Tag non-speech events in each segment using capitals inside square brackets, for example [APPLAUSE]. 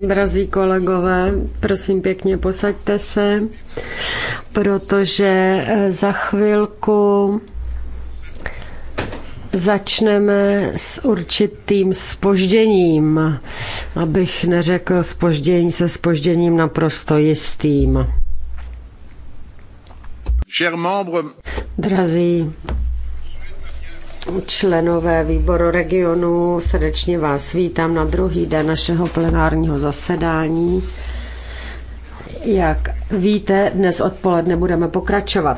Drazí kolegové, prosím pěkně, posaďte se, protože eh, za chvilku začneme s určitým spožděním, abych neřekl spoždění se spožděním naprosto jistým. Drazí Členové výboru regionu, srdečně vás vítám na druhý den našeho plenárního zasedání. Jak víte, dnes odpoledne budeme pokračovat.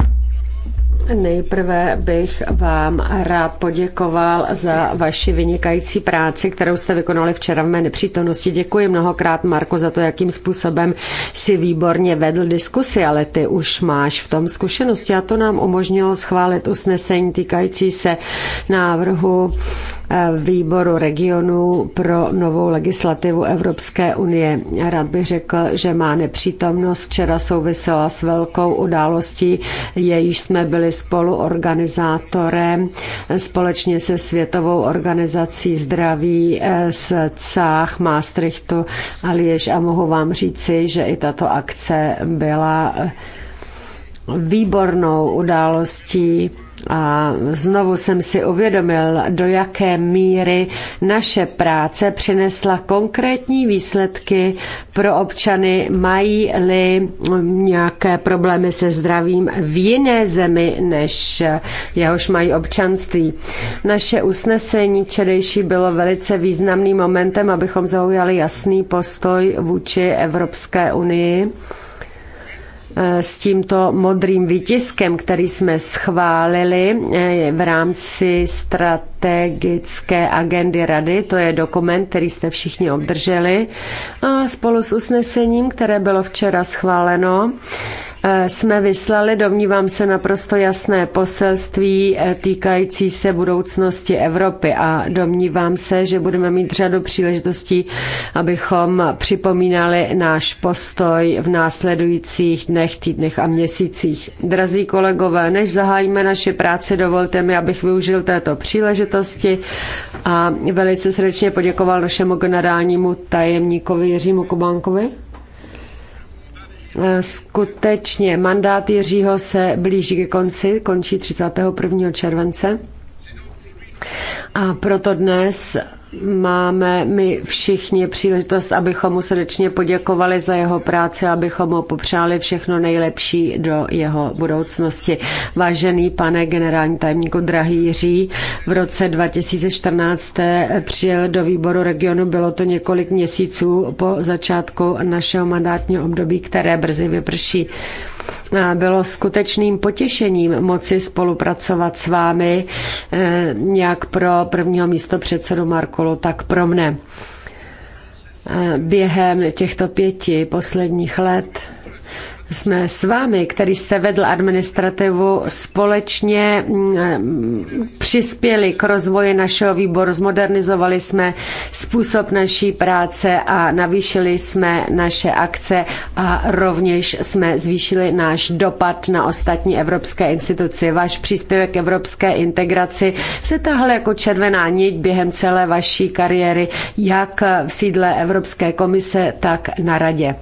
Nejprve bych vám rád poděkoval za vaši vynikající práci, kterou jste vykonali včera v mé nepřítomnosti. Děkuji mnohokrát, Marko, za to, jakým způsobem si výborně vedl diskusi, ale ty už máš v tom zkušenosti a to nám umožnilo schválit usnesení týkající se návrhu eh, výboru regionu pro novou legislativu Evropské unie. Rád bych řekl, že má nepřítomnost včera souvisela s velkou událostí, jejíž jsme byli byli spoluorganizátorem společně se Světovou organizací zdraví z eh, Cách, Maastrichtu a Liež a mohu vám říci, že i tato akce byla eh, výbornou událostí a znovu jsem si uvědomil, do jaké míry naše práce přinesla konkrétní výsledky pro občany, mají-li nějaké problémy se zdravím v jiné zemi, než jehož mají občanství. Naše usnesení včerejší bylo velice významným momentem, abychom zaujali jasný postoj vůči Evropské unii Eh, s tímto modrým výtiskem, který jsme schválili eh, v rámci strategické agendy rady. To je dokument, který jste všichni obdrželi. A spolu s usnesením, které bylo včera schváleno, Eh, jsme vyslali, domnívám se, naprosto jasné poselství eh, týkající se budoucnosti Evropy a domnívám se, že budeme mít řadu příležitostí, abychom připomínali náš postoj v následujících dnech, týdnech a měsících. Drazí kolegové, než zahájíme naše práce, dovolte mi, abych využil této příležitosti a velice srdečně poděkoval našemu generálnímu tajemníkovi Jiřímu Kubánkovi. Eh, skutečně mandát Jiřího se blíží ke konci, končí 31. července. A proto dnes máme my všichni příležitost, abychom mu srdečně poděkovali za jeho práci, abychom mu popřáli všechno nejlepší do jeho budoucnosti. Vážený pane generální tajemníku Drahý Jiří, v roce 2014 přijel do výboru regionu, bylo to několik měsíců po začátku našeho mandátního období, které brzy vyprší. Bylo skutečným potěšením moci spolupracovat s vámi, eh, jak pro prvního místo předsedu Markolu, tak pro mne. Během těchto pěti posledních let jsme s vámi, který jste vedl administrativu, společně mm, přispěli k rozvoji našeho výboru, zmodernizovali jsme způsob naší práce a navýšili jsme naše akce a rovněž jsme zvýšili náš dopad na ostatní evropské instituce. Váš příspěvek k evropské integraci se tahle jako červená niť během celé vaší kariéry, jak v sídle Evropské komise, tak na radě.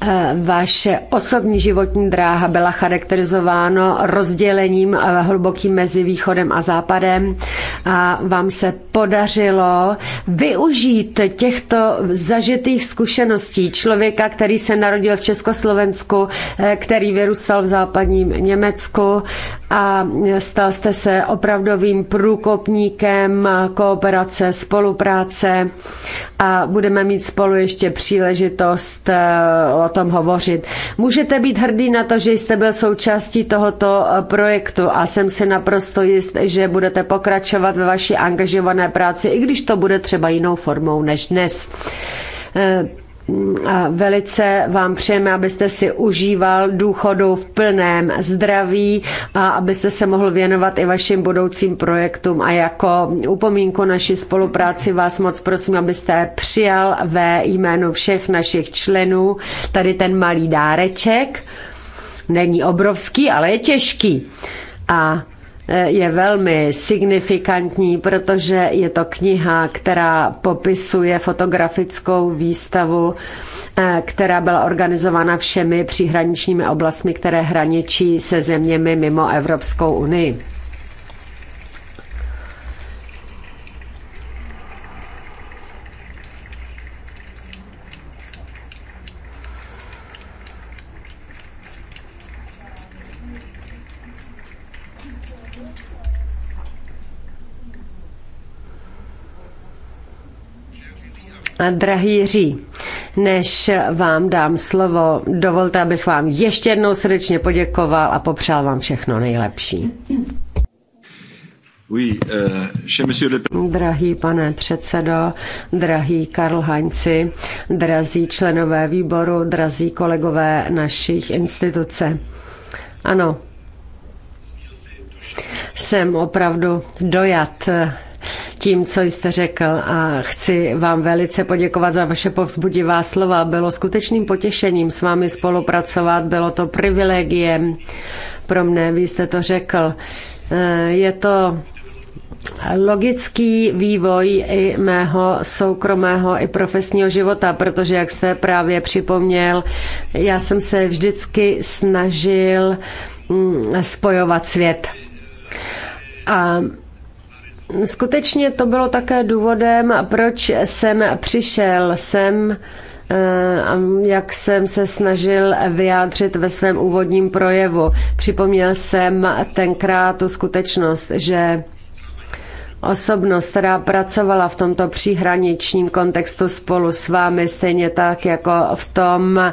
Eh, vaše osobní životní dráha byla charakterizována rozdělením eh, hlubokým mezi východem a západem a vám se podařilo využít těchto zažitých zkušeností člověka, který se narodil v Československu, eh, který vyrůstal v západním Německu a stal jste se opravdovým průkopníkem kooperace, spolupráce a budeme mít spolu ještě příležitost o o tom hovořit. Můžete být hrdý na to, že jste byl součástí tohoto eh, projektu a jsem si naprosto jist, že budete pokračovat ve vaší angažované práci, i když to bude třeba jinou formou než dnes eh, velice vám přejeme, abyste si užíval důchodu v plném zdraví a abyste se mohl věnovat i vašim budoucím projektům a jako upomínku naší spolupráci vás moc prosím, abyste přijal ve jménu všech našich členů tady ten malý dáreček. Není obrovský, ale je těžký. A je velmi signifikantní, protože je to kniha, která popisuje fotografickou výstavu, eh, která byla organizována všemi příhraničními oblastmi, které hraničí se zeměmi mimo Evropskou unii. Drahý Jiří, než vám dám slovo, dovolte, abych vám ještě jednou srdečně poděkoval a popřál vám všechno nejlepší. Oui, euh, drahý pane předsedo, drahý Karl Heinzi, drazí členové výboru, drazí kolegové našich instituce. Ano, jsem opravdu dojat tím, co jste řekl a chci vám velice poděkovat za vaše povzbudivá slova. Bylo skutečným potěšením s vámi spolupracovat, bylo to privilegiem pro mne, vy jste to řekl. E, je to logický vývoj i mého soukromého i profesního života, protože, jak jste právě připomněl, já jsem se vždycky snažil mm, spojovat svět. A Skutečně to bylo také důvodem, proč jsem přišel. Jsem eh, jak jsem se snažil vyjádřit ve svém úvodním projevu. Připomněl jsem tenkrát tu skutečnost, že osobnost, která pracovala v tomto příhraničním kontextu spolu s vámi, stejně tak jako v tom eh,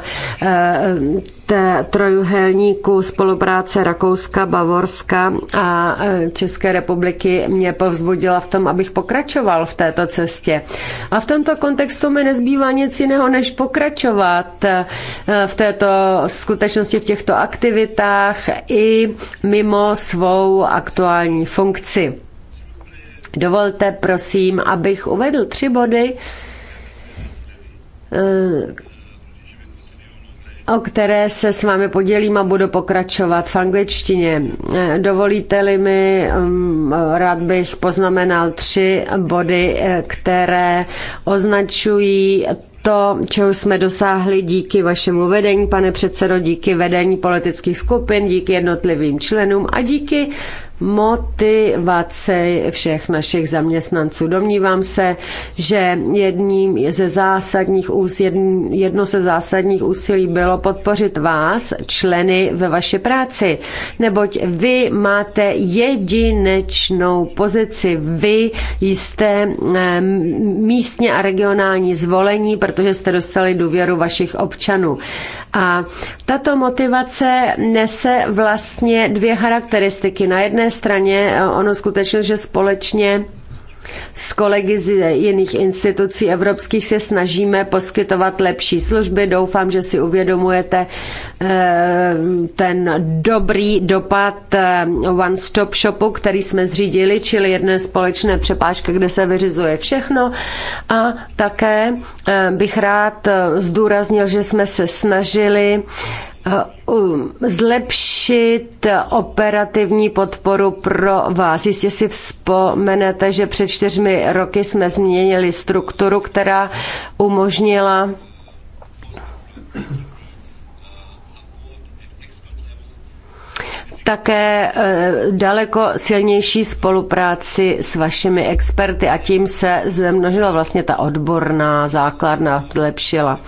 té trojuhelníku spolupráce Rakouska, Bavorska a eh, České republiky mě povzbudila v tom, abych pokračoval v této cestě. A v tomto kontextu mi nezbývá nic jiného, než pokračovat eh, v této skutečnosti, v těchto aktivitách i mimo svou aktuální funkci. Dovolte prosím, abych uvedl tři body, eh, o které se s vámi podělím a budu pokračovat v angličtině. Eh, dovolíte-li mi, mm, rád bych poznamenal tři body, eh, které označují to, čeho jsme dosáhli díky vašemu vedení, pane předsedo, díky vedení politických skupin, díky jednotlivým členům a díky Motivace všech našich zaměstnanců. Domnívám se, že jedním ze zásadních ús jedno ze zásadních úsilí bylo podpořit vás, členy ve vaší práci, neboť vy máte jedinečnou pozici. Vy jste místně a regionální zvolení, protože jste dostali důvěru vašich občanů. A tato motivace nese vlastně dvě charakteristiky. Na jedné straně eh, ono skutečně, že společně s kolegy z jiných institucí evropských se snažíme poskytovat lepší služby. Doufám, že si uvědomujete eh, ten dobrý dopad eh, one-stop shopu, který jsme zřídili, čili jedné společné přepážky, kde se vyřizuje všechno. A také bych rád zdůraznil, že jsme se snažili Eh, um, zlepšit operativní podporu pro vás. Jistě si vzpomenete, že před čtyřmi roky jsme změnili strukturu, která umožnila také eh, daleko silnější spolupráci s vašimi experty a tím se zemnožila vlastně ta odborná základna, zlepšila.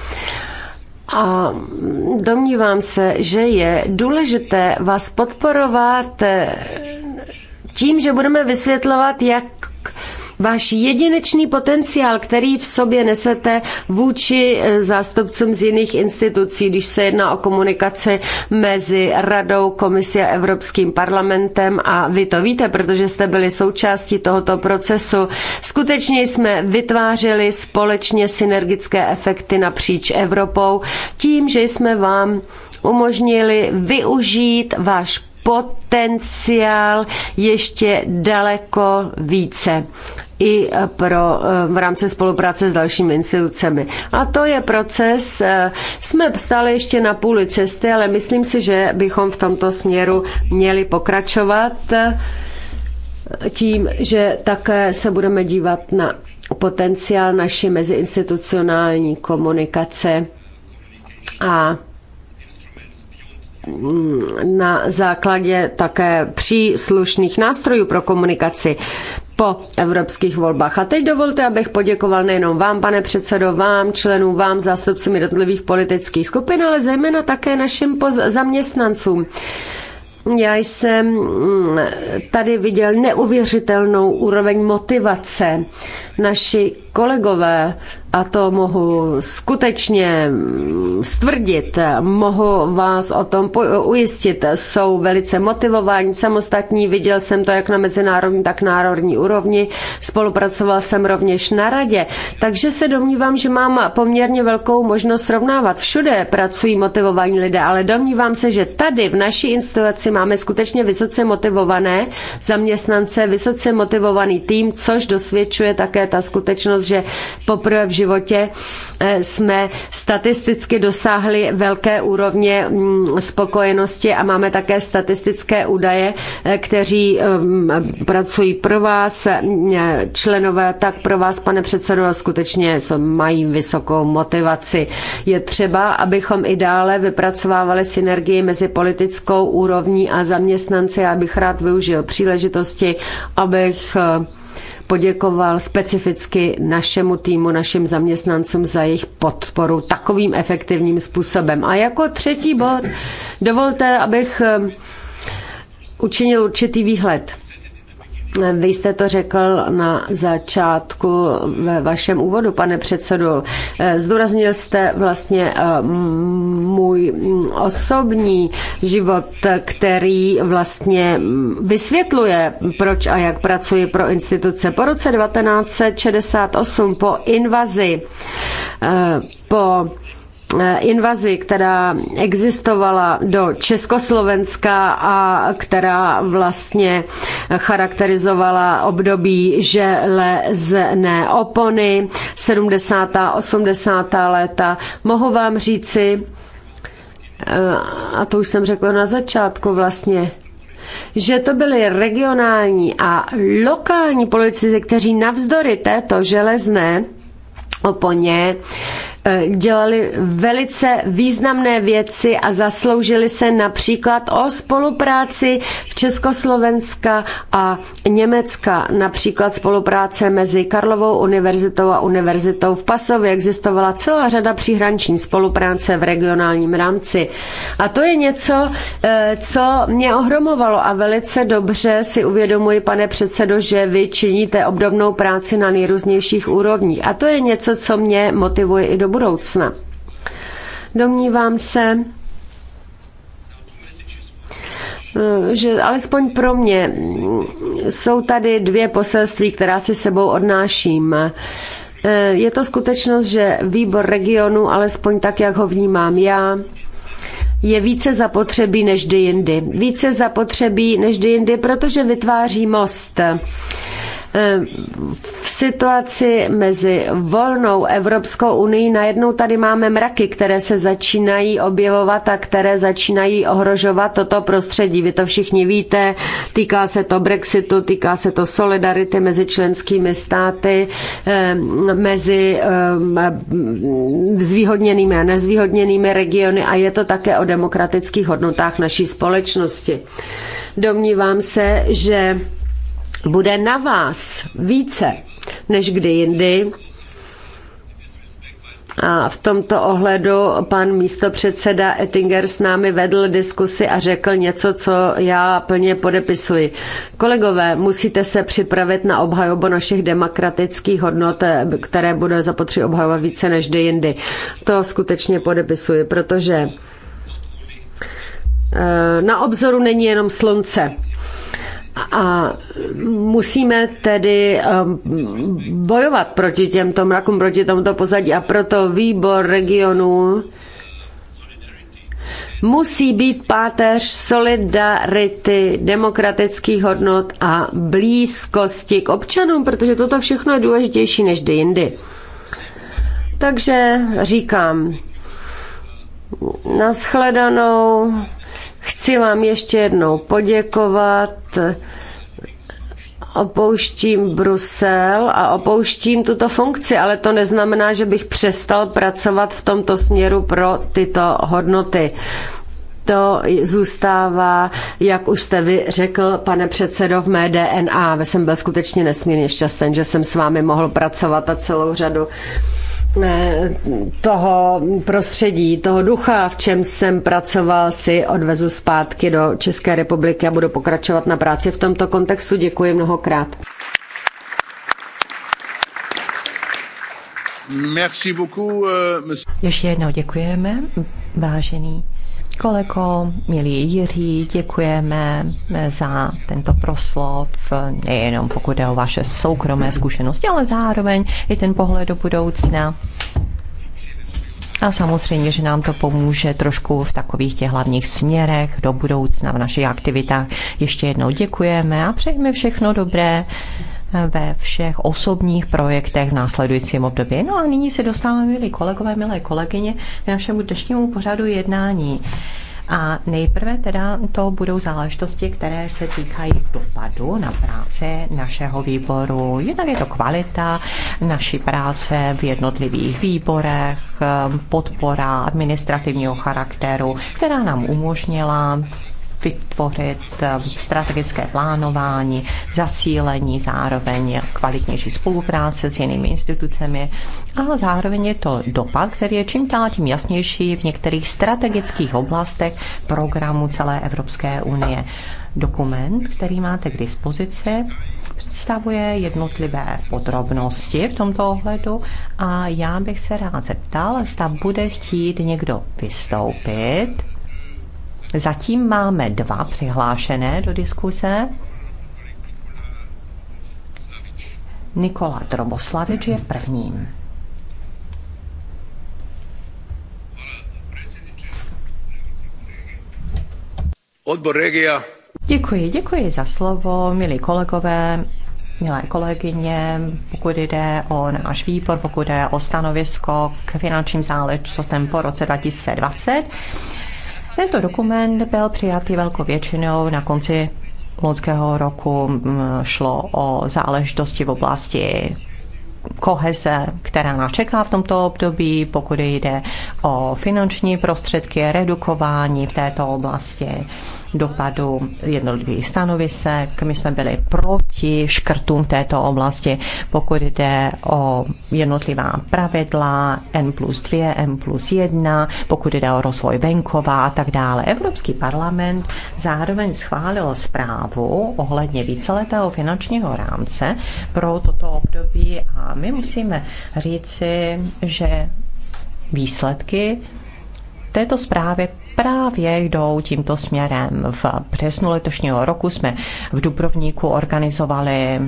A domnívám se, že je důležité vás podporovat eh, tím, že budeme vysvětlovat, jak váš jedinečný potenciál, který v sobě nesete vůči eh, zástupcům z jiných institucí, když se jedná o komunikaci mezi Radou, Komisí a Evropským parlamentem a vy to víte, protože jste byli součástí tohoto procesu. Skutečně jsme vytvářeli společně synergické efekty napříč Evropou tím, že jsme vám umožnili využít váš potenciál ještě daleko více i pro, eh, v rámci spolupráce s dalšími institucemi. A to je proces, eh, jsme stále ještě na půli cesty, ale myslím si, že bychom v tomto směru měli pokračovat eh, tím, že také se budeme dívat na potenciál naší meziinstitucionální komunikace a mm, na základě také příslušných nástrojů pro komunikaci po evropských volbách. A teď dovolte, abych poděkoval nejenom vám, pane předsedo, vám, členům, vám, zástupcům jednotlivých politických skupin, ale zejména také našim zaměstnancům. Já jsem mm, tady viděl neuvěřitelnou úroveň motivace. Naši kolegové a to mohu skutečně stvrdit, mohu vás o tom ujistit, jsou velice motivováni, samostatní, viděl jsem to jak na mezinárodní, tak národní úrovni, spolupracoval jsem rovněž na radě, takže se domnívám, že mám poměrně velkou možnost srovnávat. Všude pracují motivovaní lidé, ale domnívám se, že tady v naší instituci máme skutečně vysoce motivované zaměstnance, vysoce motivovaný tým, což dosvědčuje také ta skutečnost, že poprvé v životě eh, jsme statisticky dosáhli velké úrovně mm, spokojenosti a máme také statistické údaje, eh, kteří eh, mm, pracují pro vás, členové tak pro vás, pane předsedo, skutečně mají vysokou motivaci. Je třeba, abychom i dále vypracovávali synergii mezi politickou úrovní a zaměstnanci. Já bych rád využil příležitosti, abych poděkoval specificky našemu týmu, našim zaměstnancům za jejich podporu takovým efektivním způsobem. A jako třetí bod, dovolte, abych eh, učinil určitý výhled. Vy jste to řekl na začátku ve vašem úvodu, pane předsedu. Zdůraznil jste vlastně eh, můj osobní život, který vlastně vysvětluje, proč a jak pracuji pro instituce. Po roce 1968, po invazi, eh, po Eh, invazi, která existovala do Československa a která vlastně charakterizovala období železné opony 70. a 80. léta. Mohu vám říci, eh, a to už jsem řekla na začátku vlastně, že to byly regionální a lokální politici, kteří navzdory této železné oponě Eh, dělali velice významné věci a zasloužili se například o spolupráci v Československa a Německa. Například spolupráce mezi Karlovou univerzitou a univerzitou v Pasově existovala celá řada příhraniční spolupráce v regionálním rámci. A to je něco, eh, co mě ohromovalo a velice dobře si uvědomuji, pane předsedo, že vy činíte obdobnou práci na nejrůznějších úrovních. A to je něco, co mě motivuje i do budoucna budoucna. Domnívám se, že alespoň pro mě jsou tady dvě poselství, která si sebou odnáším. Je to skutečnost, že výbor regionu, alespoň tak, jak ho vnímám já, je více zapotřebí než kdy jindy. Více zapotřebí než kdy jindy, protože vytváří most v situaci mezi volnou Evropskou unii najednou tady máme mraky, které se začínají objevovat a které začínají ohrožovat toto prostředí. Vy to všichni víte, týká se to Brexitu, týká se to solidarity mezi členskými státy, eh, mezi eh, zvýhodněnými a nezvýhodněnými regiony a je to také o demokratických hodnotách naší společnosti. Domnívám se, že bude na vás více než kdy jindy. A v tomto ohledu pan místopředseda Ettinger s námi vedl diskusi a řekl něco, co já plně podepisuji. Kolegové, musíte se připravit na obhajobu našich demokratických hodnot, eh, které bude zapotřebí obhajovat více než kdy jindy. To skutečně podepisuji, protože eh, na obzoru není jenom slunce. A musíme tedy um, bojovat proti těmto mrakům, proti tomuto pozadí a proto výbor regionů musí být páteř solidarity, demokratických hodnot a blízkosti k občanům, protože toto všechno je důležitější než kdy jindy. Takže říkám, naschledanou. Chci vám ještě jednou poděkovat opouštím Brusel a opouštím tuto funkci, ale to neznamená, že bych přestal pracovat v tomto směru pro tyto hodnoty. To zůstává, jak už jste vy řekl, pane předsedo, v mé DNA. Jsem byl skutečně nesmírně šťastný, že jsem s vámi mohl pracovat a celou řadu Eh, toho prostředí, toho ducha, v čem jsem pracoval, si odvezu zpátky do České republiky a budu pokračovat na práci v tomto kontextu. Děkuji mnohokrát. Merci beaucoup, eh, Ještě jednou děkujeme, vážený koleko, milý Jiří, děkujeme za tento proslov, nejenom pokud jde o vaše soukromé zkušenosti, ale zároveň i ten pohled do budoucna. A samozřejmě, že nám to pomůže trošku v takových těch hlavních směrech do budoucna v našich aktivitách. Ještě jednou děkujeme a přejeme všechno dobré ve všech osobních projektech v následujícím období. No a nyní se dostáváme, milí kolegové, milé kolegyně, k našemu dnešnímu pořadu jednání. A nejprve teda to budou záležitosti, které se týkají dopadu na práce našeho výboru. Jednak je to kvalita naší práce v jednotlivých výborech, podpora administrativního charakteru, která nám umožnila vytvořit eh, strategické plánování, zacílení, zároveň kvalitnější spolupráce s jinými institucemi a zároveň je to dopad, který je čím dál tím jasnější v některých strategických oblastech programu celé Evropské unie. Dokument, který máte k dispozici, představuje jednotlivé podrobnosti v tomto ohledu a já bych se rád zeptal, zda bude chtít někdo vystoupit Zatím máme dva přihlášené do diskuse. Nikola Droboslavič je prvním. Odbor Regia. Děkuji, děkuji za slovo, milí kolegové, milé kolegyně, pokud jde o náš výbor, pokud jde o stanovisko k finančním záležitostem po roce 2020. Tento dokument byl přijatý velkou většinou na konci loňského roku. Šlo o záležitosti v oblasti koheze, která nás čeká v tomto období, pokud jde o finanční prostředky, redukování v této oblasti dopadu jednotlivých stanovisek. My jsme byli proti škrtům této oblasti, pokud jde o jednotlivá pravidla N plus 2, N plus 1, pokud jde o rozvoj venkova a tak dále. Evropský parlament zároveň schválil zprávu ohledně víceletého finančního rámce pro toto období a my musíme říci, že výsledky této zprávy právě jdou tímto směrem. V březnu letošního roku jsme v Dubrovníku organizovali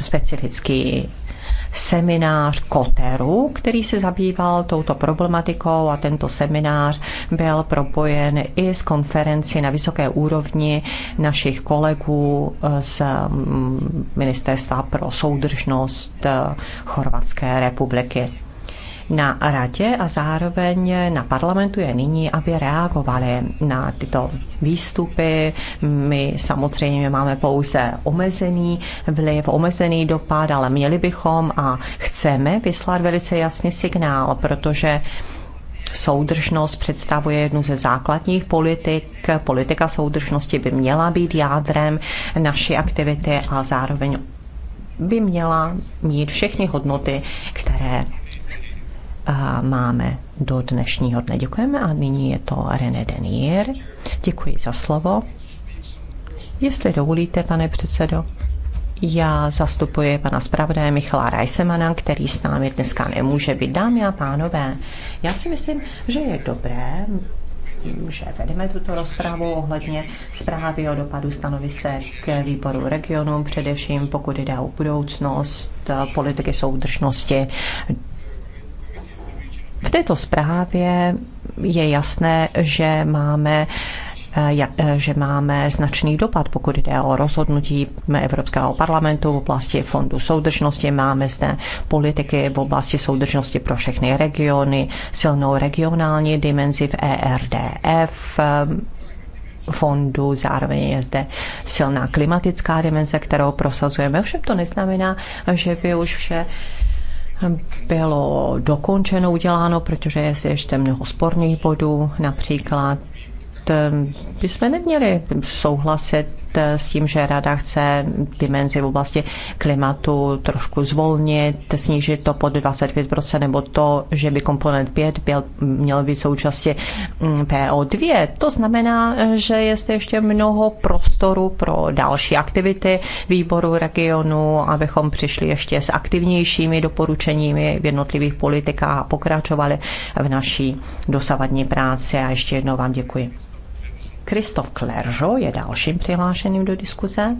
specifický seminář Koteru, který se zabýval touto problematikou a tento seminář byl propojen i s konferenci na vysoké úrovni našich kolegů z mm, Ministerstva pro soudržnost eh, Chorvatské republiky na radě a zároveň na parlamentu je nyní, aby reagovali na tyto výstupy. My samozřejmě máme pouze omezený vliv, omezený dopad, ale měli bychom a chceme vyslat velice jasný signál, protože Soudržnost představuje jednu ze základních politik. Politika soudržnosti by měla být jádrem naší aktivity a zároveň by měla mít všechny hodnoty, které máme do dnešního dne. Děkujeme a nyní je to René Denier. Děkuji za slovo. Jestli dovolíte, pane předsedo, já zastupuji pana zpravodaje Michala Rajsemana, který s námi dneska nemůže být. Dámy a pánové, já si myslím, že je dobré, že vedeme tuto rozpravu ohledně zprávy o dopadu stanovisek výboru regionu, především pokud jde o budoucnost politiky soudržnosti v této zprávě je jasné, že máme eh, eh, že máme značný dopad, pokud jde o rozhodnutí Evropského parlamentu v oblasti fondu soudržnosti. Máme zde politiky v oblasti soudržnosti pro všechny regiony, silnou regionální dimenzi v ERDF, eh, fondu, zároveň je zde silná klimatická dimenze, kterou prosazujeme. Všem to neznamená, že by už vše bylo dokončeno, uděláno, protože je ještě mnoho sporných bodů, například ehm, bychom neměli souhlasit Eh, s tím, že rada chce dimenzi v oblasti klimatu trošku zvolnit, snížit to pod 25%, nebo to, že by komponent 5 byl, měl být součástí mm, PO2. To znamená, že je zde ještě mnoho prostoru pro další aktivity výboru regionu, abychom přišli ještě s aktivnějšími doporučeními v jednotlivých politikách a pokračovali v naší dosavadní práci. A ještě jednou vám děkuji. Kristof Klerjo je dalším přihlášeným do diskuze.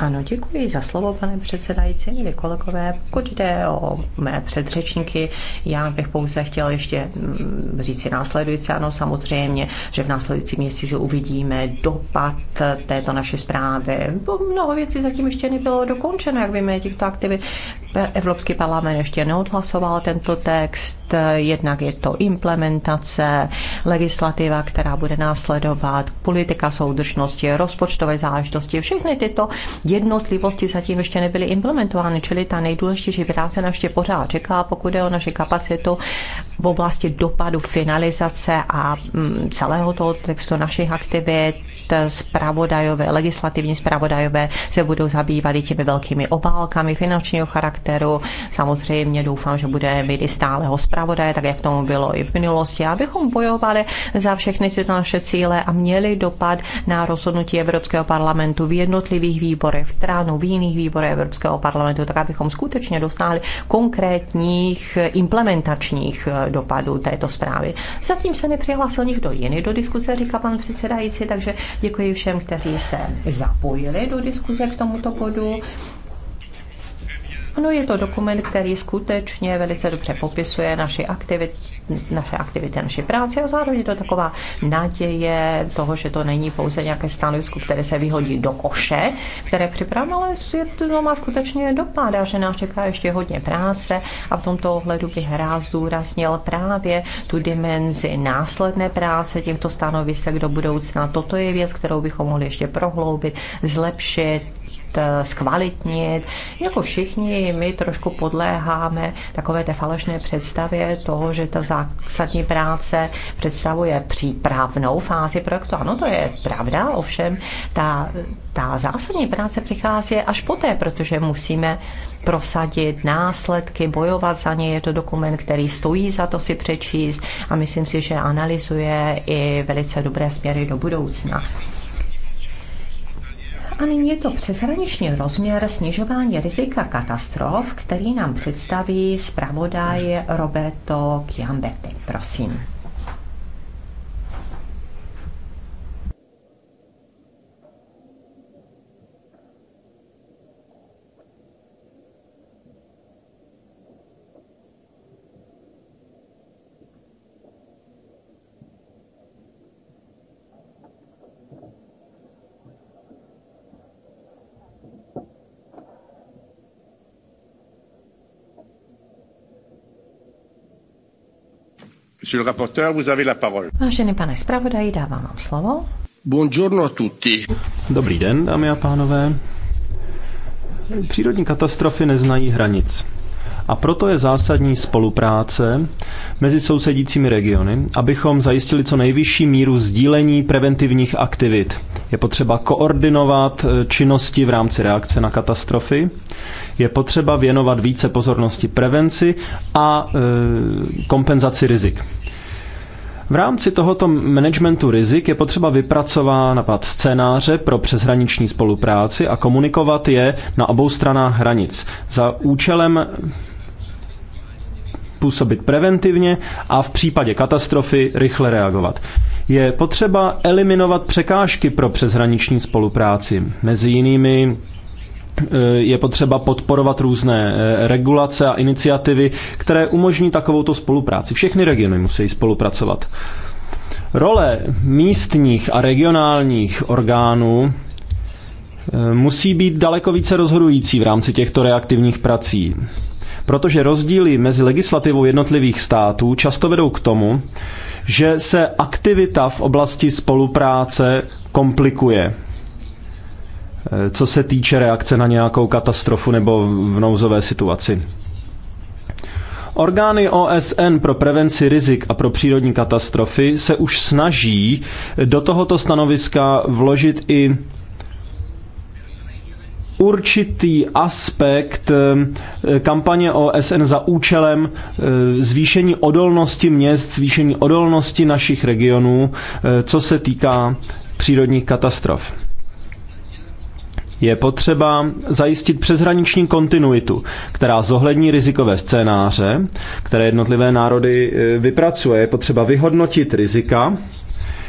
Ano, děkuji za slovo, pane předsedající, milí kolegové. Pokud jde o mé předřečníky, já bych pouze chtěl ještě mm, říct si následující. Ano, samozřejmě, že v následujícím měsíci uvidíme dopad této naší zprávy. Mnoho věcí zatím ještě nebylo dokončeno, jak víme, těchto aktivit. Evropský parlament ještě neodhlasoval tento text, jednak je to implementace, legislativa, která bude následovat, politika soudržnosti, rozpočtové záležitosti, všechny tyto jednotlivosti zatím ještě nebyly implementovány, čili ta nejdůležitější práce nám ještě pořád čeká, pokud je o naši kapacitu v oblasti dopadu finalizace a mm, celého toho textu našich aktivit, zpravodajové, legislativní zpravodajové se budou zabývat i těmi velkými obálkami finančního charakteru. Samozřejmě doufám, že bude mít i stáleho zpravodaje, tak jak tomu bylo i v minulosti, abychom bojovali za všechny tyto naše cíle a měli dopad na rozhodnutí Evropského parlamentu v jednotlivých výborech, v tránu, v jiných výborech Evropského parlamentu, tak abychom skutečně dosáhli konkrétních implementačních eh, dopadů této zprávy. Zatím se nepřihlásil nikdo jiný do diskuse, říká pan předsedající, takže Děkuji všem, kteří se zapojili do diskuze k tomuto bodu. Ano, je to dokument, který skutečně velice dobře popisuje naši aktivit, naše aktivity, naše práce a zároveň je to taková naděje toho, že to není pouze nějaké stanovisko, které se vyhodí do koše, které připravíme, ale je to má skutečně dopad a že nás čeká ještě hodně práce a v tomto ohledu bych rád zdůraznil právě tu dimenzi následné práce těchto stanovisek do budoucna. Toto je věc, kterou bychom mohli ještě prohloubit, zlepšit, Eh, zkvalitnit. Jako všichni my trošku podléháme takové té falešné představě toho, že ta zásadní práce představuje přípravnou fázi projektu. Ano, to je pravda, ovšem ta, ta zásadní práce přichází až poté, protože musíme prosadit následky, bojovat za ně. Je to dokument, který stojí za to si přečíst a myslím si, že analyzuje i velice dobré směry do budoucna. A nyní je to přeshraniční rozměr snižování rizika katastrof, který nám představí zpravodaj Roberto Chiambetti. Prosím. Monsieur le rapporteur, vous avez la parole. Vážený pane zpravodaji, dávám vám slovo. Buongiorno a tutti. Dobrý den, dámy a pánové. Přírodní katastrofy neznají hranic. A proto je zásadní spolupráce mezi sousedícími regiony, abychom zajistili co nejvyšší míru sdílení preventivních aktivit. Je potřeba koordinovat eh, činnosti v rámci reakce na katastrofy, je potřeba věnovat více pozornosti prevenci a eh, kompenzaci rizik. V rámci tohoto managementu rizik je potřeba vypracovávat scénáře pro přeshraniční spolupráci a komunikovat je na obou stranách hranic za účelem působit preventivně a v případě katastrofy rychle reagovat. Je potřeba eliminovat překážky pro přeshraniční spolupráci. Mezi jinými eh, je potřeba podporovat různé eh, regulace a iniciativy, které umožní takovouto spolupráci. Všechny regiony musí spolupracovat. Role místních a regionálních orgánů eh, musí být daleko více rozhodující v rámci těchto reaktivních prací protože rozdíly mezi legislativou jednotlivých států často vedou k tomu, že se aktivita v oblasti spolupráce komplikuje eh, co se týče reakce na nějakou katastrofu nebo v nouzové situaci. Orgány OSN pro prevenci rizik a pro přírodní katastrofy se už snaží do tohoto stanoviska vložit i určitý aspekt eh, kampaně OSN za účelem eh, zvýšení odolnosti měst, zvýšení odolnosti našich regionů, eh, co se týká přírodních katastrof. Je potřeba zajistit přeshraniční kontinuitu, která zohlední rizikové scénáře, které jednotlivé národy vypracuje. Je potřeba vyhodnotit rizika,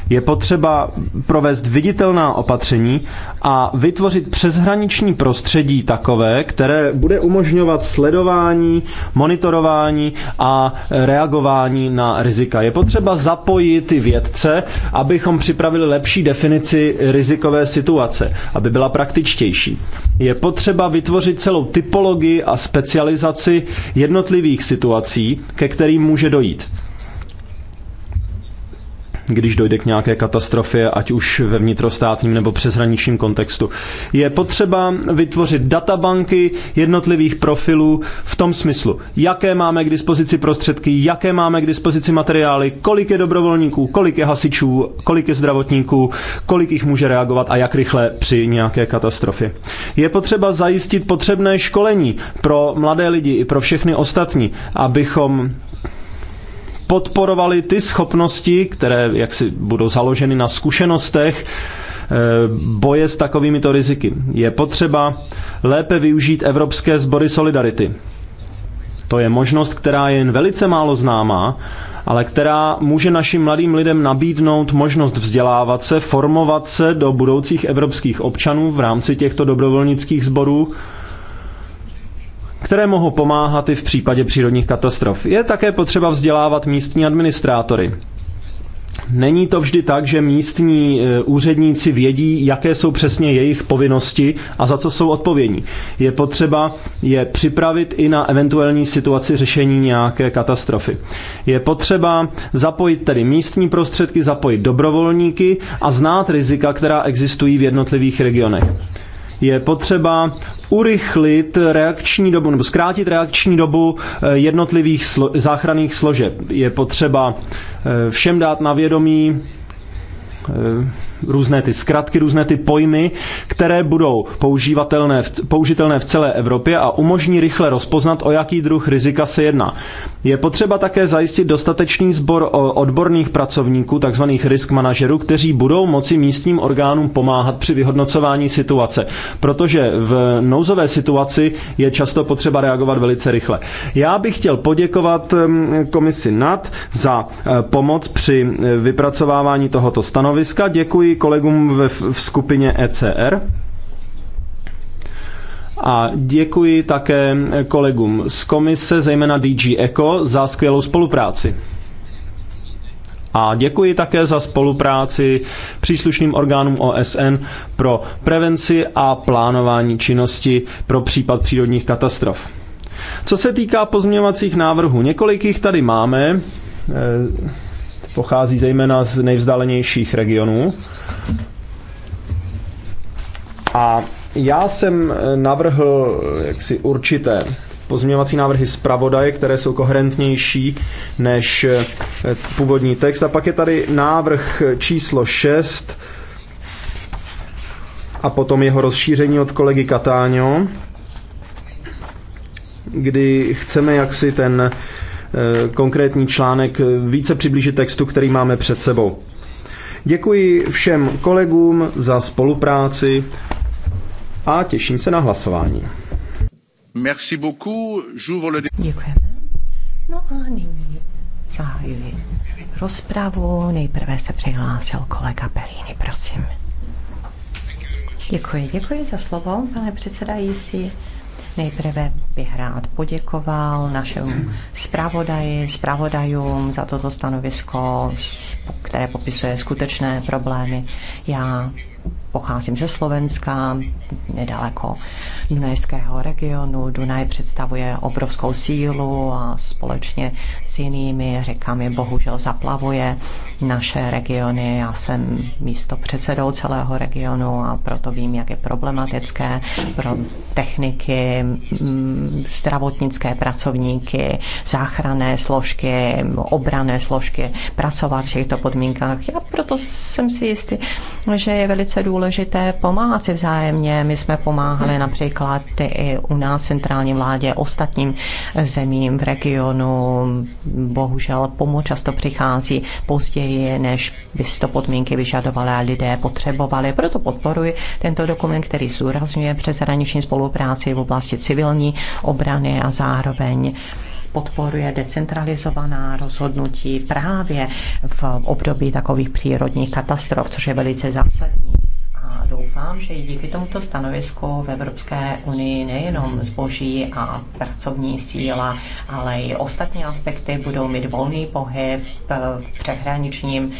je potřeba provést viditelná opatření a vytvořit přeshraniční prostředí takové, které bude umožňovat sledování, monitorování a reagování na rizika. Je potřeba zapojit i vědce, abychom připravili lepší definici rizikové situace, aby byla praktičtější. Je potřeba vytvořit celou typologii a specializaci jednotlivých situací, ke kterým může dojít když dojde k nějaké katastrofě, ať už ve vnitrostátním nebo přeshraničním kontextu. Je potřeba vytvořit databanky jednotlivých profilů v tom smyslu, jaké máme k dispozici prostředky, jaké máme k dispozici materiály, kolik je dobrovolníků, kolik je hasičů, kolik je zdravotníků, kolik jich může reagovat a jak rychle při nějaké katastrofě. Je potřeba zajistit potřebné školení pro mladé lidi i pro všechny ostatní, abychom podporovali ty schopnosti, které jaksi budou založeny na zkušenostech, eh, boje s takovýmito riziky. Je potřeba lépe využít Evropské sbory solidarity. To je možnost, která je jen velice málo známá, ale která může našim mladým lidem nabídnout možnost vzdělávat se, formovat se do budoucích evropských občanů v rámci těchto dobrovolnických sborů které mohou pomáhat i v případě přírodních katastrof. Je také potřeba vzdělávat místní administrátory. Není to vždy tak, že místní e, úředníci vědí, jaké jsou přesně jejich povinnosti a za co jsou odpovědní. Je potřeba je připravit i na eventuální situaci řešení nějaké katastrofy. Je potřeba zapojit tedy místní prostředky, zapojit dobrovolníky a znát rizika, která existují v jednotlivých regionech je potřeba urychlit reakční dobu nebo zkrátit reakční dobu eh, jednotlivých slo- záchranných složeb. Je potřeba eh, všem dát na vědomí eh, různé ty zkratky, různé ty pojmy, které budou používatelné v, použitelné v celé Evropě a umožní rychle rozpoznat, o jaký druh rizika se jedná. Je potřeba také zajistit dostatečný sbor odborných pracovníků, takzvaných risk manažerů, kteří budou moci místním orgánům pomáhat při vyhodnocování situace, protože v nouzové situaci je často potřeba reagovat velice rychle. Já bych chtěl poděkovat komisi NAT za e, pomoc při e, vypracovávání tohoto stanoviska. Děkuji Děkuji kolegům v, v skupině ECR. A děkuji také kolegům z komise, zejména DG Eco, za skvělou spolupráci. A děkuji také za spolupráci příslušným orgánům OSN pro prevenci a plánování činnosti pro případ přírodních katastrof. Co se týká pozměňovacích návrhů, několik jich tady máme. Eh, pochází zejména z nejvzdálenějších regionů. A já jsem eh, navrhl eh, jaksi určité pozměňovací návrhy zpravodaje, které jsou koherentnější než eh, původní text. A pak je tady návrh číslo 6 a potom jeho rozšíření od kolegy Katáňo, kdy chceme jaksi ten Eh, konkrétní článek eh, více přiblížit textu, který máme před sebou. Děkuji všem kolegům za spolupráci a těším se na hlasování. Merci beaucoup. Le... Děkujeme. No a nyní zahajuji rozpravu. Nejprve se přihlásil kolega Perini, prosím. Děkuji, děkuji za slovo, pane předsedající. Nejprve bych rád poděkoval našemu zpravodaji, zpravodajům za toto stanovisko, které popisuje skutečné problémy. Já pocházím ze Slovenska, nedaleko Dunajského regionu. Dunaj představuje obrovskou sílu a společně s jinými řekami bohužel zaplavuje naše regiony. Já jsem místo předsedou celého regionu a proto vím, jak je problematické pro techniky, mm, zdravotnické pracovníky, záchranné složky, obrané složky pracovat v těchto podmínkách. Já proto jsem si jistý, že je velice důležité pomáhat si vzájemně. My jsme pomáhali například i u nás centrální vládě, ostatním zemím v regionu. Bohužel pomoc často přichází později rychleji, než by to podmínky vyžadovaly a lidé potřebovali. Proto podporuji tento dokument, který zúrazňuje přeshraniční spolupráci v oblasti civilní obrany a zároveň podporuje decentralizovaná rozhodnutí právě v období takových přírodních katastrof, což je velice zásadní doufám, že i díky tomuto stanovisku v Evropské unii nejenom zboží a pracovní síla, ale i ostatní aspekty budou mít volný pohyb v přehraničním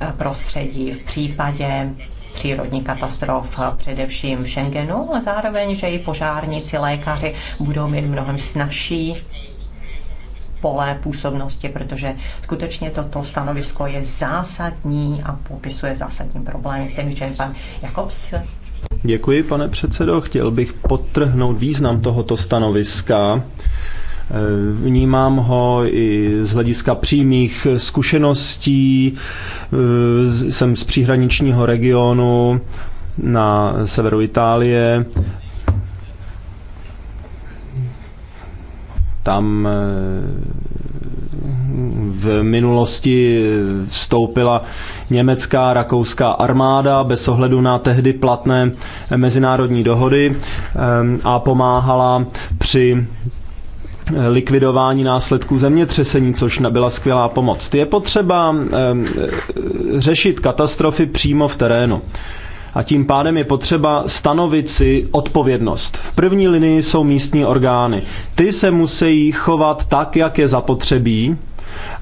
eh, prostředí v případě přírodní katastrof, především v Schengenu, ale zároveň, že i požárníci, lékaři budou mít mnohem snažší pole působnosti, protože skutečně toto stanovisko je zásadní a popisuje zásadní problémy, který je pan Jakobs. Děkuji, pane předsedo. Chtěl bych podtrhnout význam tohoto stanoviska. Eh, vnímám ho i z hlediska přímých zkušeností. Eh, jsem z příhraničního regionu na severu Itálie Tam eh, v minulosti vstoupila německá rakouská armáda bez ohledu na tehdy platné mezinárodní dohody eh, a pomáhala při likvidování následků zemětřesení, což byla skvělá pomoc. Je potřeba eh, řešit katastrofy přímo v terénu a tím pádem je potřeba stanovit si odpovědnost. V první linii jsou místní orgány. Ty se musí chovat tak, jak je zapotřebí,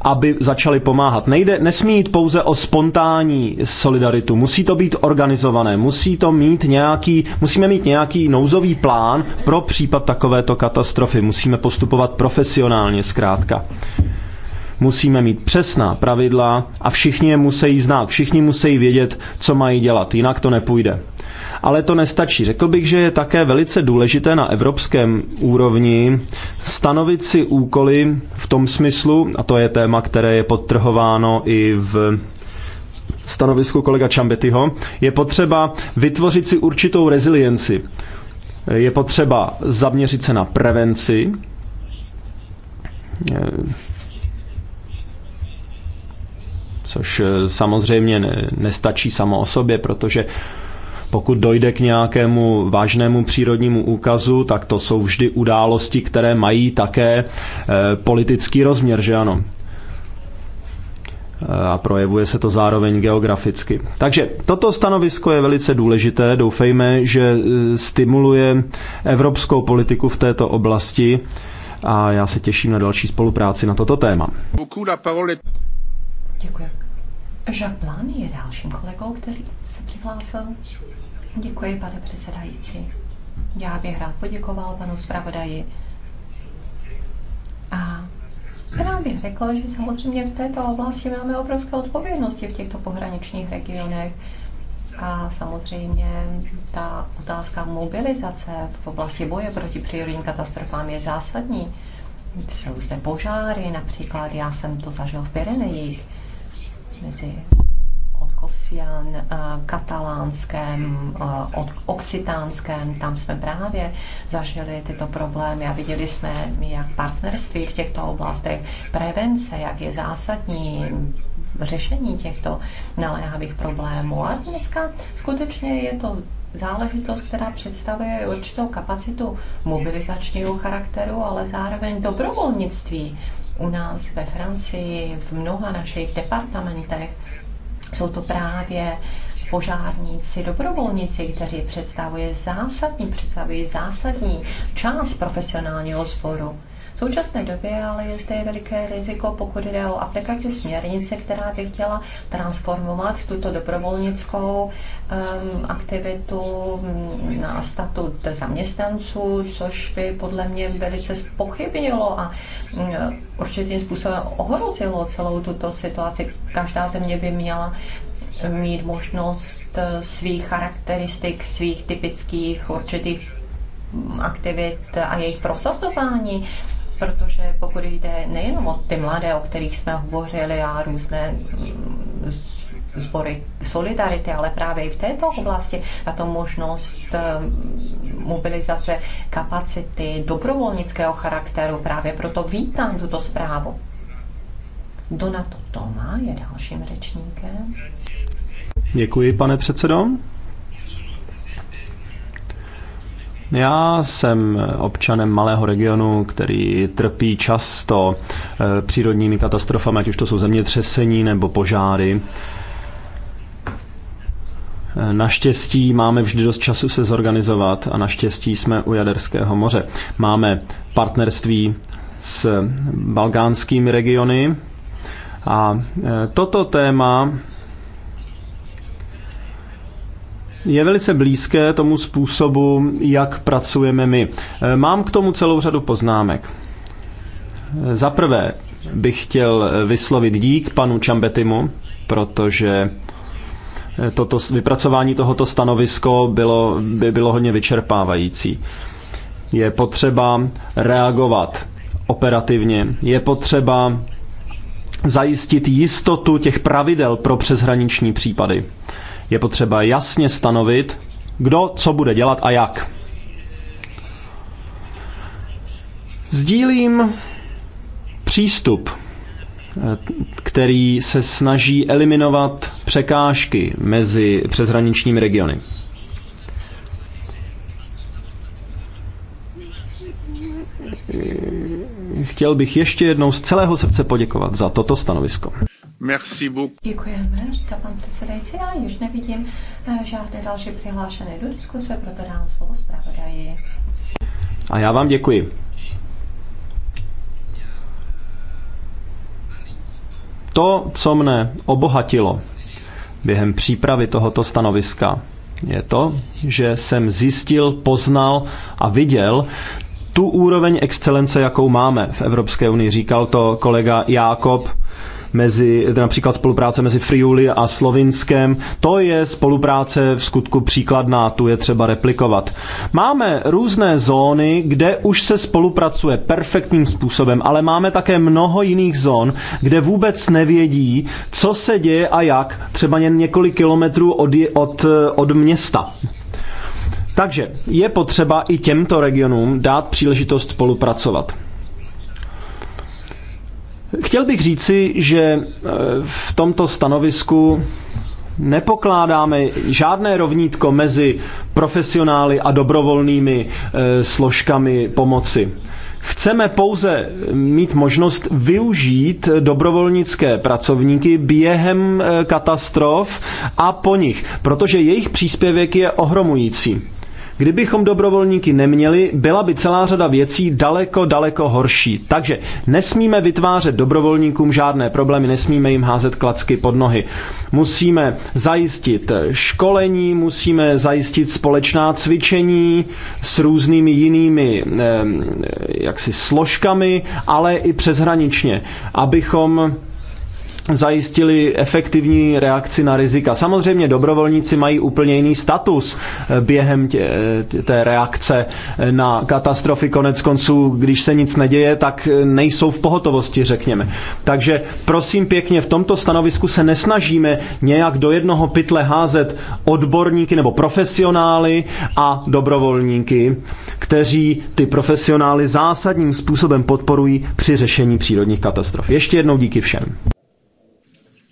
aby začali pomáhat. Nejde, nesmí jít pouze o spontánní solidaritu. Musí to být organizované, musí to mít nějaký, musíme mít nějaký nouzový plán pro případ takovéto katastrofy. Musíme postupovat profesionálně zkrátka. Musíme mít přesná pravidla a všichni je musí znát, všichni musí vědět, co mají dělat, jinak to nepůjde. Ale to nestačí. Řekl bych, že je také velice důležité na evropském úrovni stanovit si úkoly v tom smyslu, a to je téma, které je podtrhováno i v stanovisku kolega Čambetyho, je potřeba vytvořit si určitou rezilienci. Je potřeba zaměřit se na prevenci, což eh, samozřejmě nestačí samo o sobě, protože pokud dojde k nějakému vážnému přírodnímu úkazu, tak to jsou vždy události, které mají také eh, politický rozměr, že ano? Eh, a projevuje se to zároveň geograficky. Takže toto stanovisko je velice důležité. Doufejme, že stimuluje evropskou politiku v této oblasti a já se těším na další spolupráci na toto téma. Děkuji. Jacques Plán je dalším kolegou, který se přihlásil. Děkuji, pane předsedající. Já bych rád poděkoval panu zpravodaji. A já bych řekl, že samozřejmě v této oblasti máme obrovské odpovědnosti v těchto pohraničních regionech. A samozřejmě ta otázka mobilizace v oblasti boje proti přírodním katastrofám je zásadní. Jsou zde požáry, například já jsem to zažil v Pirenejích mezi Odkosian, eh, katalánském, eh, od oxitánském, tam jsme právě zažili tyto problémy a viděli jsme, jak partnerství v těchto oblastech, prevence, jak je zásadní řešení těchto naléhavých problémů. A dneska skutečně je to záležitost, která představuje určitou kapacitu mobilizačního charakteru, ale zároveň dobrovolnictví u nás ve Francii, v mnoha našich departamentech, jsou to právě požárníci, dobrovolníci, kteří představují zásadní, představují zásadní část profesionálního sboru současné době ale je zde veliké riziko, pokud jde o aplikaci směrnice, která by chtěla transformovat tuto dobrovolnickou um, aktivitu mm, na statut zaměstnanců, což by podle mě velice spochybnilo a um, určitým způsobem ohrozilo celou tuto situaci. Každá země by měla mít možnost eh, svých charakteristik, svých typických určitých mm, aktivit a jejich prosazování protože pokud jde nejenom o ty mladé, o kterých jsme hovořili a různé mm, sbory solidarity, ale právě i v této oblasti na to možnost mm, mobilizace kapacity dobrovolnického charakteru. Právě proto vítám tuto zprávu. Donato Toma je dalším řečníkem. Děkuji, pane předsedo. Já jsem občanem malého regionu, který trpí často eh, přírodními katastrofami, ať už to jsou zemětřesení nebo požáry. Eh, naštěstí máme vždy dost času se zorganizovat a naštěstí jsme u Jaderského moře. Máme partnerství s balgánskými regiony a eh, toto téma je velice blízké tomu způsobu, jak pracujeme my. E, mám k tomu celou řadu poznámek. E, za prvé bych chtěl vyslovit dík panu Čambetimu, protože e, toto, vypracování tohoto stanovisko bylo, by bylo hodně vyčerpávající. Je potřeba reagovat operativně, je potřeba zajistit jistotu těch pravidel pro přeshraniční případy. Je potřeba jasně stanovit, kdo co bude dělat a jak. Sdílím přístup, eh, který se snaží eliminovat překážky mezi přeshraničními regiony. Chtěl bych ještě jednou z celého srdce poděkovat za toto stanovisko. Merci beaucoup. Děkujeme, říká pan předsedající. Já již nevidím eh, žádné další přihlášené do diskuse, proto dám slovo zpravodaji. A já vám děkuji. To, co mne obohatilo během přípravy tohoto stanoviska, je to, že jsem zjistil, poznal a viděl tu úroveň excelence, jakou máme v Evropské unii. Říkal to kolega Jákob mezi, například spolupráce mezi Friuli a Slovinskem. To je spolupráce v skutku příkladná, tu je třeba replikovat. Máme různé zóny, kde už se spolupracuje perfektním způsobem, ale máme také mnoho jiných zón, kde vůbec nevědí, co se děje a jak, třeba jen několik kilometrů od, od, od města. Takže je potřeba i těmto regionům dát příležitost spolupracovat. Chtěl bych říci, že e, v tomto stanovisku nepokládáme žádné rovnítko mezi profesionály a dobrovolnými e, složkami pomoci. Chceme pouze mít možnost využít dobrovolnické pracovníky během e, katastrof a po nich, protože jejich příspěvek je ohromující. Kdybychom dobrovolníky neměli, byla by celá řada věcí daleko, daleko horší. Takže nesmíme vytvářet dobrovolníkům žádné problémy, nesmíme jim házet klacky pod nohy. Musíme zajistit školení, musíme zajistit společná cvičení s různými jinými eh, jaksi složkami, ale i přeshraničně, abychom zajistili efektivní reakci na rizika. Samozřejmě dobrovolníci mají úplně jiný status eh, během tě, eh, té reakce eh, na katastrofy. Konec konců, když se nic neděje, tak nejsou v pohotovosti, řekněme. Takže prosím pěkně, v tomto stanovisku se nesnažíme nějak do jednoho pytle házet odborníky nebo profesionály a dobrovolníky, kteří ty profesionály zásadním způsobem podporují při řešení přírodních katastrof. Ještě jednou díky všem.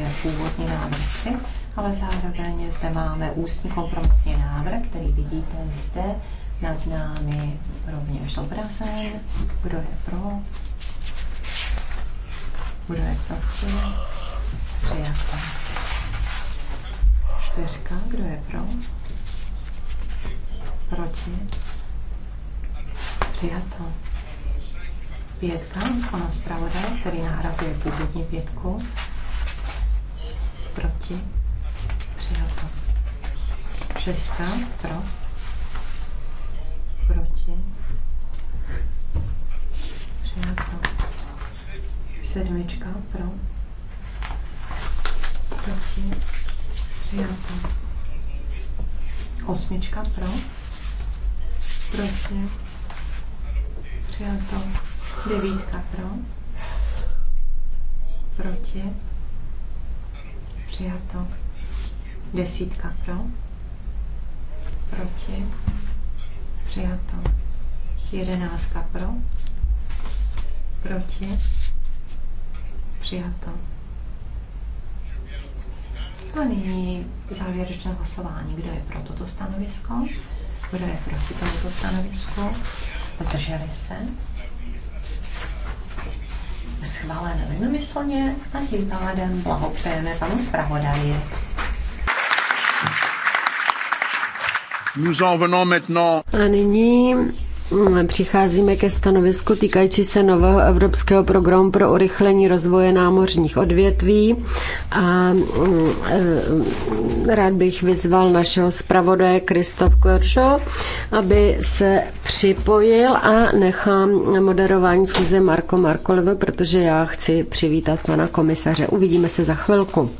je původní návrh 3, ale zároveň zde máme ústní kompromisní návrh, který vidíte zde nad námi rovněž obrazen. Kdo je pro? Kdo je proti? Přijato. Čtyřka, kdo je pro? Proti? Přijato. Pětka, pana zpravodaje, který nahrazuje původní pětku. Proti? Přijato. Šestka. Pro? Proti? Přijato. Sedmička. Pro? Proti? Přijato. Osmička. Pro? Proti? Přijato. Devítka. Pro? Proti? Přijato. Desítka pro. Proti. Přijato. Jedenáctka pro. Proti. Přijato. A nyní závěrečné hlasování. Kdo je pro toto stanovisko? Kdo je proti tomuto stanovisku? Zdrželi se? schválen jednomyslně a tím pádem blahopřejeme panu zpravodaji. Nous en venons maintenant. A nyní Přicházíme ke stanovisku týkající se nového evropského programu pro urychlení rozvoje námořních odvětví a mm, e, rád bych vyzval našeho zpravodaje Kristof Koršo, aby se připojil a nechám moderování schůze Marko Markolevo, protože já chci přivítat pana komisaře. Uvidíme se za chvilku.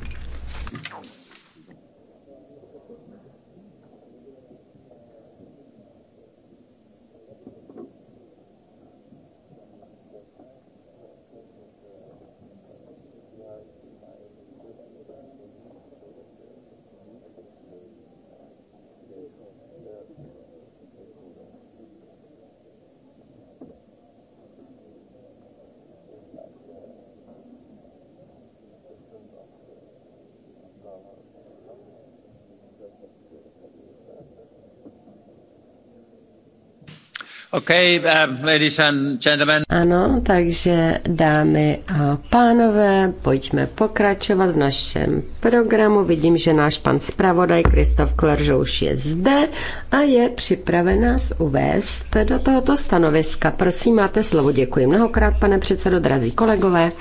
um, ladies and gentlemen. Ano, takže dámy a pánové, pojďme pokračovat v našem programu. Vidím, že náš pan zpravodaj Kristof Kleržo už je zde a je připraven nás uvést do tohoto stanoviska. Prosím, máte slovo. Děkuji mnohokrát, pane předsedo, drazí kolegové.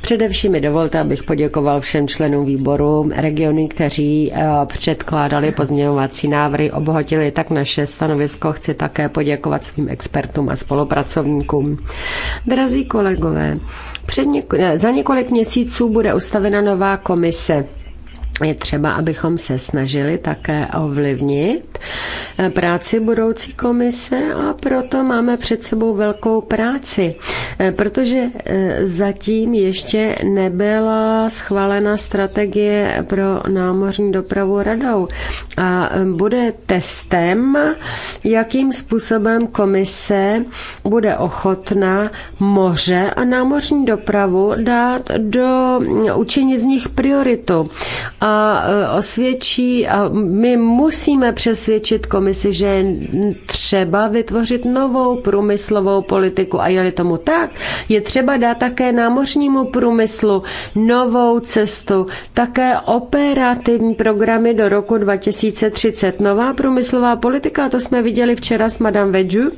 Především mi dovolte, abych poděkoval všem členům výboru regiony, kteří eh, předkládali pozměňovací návrhy, obohatili tak naše stanovisko. Chci také poděkovat svým ex expertům a spolupracovníkům. Drazí kolegové, před něko- za několik měsíců bude ustavena nová komise je třeba, abychom se snažili také ovlivnit eh, práci budoucí komise a proto máme před sebou velkou práci, eh, protože eh, zatím ještě nebyla schválena strategie pro námořní dopravu radou a bude testem, jakým způsobem komise bude ochotna moře a námořní dopravu dát do mm, učení z nich prioritu. A a e, osvědčí a my musíme přesvědčit komisi, že je třeba vytvořit novou průmyslovou politiku a je-li tomu tak, je třeba dát také námořnímu průmyslu novou cestu, také operativní programy do roku 2030. Nová průmyslová politika, to jsme viděli včera s Madame Vedžu,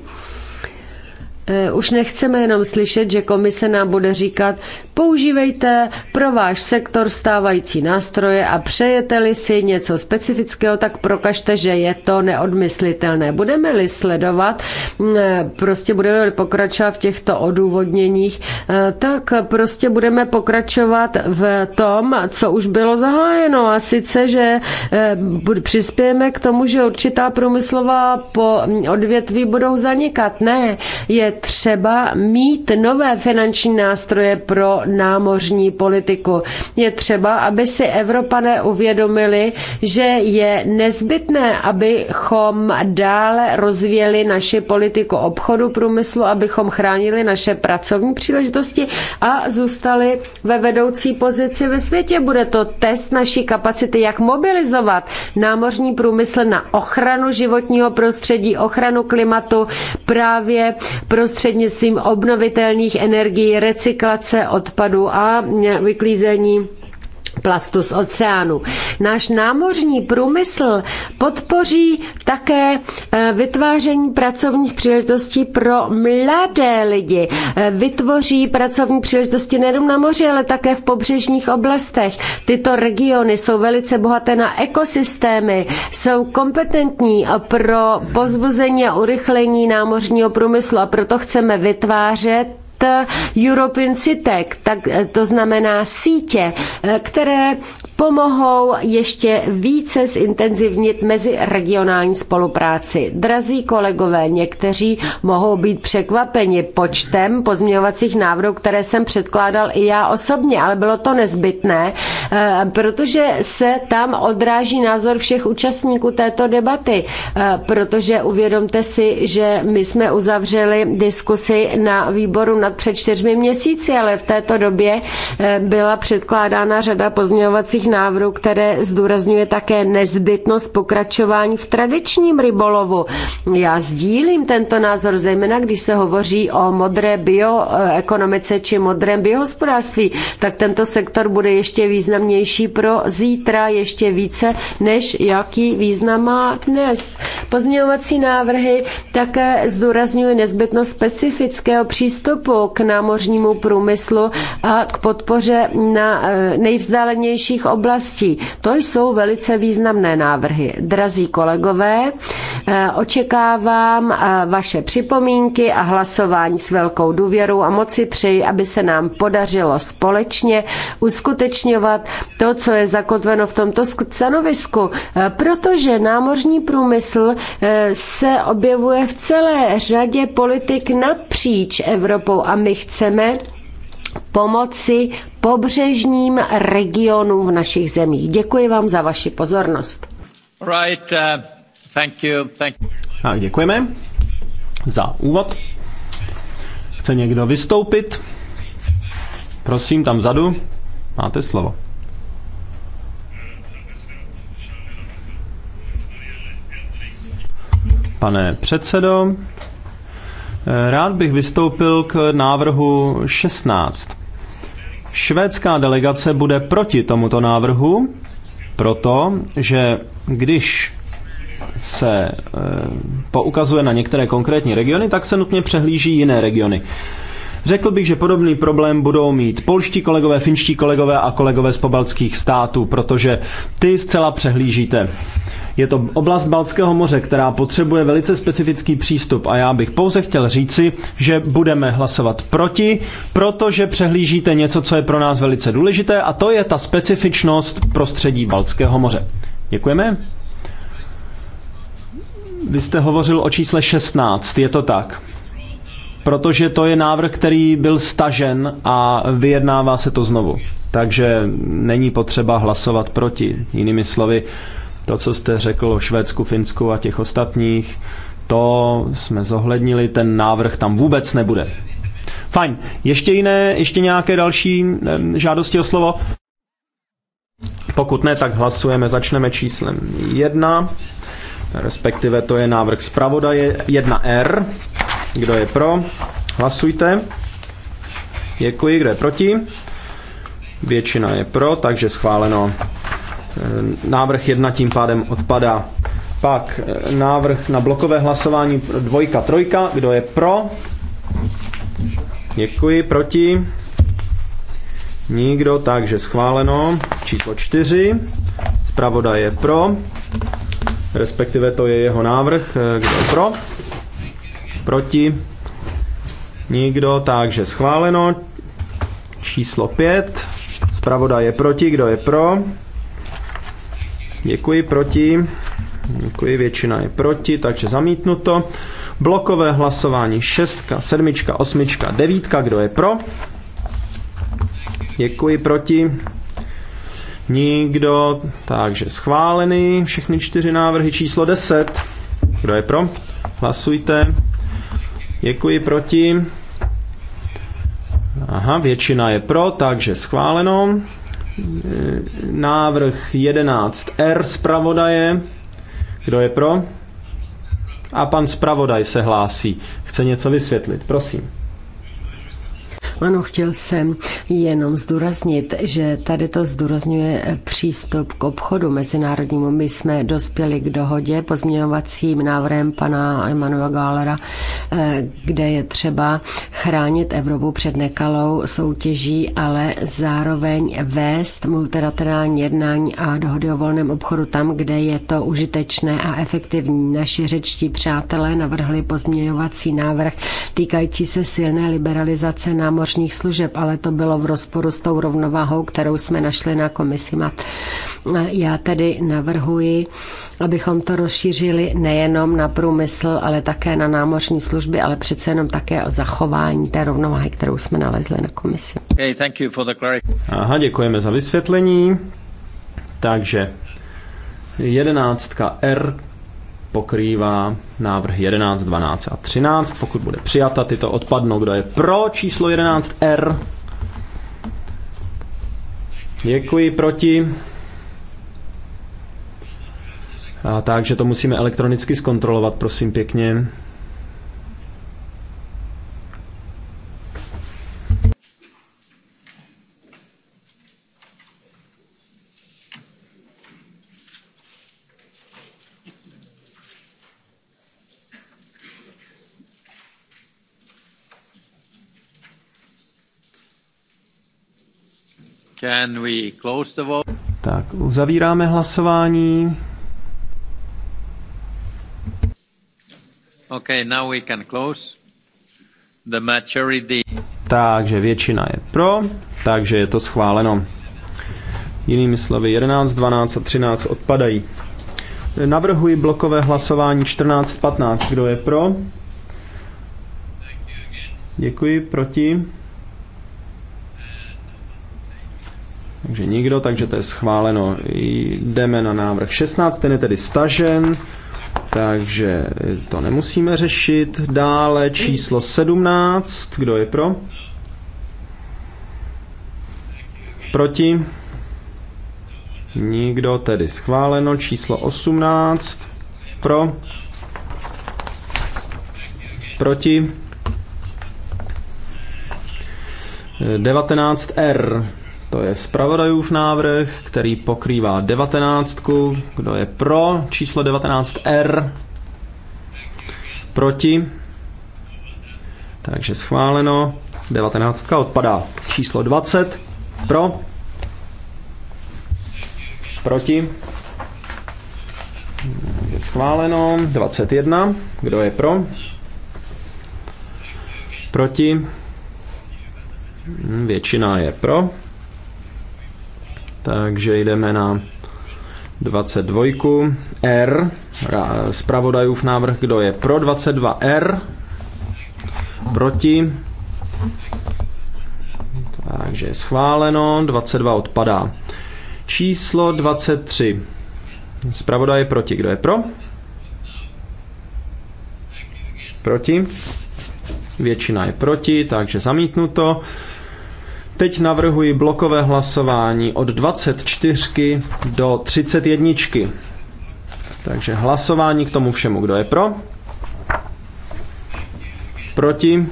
Eh, už nechceme jenom slyšet, že komise nám bude říkat, používejte pro váš sektor stávající nástroje a přejete-li si něco specifického, tak prokažte, že je to neodmyslitelné. Budeme-li sledovat, mm, eh, prostě budeme pokračovat v těchto odůvodněních, eh, tak prostě budeme pokračovat v tom, co už bylo zahájeno a sice, že přispějeme k tomu, že určitá průmyslová po odvětví budou zanikat. Ne, je třeba mít nové finanční nástroje pro námořní politiku. Je třeba, aby si Evropané uvědomili, že je nezbytné, abychom dále rozvíjeli naši politiku obchodu, průmyslu, abychom chránili naše pracovní příležitosti a zůstali ve vedoucí pozici ve světě. Bude to test naší kapacity, jak mobilizovat námořní průmysl na ochranu životního prostředí, ochranu klimatu právě pro prostřednictvím obnovitelných energií, recyklace odpadu a vyklízení plastu z oceánu. Náš námořní průmysl podpoří také eh, vytváření pracovních příležitostí pro mladé lidi. Eh, vytvoří pracovní příležitosti nejenom na moři, ale také v pobřežních oblastech. Tyto regiony jsou velice bohaté na ekosystémy, jsou kompetentní pro pozbuzení a urychlení námořního průmyslu a proto chceme vytvářet European CITEC, tak eh, to znamená sítě, eh, které pomohou ještě více zintenzivnit meziregionální spolupráci. Drazí kolegové, někteří mohou být překvapeni počtem pozměňovacích návrhů, které jsem předkládal i já osobně, ale bylo to nezbytné, eh, protože se tam odráží názor všech účastníků této debaty, eh, protože uvědomte si, že my jsme uzavřeli diskusi na výboru nad před čtyřmi měsíci, ale v této době eh, byla předkládána řada pozměňovacích pozměňovacích návrhů, které zdůrazňuje také nezbytnost pokračování v tradičním rybolovu. Já sdílím tento názor, zejména když se hovoří o modré bioekonomice či modrém biohospodářství, tak tento sektor bude ještě významnější pro zítra, ještě více, než jaký význam má dnes. Pozměňovací návrhy také zdůrazňují nezbytnost specifického přístupu k námořnímu průmyslu a k podpoře na eh, nejvzdálenějších oblastí. To jsou velice významné návrhy. Drazí kolegové, eh, očekávám eh, vaše připomínky a hlasování s velkou důvěrou a moci přeji, aby se nám podařilo společně uskutečňovat to, co je zakotveno v tomto stanovisku, eh, protože námořní průmysl se objevuje v celé řadě politik napříč Evropou a my chceme, pomoci pobřežním regionům v našich zemích. Děkuji vám za vaši pozornost. Right, uh, thank you, thank you. A děkujeme za úvod. Chce někdo vystoupit? Prosím, tam vzadu. Máte slovo. Pane předsedo, Rád bych vystoupil k návrhu 16. Švédská delegace bude proti tomuto návrhu, protože když se e, poukazuje na některé konkrétní regiony, tak se nutně přehlíží jiné regiony. Řekl bych, že podobný problém budou mít polští kolegové, finští kolegové a kolegové z pobaltských států, protože ty zcela přehlížíte. Je to oblast Balckého moře, která potřebuje velice specifický přístup a já bych pouze chtěl říci, že budeme hlasovat proti, protože přehlížíte něco, co je pro nás velice důležité a to je ta specifičnost prostředí Balckého moře. Děkujeme. Vy jste hovořil o čísle 16, je to tak? Protože to je návrh, který byl stažen a vyjednává se to znovu. Takže není potřeba hlasovat proti. Jinými slovy, to, co jste řekl o Švédsku, Finsku a těch ostatních, to jsme zohlednili, ten návrh tam vůbec nebude. Fajn, ještě jiné, ještě nějaké další žádosti o slovo? Pokud ne, tak hlasujeme, začneme číslem 1, respektive to je návrh zpravodaje 1R. Kdo je pro? Hlasujte. Děkuji, kdo je proti? Většina je pro, takže schváleno. Eh, návrh jedna tím pádem odpadá. Pak eh, návrh na blokové hlasování dvojka, trojka. Kdo je pro? Děkuji. Proti? Nikdo, takže schváleno. Číslo čtyři. Zpravoda je pro. Respektive to je jeho návrh. Eh, kdo je pro? Proti? Nikdo, takže schváleno. Číslo pět. Zpravoda je proti. Kdo je pro? Děkuji proti. Děkuji, většina je proti, takže zamítnuto. Blokové hlasování 6, 7, 8, 9. Kdo je pro? Děkuji proti. Nikdo, takže schválený všechny čtyři návrhy číslo 10. Kdo je pro? Hlasujte. Děkuji proti. Aha, většina je pro, takže schváleno návrh 11R zpravodaje. Kdo je pro? A pan zpravodaj se hlásí. Chce něco vysvětlit, prosím. Ano, chtěl jsem jenom zdůraznit, že tady to zdůrazňuje přístup k obchodu mezinárodnímu. My jsme dospěli k dohodě pozměňovacím návrhem pana Emanuela Gálera, eh, kde je třeba chránit Evropu před nekalou soutěží, ale zároveň vést multilaterální jednání a dohody o volném obchodu tam, kde je to užitečné a efektivní. Naši řečtí přátelé navrhli pozměňovací návrh týkající se silné liberalizace námořní finančních služeb, ale to bylo v rozporu s tou rovnováhou, kterou jsme našli na komisi MAT. Já tedy navrhuji, abychom to rozšířili nejenom na průmysl, ale také na námořní služby, ale přece jenom také o zachování té rovnováhy, kterou jsme nalezli na komisi. Okay, thank you for the Aha, děkujeme za vysvětlení. Takže jedenáctka R pokrývá návrh 11, 12 a 13. Pokud bude přijata, tyto odpadnou. Kdo je pro číslo 11R? Děkuji, proti. A takže to musíme elektronicky zkontrolovat, prosím pěkně. Can we close the vote? Tak, uzavíráme hlasování. Okay, now we can close. The majority. Takže většina je pro, takže je to schváleno. Jinými slovy, 11, 12 a 13 odpadají. Navrhuji blokové hlasování 14, 15. Kdo je pro? Děkuji, proti? Takže nikdo, takže to je schváleno. Jdeme na návrh 16, ten je tedy stažen, takže to nemusíme řešit. Dále číslo 17, kdo je pro? Proti? Nikdo, tedy schváleno. Číslo 18, pro? Proti? 19R to je zpravodajův návrh, který pokrývá devatenáctku. Kdo je pro číslo 19R? Proti? Takže schváleno. Devatenáctka odpadá. Číslo 20. Pro? Proti? Je schváleno. 21. Kdo je pro? Proti? Hm, většina je pro. Takže jdeme na 22. R. Spravodajův návrh, kdo je pro 22 R. Proti. Takže je schváleno, 22 odpadá. Číslo 23. Zpravodaj je proti. Kdo je pro? Proti. Většina je proti, takže zamítnuto. Teď navrhuji blokové hlasování od 24 do 31. Takže hlasování k tomu všemu. Kdo je pro? Proti?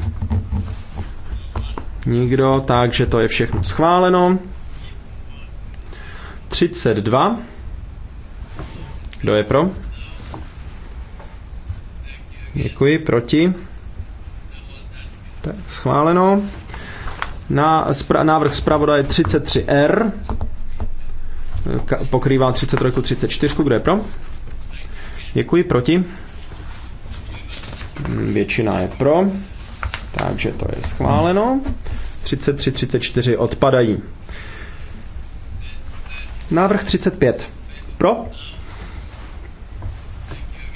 Nikdo, takže to je všechno schváleno. 32. Kdo je pro? Děkuji, proti. Tak, schváleno. Na spra- návrh zpravodaje 33R pokrývá 33, 34. Kdo je pro? Děkuji, proti? Hmm, většina je pro, takže to je schváleno. 33, 34 odpadají. Návrh 35. Pro?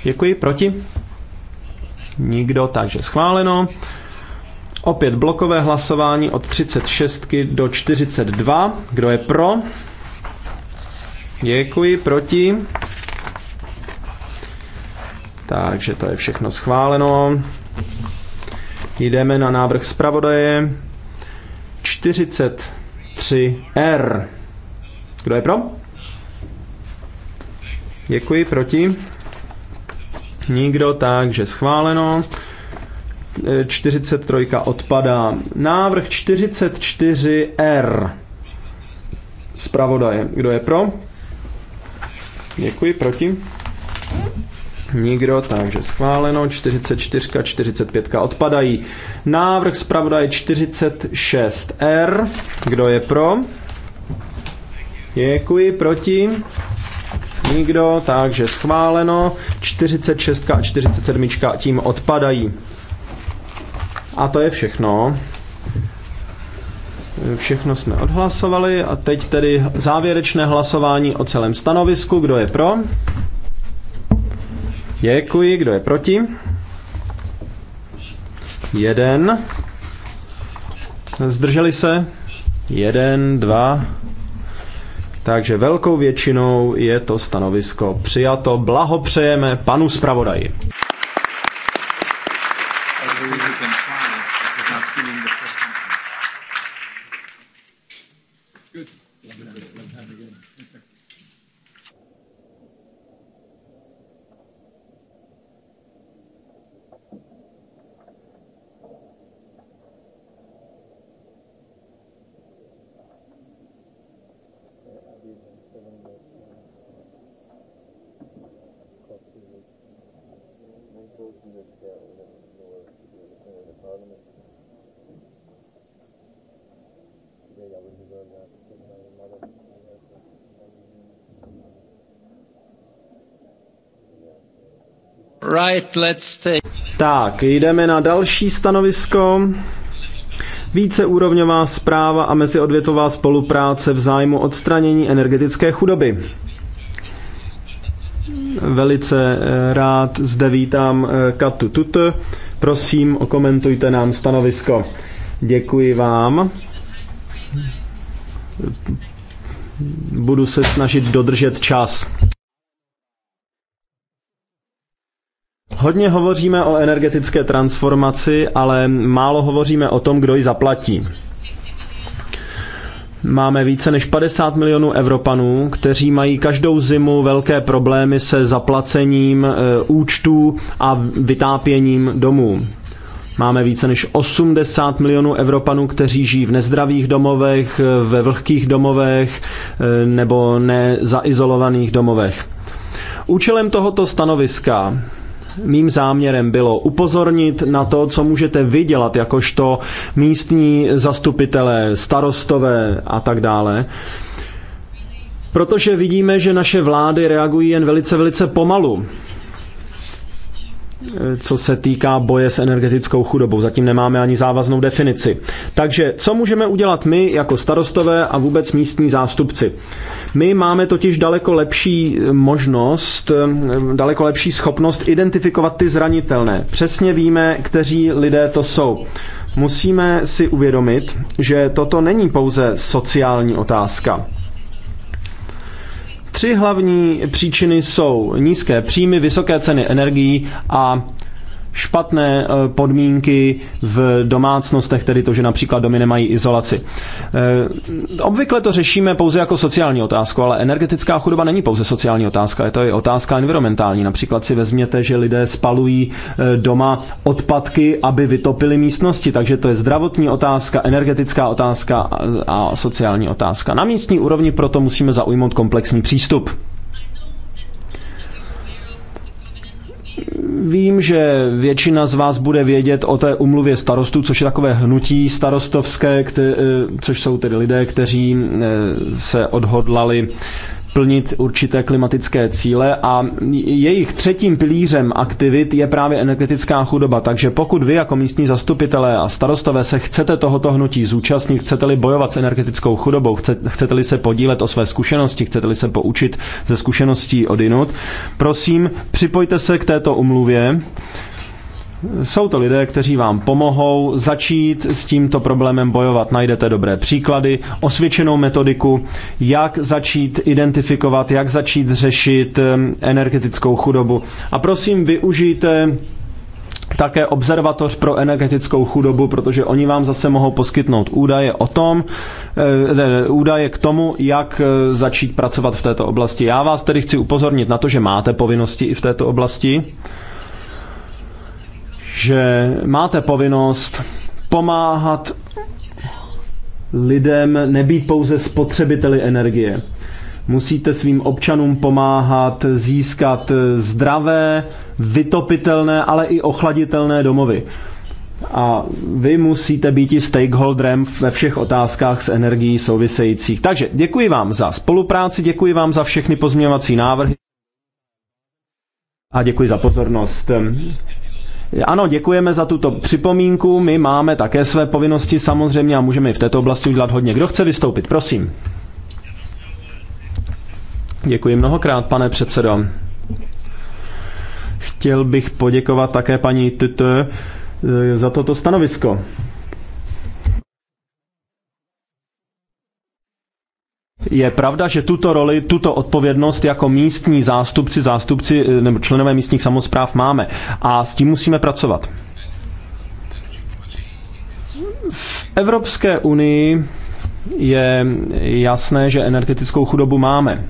Děkuji, proti? Nikdo, takže schváleno. Opět blokové hlasování od 36 do 42. Kdo je pro? Děkuji. Proti? Takže to je všechno schváleno. Jdeme na návrh zpravodaje 43R. Kdo je pro? Děkuji, proti? Nikdo, takže schváleno. 43 odpadá. Návrh 44R. Zpravodaje. Kdo je pro? Děkuji. Proti? Nikdo, takže schváleno. 44, 45 odpadají. Návrh zpravodaje 46R. Kdo je pro? Děkuji. Proti? Nikdo, takže schváleno. 46 a 47 tím odpadají. A to je všechno. Všechno jsme odhlasovali a teď tedy závěrečné hlasování o celém stanovisku. Kdo je pro? Děkuji. Kdo je proti? Jeden. Zdrželi se? Jeden, dva. Takže velkou většinou je to stanovisko přijato. Blahopřejeme panu zpravodaji. Right, let's take... Tak, jdeme na další stanovisko. Víceúrovňová zpráva a meziodvětová spolupráce v zájmu odstranění energetické chudoby. Velice eh, rád zde vítám eh, Katu Tut. Prosím, okomentujte nám stanovisko. Děkuji vám. Budu se snažit dodržet čas. Hodně hovoříme o energetické transformaci, ale málo hovoříme o tom, kdo ji zaplatí. Máme více než 50 milionů Evropanů, kteří mají každou zimu velké problémy se zaplacením e, účtů a vytápěním domů. Máme více než 80 milionů Evropanů, kteří žijí v nezdravých domovech, ve vlhkých domovech e, nebo nezaizolovaných domovech. Účelem tohoto stanoviska mým záměrem bylo upozornit na to, co můžete vydělat jakožto místní zastupitelé, starostové a tak dále. Protože vidíme, že naše vlády reagují jen velice, velice pomalu co se týká boje s energetickou chudobou. Zatím nemáme ani závaznou definici. Takže co můžeme udělat my jako starostové a vůbec místní zástupci? My máme totiž daleko lepší možnost, daleko lepší schopnost identifikovat ty zranitelné. Přesně víme, kteří lidé to jsou. Musíme si uvědomit, že toto není pouze sociální otázka. Tři hlavní příčiny jsou nízké příjmy, vysoké ceny energií a špatné eh, podmínky v domácnostech, tedy to, že například domy nemají izolaci. Eh, obvykle to řešíme pouze jako sociální otázku, ale energetická chudoba není pouze sociální otázka, je to i otázka environmentální. Například si vezměte, že lidé spalují eh, doma odpadky, aby vytopili místnosti, takže to je zdravotní otázka, energetická otázka a sociální otázka. Na místní úrovni proto musíme zaujmout komplexní přístup. Vím, že většina z vás bude vědět o té umluvě starostů, což je takové hnutí starostovské, eh, což jsou tedy lidé, kteří eh, se odhodlali plnit určité klimatické cíle a jejich třetím pilířem aktivit je právě energetická chudoba. Takže pokud vy jako místní zastupitelé a starostové se chcete tohoto hnutí zúčastnit, chcete-li bojovat s energetickou chudobou, chcete-li se podílet o své zkušenosti, chcete-li se poučit ze zkušeností jinut, prosím, připojte se k této umluvě jsou to lidé, kteří vám pomohou začít s tímto problémem bojovat. Najdete dobré příklady, osvědčenou metodiku, jak začít identifikovat, jak začít řešit energetickou chudobu. A prosím, využijte také observatoř pro energetickou chudobu, protože oni vám zase mohou poskytnout údaje o tom, eh, údaje k tomu, jak eh, začít pracovat v této oblasti. Já vás tedy chci upozornit na to, že máte povinnosti i v této oblasti že máte povinnost pomáhat lidem nebýt pouze spotřebiteli energie. Musíte svým občanům pomáhat získat zdravé, vytopitelné, ale i ochladitelné domovy. A vy musíte být i stakeholderem ve všech otázkách s energií souvisejících. Takže děkuji vám za spolupráci, děkuji vám za všechny pozměňovací návrhy a děkuji za pozornost. Ano, děkujeme za tuto připomínku. My máme také své povinnosti samozřejmě a můžeme i v této oblasti udělat hodně. Kdo chce vystoupit, prosím. Děkuji mnohokrát, pane předsedo. Chtěl bych poděkovat také paní Tete eh, za toto stanovisko. Je pravda, že tuto roli, tuto odpovědnost jako místní zástupci, zástupci eh, nebo členové místních samozpráv máme a s tím musíme pracovat. V Evropské unii je jasné, že energetickou chudobu máme.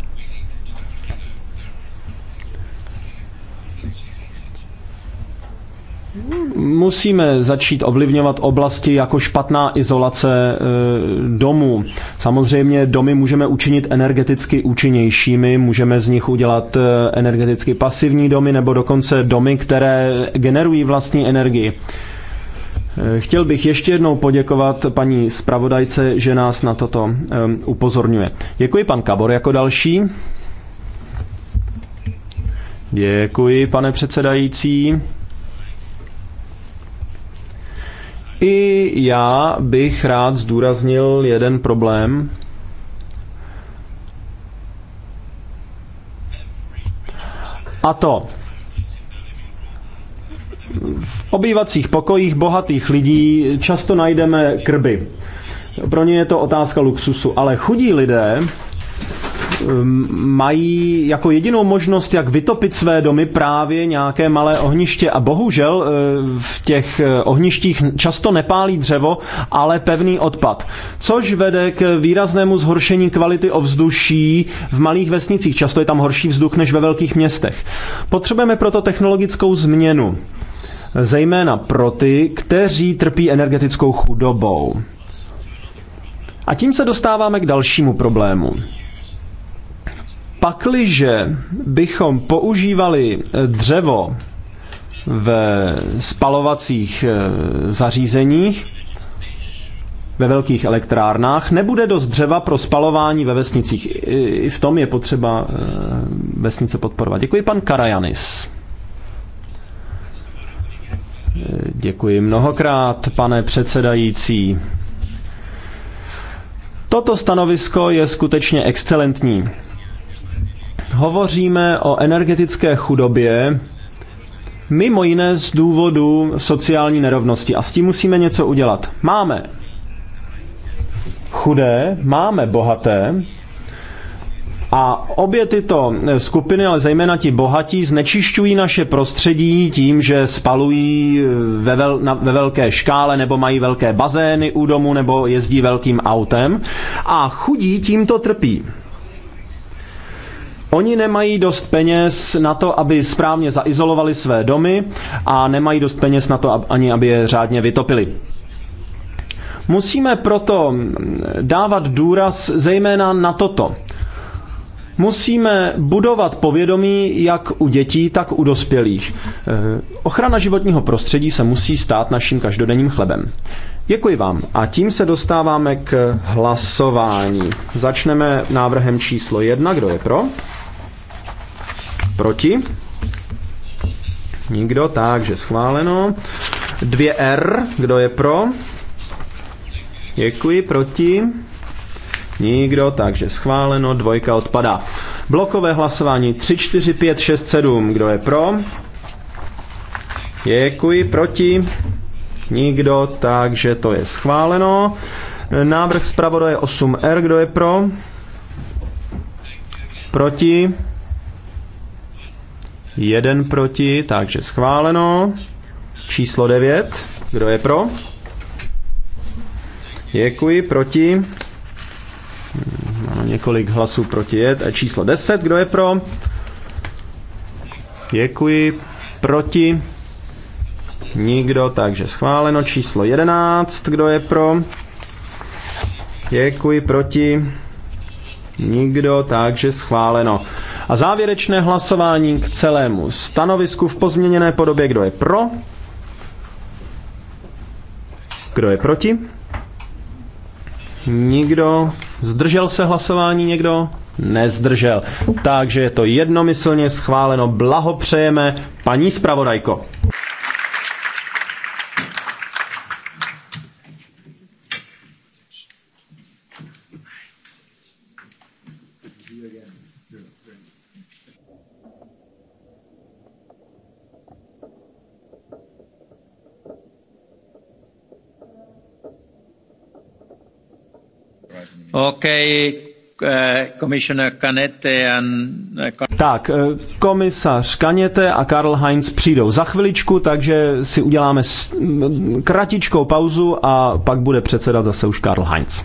musíme začít ovlivňovat oblasti jako špatná izolace e, domů. Samozřejmě domy můžeme učinit energeticky účinnějšími, můžeme z nich udělat e, energeticky pasivní domy nebo dokonce domy, které generují vlastní energii. E, chtěl bych ještě jednou poděkovat paní zpravodajce, že nás na toto upozorňuje. Děkuji pan Kabor jako další. Děkuji, pane předsedající. I já bych rád zdůraznil jeden problém. A to, v obývacích pokojích bohatých lidí často najdeme krby. Pro ně je to otázka luxusu, ale chudí lidé Ehm, mají jako jedinou možnost, jak vytopit své domy, právě nějaké malé ohniště. A bohužel eh, v těch eh, ohništích často nepálí dřevo, ale pevný odpad. Což vede k výraznému zhoršení kvality ovzduší v malých vesnicích. Často je tam horší vzduch než ve velkých městech. Potřebujeme proto technologickou změnu. Zejména pro ty, kteří trpí energetickou chudobou. A tím se dostáváme k dalšímu problému. Pakliže bychom používali eh, dřevo v spalovacích eh, zařízeních, ve velkých elektrárnách, nebude dost dřeva pro spalování ve vesnicích. I v tom je potřeba eh, vesnice podporovat. Děkuji pan Karajanis. Děkuji mnohokrát, pane předsedající. Toto stanovisko je skutečně excelentní hovoříme o energetické chudobě, mimo jiné z důvodu sociální nerovnosti. A s tím musíme něco udělat. Máme chudé, máme bohaté, a obě tyto skupiny, ale zejména ti bohatí, znečišťují naše prostředí tím, že spalují eh, ve, vel, na, ve velké škále, nebo mají velké bazény u domu, nebo jezdí velkým autem. A chudí tímto trpí. Oni nemají dost peněz na to, aby správně zaizolovali své domy a nemají dost peněz na to ani, aby je řádně vytopili. Musíme proto dávat důraz zejména na toto. Musíme budovat povědomí jak u dětí, tak u dospělých. Eh, ochrana životního prostředí se musí stát naším každodenním chlebem. Děkuji vám. A tím se dostáváme k hlasování. Začneme návrhem číslo jedna. Kdo je pro? Proti? Nikdo, takže schváleno. Dvě R, kdo je pro? Děkuji, proti? Nikdo, takže schváleno, dvojka odpadá. Blokové hlasování 3, 4, 5, 6, 7. Kdo je pro? Děkuji, proti? Nikdo, takže to je schváleno. Návrh zpravodaje 8R, kdo je pro? Proti? Jeden proti, takže schváleno. Číslo 9, kdo je pro? Děkuji, proti? několik hlasů proti je. Číslo 10, kdo je pro? Děkuji. Proti? Nikdo, takže schváleno. Číslo 11, kdo je pro? Děkuji, proti? Nikdo, takže schváleno. A závěrečné hlasování k celému stanovisku v pozměněné podobě. Kdo je pro? Kdo je proti? Nikdo, Zdržel se hlasování někdo? Nezdržel. Takže je to jednomyslně schváleno. Blahopřejeme paní zpravodajko. Okay. Eh, eh, tak, eh, komisař Kaněte a Karl Heinz přijdou za chviličku, takže si uděláme kratičkou pauzu a pak bude předsedat zase už Karl Heinz.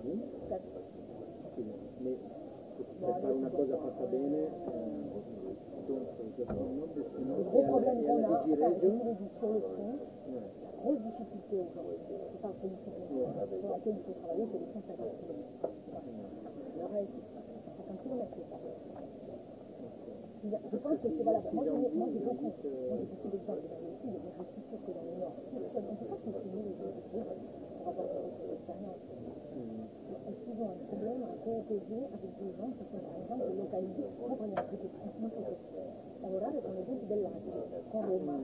Sì? Certo. Quindi, le, per fare una cosa fatta bene, eh, il Giappone, il gros problème qu'on a, enfin, je vous l'ai dit sur le fond, la grosse difficulté un policier sur laquelle il Je pense que c'est valable. Moi, j'ai beaucoup, moi, j'ai beaucoup d'exemples dans le mais je suis sûre que dans le nord, on ne peut pas continuer les choses pour avoir une expérience souvent un problème à coopérer avec des gens qui sont par exemple localisés comprenez-vous franchement c'est lavorare con le gente dell'Asia con Roma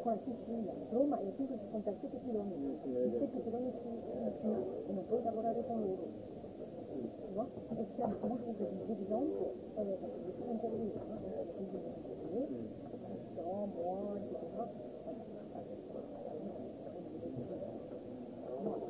con Sicilia Roma è a 167 km 7 km in più e non puoi lavorare con loro no? e siamo molto evidente eh, intervista no? sono buoni no? no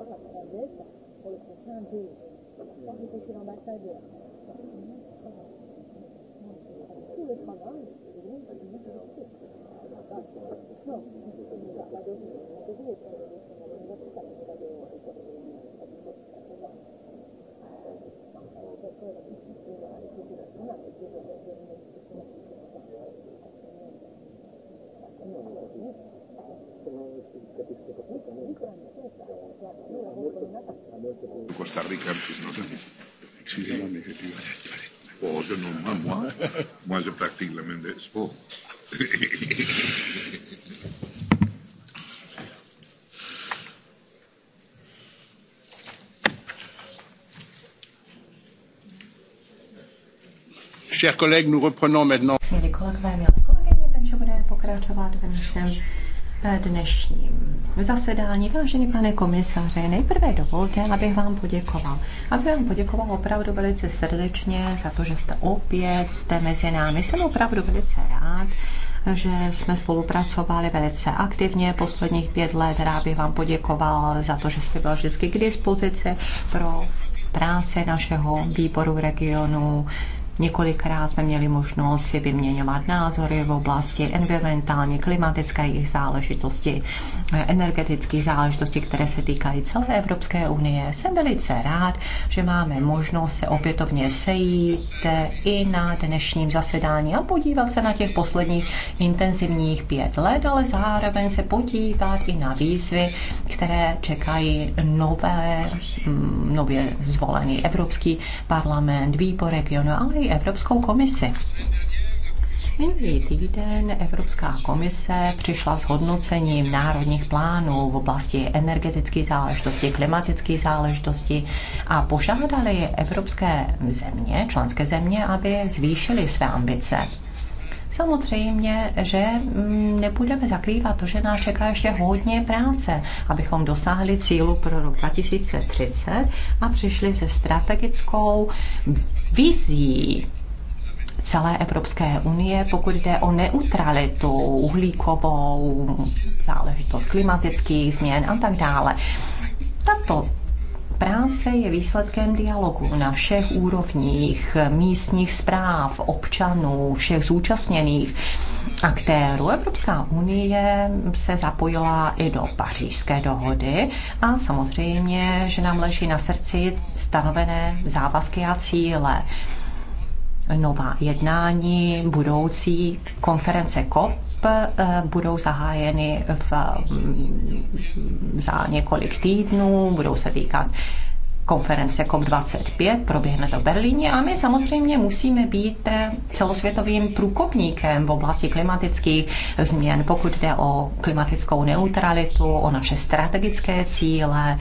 ora la salvezza con le costanti proprio che c'è una battaglia sulle parole diventa no la dottrina così è stata detta all'università Thank you. Costa Rica antes, no Sí, sí, je dois aller Oh, je non, moi, ¿ah? moi, moi, je pratique le même sport. Chers collègues, nous reprenons maintenant. Milí kolegové, milé kolegyně, pokračovat v našem dnešním zasedání. Vážený pane komisaře, nejprve dovolte, abych vám poděkoval. Abych vám poděkoval opravdu velice srdečně za to, že jste opět mezi námi. Jsem opravdu velice rád, že jsme spolupracovali velice aktivně posledních pět let. Rád bych vám poděkoval za to, že jste byl vždycky k dispozici pro práce našeho výboru regionu Několikrát jsme měli možnost si vyměňovat názory v oblasti environmentální, klimatické jejich záležitosti, eh, energetické záležitosti, které se týkají celé Evropské unie. Jsem velice rád, že máme možnost se opětovně sejít eh, i na dnešním zasedání a podívat se na těch posledních intenzivních pět let, ale zároveň se podívat i na výzvy, které čekají nové, mm, nově zvolený Evropský parlament, výbor regionu, ale i Evropskou komisi. Minulý týden Evropská komise přišla s hodnocením národních plánů v oblasti energetické záležitosti, klimatické záležitosti a požádali evropské země, členské země, aby zvýšily své ambice Samozřejmě, že mm, nebudeme zakrývat to, že nás čeká ještě hodně práce, abychom dosáhli cílu pro rok 2030 a přišli se strategickou vizí celé Evropské unie, pokud jde o neutralitu uhlíkovou, záležitost klimatických změn a tak dále. Tato práce je výsledkem dialogu na všech úrovních místních zpráv, občanů, všech zúčastněných aktérů. Evropská unie se zapojila i do pařížské dohody a samozřejmě, že nám leží na srdci stanovené závazky a cíle nová jednání, budoucí konference COP eh, budou zahájeny v, mm, za několik týdnů, budou se týkat konference COP25, proběhne to v Berlíně a my samozřejmě musíme být eh, celosvětovým průkopníkem v oblasti klimatických změn, pokud jde o klimatickou neutralitu, o naše strategické cíle,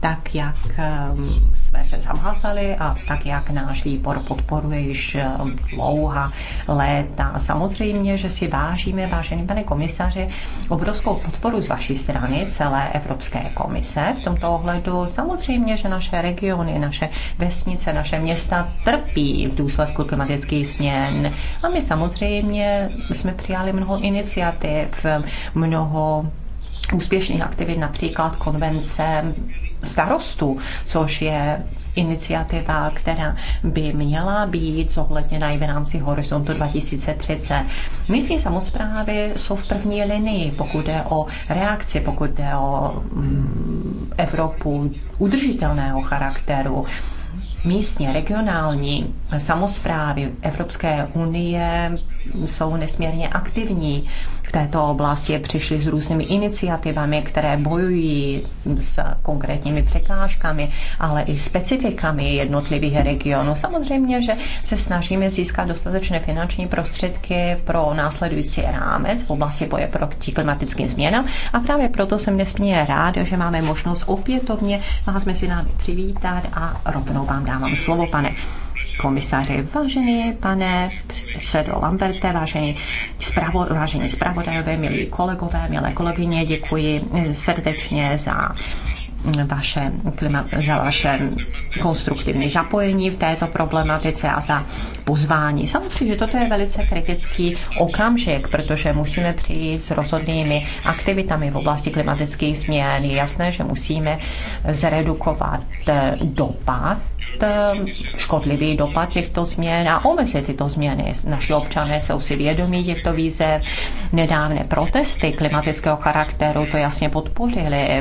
tak, jak ehm, jsme se zavázali a tak, jak náš výbor podporuje již ehm, dlouhá léta. Samozřejmě, že si vážíme, vážený pane komisaři, obrovskou podporu z vaší strany celé Evropské komise v tomto ohledu. Samozřejmě, že naše regiony, naše vesnice, naše města trpí v důsledku klimatických změn. A my samozřejmě jsme přijali mnoho iniciativ, mnoho úspěšných aktivit, například konvence starostů, což je iniciativa, která by měla být zohledněna i v rámci horizontu 2030. Místní samozprávy jsou v první linii, pokud jde o reakci, pokud jde o mm, Evropu udržitelného charakteru. Místně, regionální samozprávy Evropské unie jsou nesmírně aktivní v této oblasti přišli s různými iniciativami, které bojují s konkrétními překážkami, ale i specifikami jednotlivých regionů. Samozřejmě, že se snažíme získat dostatečné finanční prostředky pro následující rámec v oblasti boje proti klimatickým změnám a právě proto jsem nesmírně rád, že máme možnost opětovně vás mezi námi přivítat a rovnou vám dávám slovo, pane komisaři, vážený pane předsedo Lamberte, vážení, zpravo, vážení zpravodajové, milí kolegové, milé kolegyně, děkuji srdečně za mm, vaše, klima, za vaše konstruktivní zapojení v této problematice a za pozvání. Samozřejmě, že toto je velice kritický okamžik, protože musíme přijít s rozhodnými aktivitami v oblasti klimatických změn. Je jasné, že musíme zredukovat eh, dopad Um, škodlivý dopad těchto změn a omezit tyto změny. Naši občané jsou si vědomí těchto výzev. Nedávné protesty klimatického charakteru to jasně podpořili,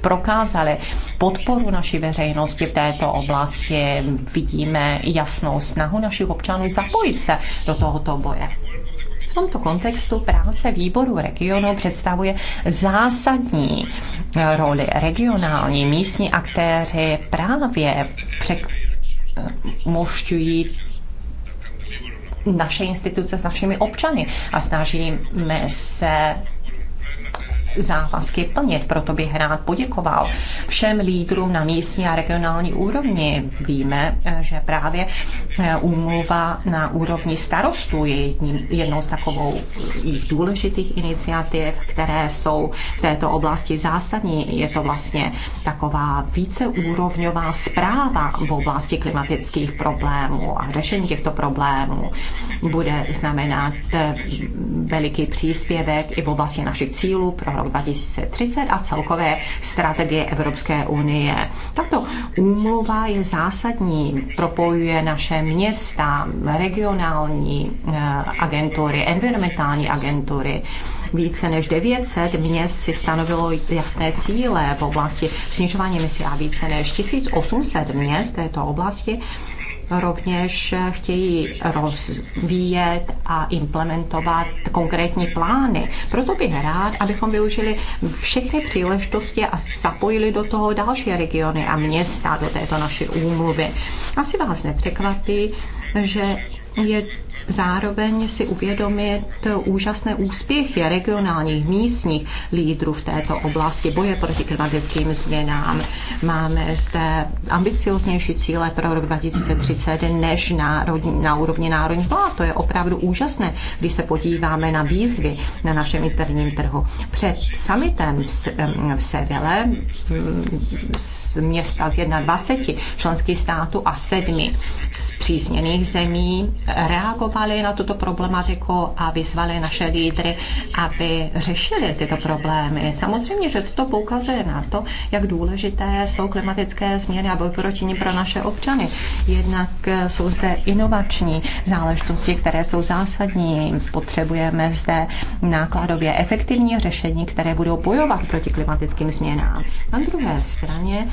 prokázali podporu naší veřejnosti v této oblasti. Vidíme jasnou snahu našich občanů zapojit se do tohoto boje tomto kontextu práce výboru regionu představuje zásadní eh, roli. Regionální místní aktéři právě překmošťují naše instituce s našimi občany a snažíme se závazky plnit. Proto bych rád poděkoval všem lídrům na místní a regionální úrovni. Víme, že právě eh, úmluva na úrovni starostů je jedním, jednou z takovou jejich důležitých iniciativ, které jsou v této oblasti zásadní. Je to vlastně taková víceúrovňová zpráva v oblasti klimatických problémů a řešení těchto problémů bude znamenat eh, veliký příspěvek i v oblasti našich cílů pro rok 2030 a celkové strategie Evropské unie. Tato úmluva je zásadní, propojuje naše města, regionální eh, agentury, environmentální agentury, více než 900 měst si stanovilo jasné cíle v oblasti snižování emisí a více než 1800 měst této oblasti rovněž chtějí rozvíjet a implementovat konkrétní plány. Proto bych rád, abychom využili všechny příležitosti a zapojili do toho další regiony a města do této naší úmluvy. Asi vás nepřekvapí, že je zároveň si uvědomit úžasné úspěchy regionálních místních lídrů v této oblasti boje proti klimatickým změnám. Máme zde ambicioznější cíle pro rok 2030 než na na úrovni národní vlád. To je opravdu úžasné, když se podíváme na výzvy na našem interním trhu. Před summitem v, v Seville mm, z města z 21 členských států a sedmi zpřízněných zemí reagovali reagovali na tuto problematiku a vyzvali naše lídry, aby řešili tyto problémy. Samozřejmě, že toto poukazuje na to, jak důležité jsou klimatické změny a boj proti ním pro naše občany. Jednak jsou zde inovační záležitosti, které jsou zásadní. Potřebujeme zde nákladově efektivní řešení, které budou bojovat proti klimatickým změnám. Na druhé straně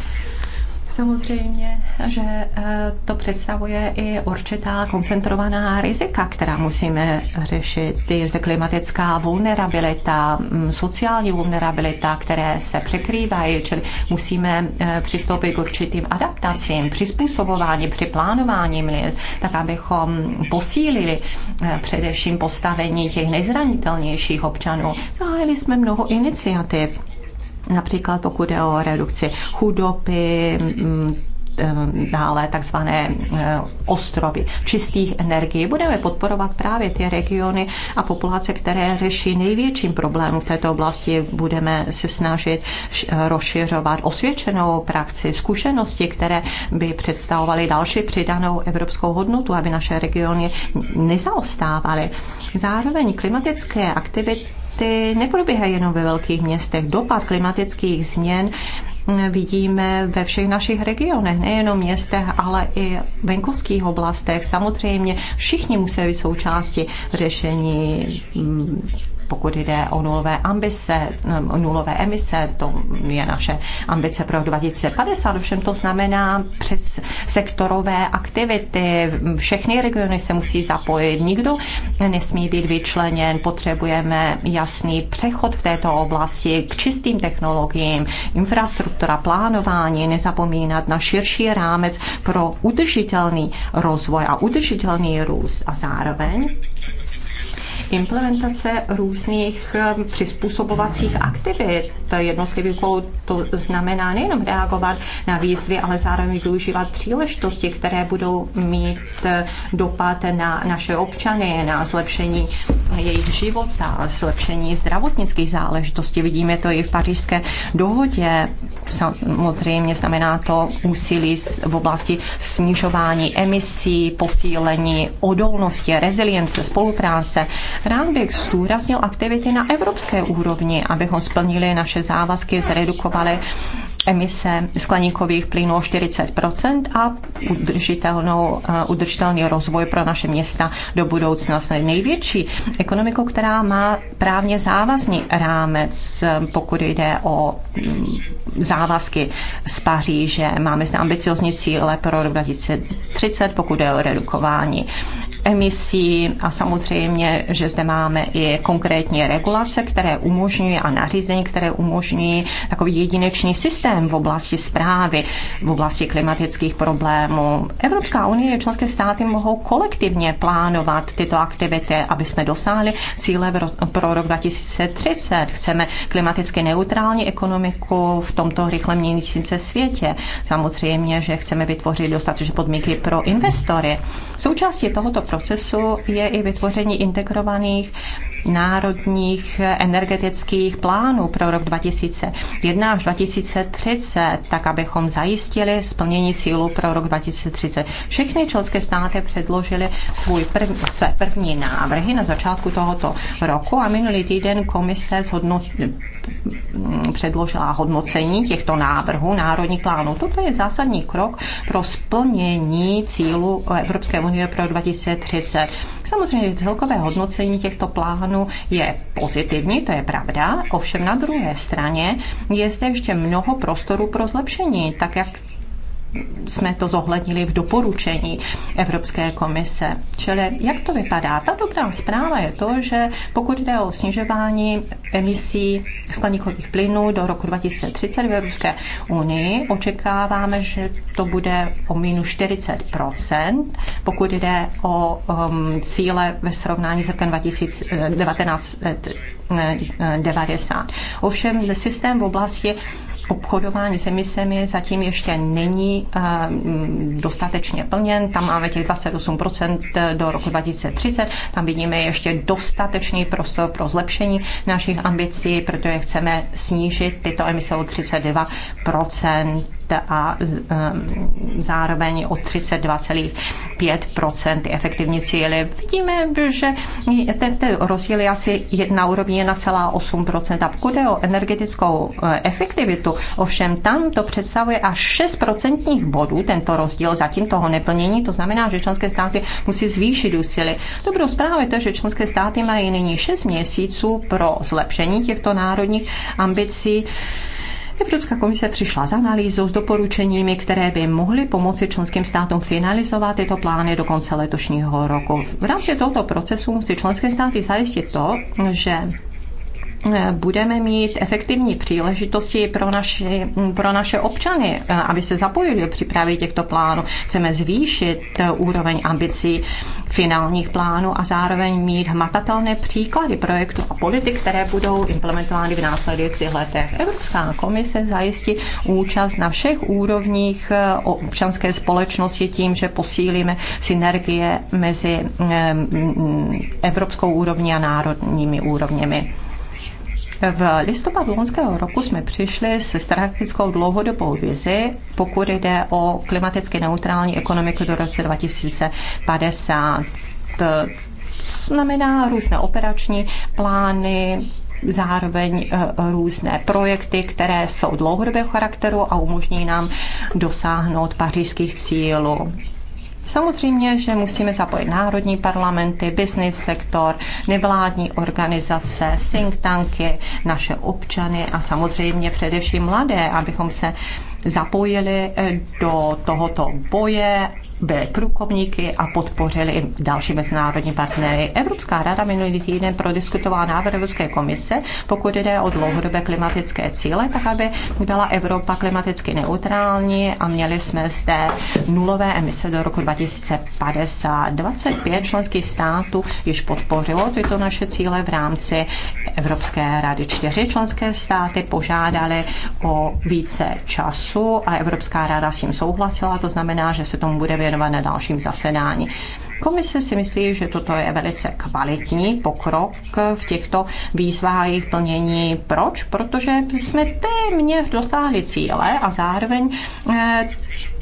Samozřejmě, že eh, to představuje i určitá koncentrovaná rizika, která musíme řešit. Je zde klimatická vulnerabilita, mm, sociální vulnerabilita, které se překrývají, čili musíme eh, přistoupit k určitým adaptacím, přizpůsobování, při plánování měst, tak abychom posílili eh, především postavení těch nejzranitelnějších občanů. Zahájili jsme mnoho iniciativ Například pokud je o redukci chudoby, mm, mm, dále takzvané eh, ostrovy čistých energií. Budeme podporovat právě ty regiony a populace, které řeší největším problémům v této oblasti. Budeme se snažit eh, rozšiřovat osvědčenou praxi, zkušenosti, které by představovaly další přidanou evropskou hodnotu, aby naše regiony nezaostávaly. Zároveň klimatické aktivity ty neprobíhají jenom ve velkých městech. Dopad klimatických změn mm, vidíme ve všech našich regionech, nejenom městech, ale i venkovských oblastech. Samozřejmě všichni musí být součástí řešení mm, pokud jde o nulové ambice, o nulové emise, to je naše ambice pro 2050, ovšem to znamená přes sektorové aktivity, všechny regiony se musí zapojit, nikdo nesmí být vyčleněn, potřebujeme jasný přechod v této oblasti k čistým technologiím, infrastruktura, plánování, nezapomínat na širší rámec pro udržitelný rozvoj a udržitelný růst a zároveň implementace různých eh, přizpůsobovacích aktivit jednotlivou, to znamená nejenom reagovat na výzvy, ale zároveň využívat příležitosti, které budou mít eh, dopad na naše občany, na zlepšení jejich života, zlepšení zdravotnických záležitostí. Vidíme to i v pařížské dohodě. Samozřejmě znamená to úsilí v oblasti snižování emisí, posílení odolnosti, rezilience, spolupráce Rád bych zdůraznil aktivity na evropské úrovni, abychom splnili naše závazky, zredukovali emise skleníkových plynů o 40 a udržitelnou, eh, udržitelný rozvoj pro naše města do budoucna. Jsme největší ekonomikou, která má právně závazný rámec, pokud jde o mm, závazky z Paříže. Máme zde ambiciozní cíle pro 2030, pokud jde o redukování emisí a samozřejmě, že zde máme i konkrétní regulace, které umožňují a nařízení, které umožňují takový jedinečný systém v oblasti zprávy, v oblasti klimatických problémů. Evropská unie a členské státy mohou kolektivně plánovat tyto aktivity, aby jsme dosáhli cíle pro rok 2030. Chceme klimaticky neutrální ekonomiku v tomto rychle měnícím se světě. Samozřejmě, že chceme vytvořit dostatečné podmínky pro investory. Součástí tohoto procesu je i vytvoření integrovaných národních energetických plánů pro rok 2001 až 2030, tak abychom zajistili splnění sílu pro rok 2030. Všechny členské státy předložily svůj prv, své první návrhy na začátku tohoto roku a minulý týden komise zhodnotila předložila hodnocení těchto návrhů národních plánů. Toto je zásadní krok pro splnění cílu Evropské unie pro 2030. Samozřejmě že celkové hodnocení těchto plánů je pozitivní, to je pravda, ovšem na druhé straně je zde ještě mnoho prostoru pro zlepšení, tak jak jsme to zohlednili v doporučení Evropské komise. Čili jak to vypadá? Ta dobrá zpráva je to, že pokud jde o snižování emisí skleníkových plynů do roku 2030 v Evropské unii, očekáváme, že to bude o minus 40 pokud jde o um, cíle ve srovnání s rokem 2019 90. Ovšem systém v oblasti obchodování s emisemi zatím ještě není eh, dostatečně plněn. Tam máme těch 28% do roku 2030. Tam vidíme ještě dostatečný prostor pro zlepšení našich ambicí, protože chceme snížit tyto emise o 32% a um, zároveň o 32,5 efektivní cíly. Vidíme, že ten, ten rozdíl je asi na úrovni 1,8 A pokud je o energetickou eh, efektivitu, ovšem tam to představuje až 6 procentních bodů, tento rozdíl zatím toho neplnění. To znamená, že členské státy musí zvýšit úsilí. Dobrou zprávou je to, že členské státy mají nyní 6 měsíců pro zlepšení těchto národních ambicí. Evropská komise přišla s analýzou s doporučeními, které by mohly pomoci členským státům finalizovat tyto plány do konce letošního roku. V rámci tohoto procesu musí členské státy zajistit to, že Eh, budeme mít efektivní příležitosti pro, naši, mm, pro naše občany, eh, aby se zapojili do přípravy těchto plánů. Chceme zvýšit eh, úroveň ambicí finálních plánů a zároveň mít hmatatelné příklady projektů a politik, které budou implementovány v následujících letech. Evropská komise zajistí účast na všech úrovních občanské společnosti tím, že posílíme synergie mezi evropskou úrovní a národními úrovněmi. V listopadu loňského roku jsme přišli se strategickou dlouhodobou vizi, pokud jde o klimaticky neutrální ekonomiku do roce 2050. To znamená různé operační plány, zároveň eh, různé projekty, které jsou dlouhodobého charakteru a umožní nám dosáhnout pařížských cílů. Samozřejmě, že musíme zapojit národní parlamenty, business sektor, nevládní organizace, think tanky, naše občany a samozřejmě především mladé, abychom se zapojili do tohoto boje byli průkopníky a podpořili další mezinárodní partnery. Evropská rada minulý týden prodiskutovala návrh Evropské komise, pokud jde o dlouhodobé klimatické cíle, tak aby byla Evropa klimaticky neutrální a měli jsme zde nulové emise do roku 2050. 25 členských států již podpořilo tyto naše cíle v rámci Evropské rady. Čtyři členské státy požádali o více času a Evropská rada s tím souhlasila, to znamená, že se tomu bude věnovat na dalším zasedání. Komise si myslí, že toto je velice kvalitní pokrok v těchto výzvách a jejich plnění. Proč? Protože jsme téměř dosáhli cíle a zároveň eh,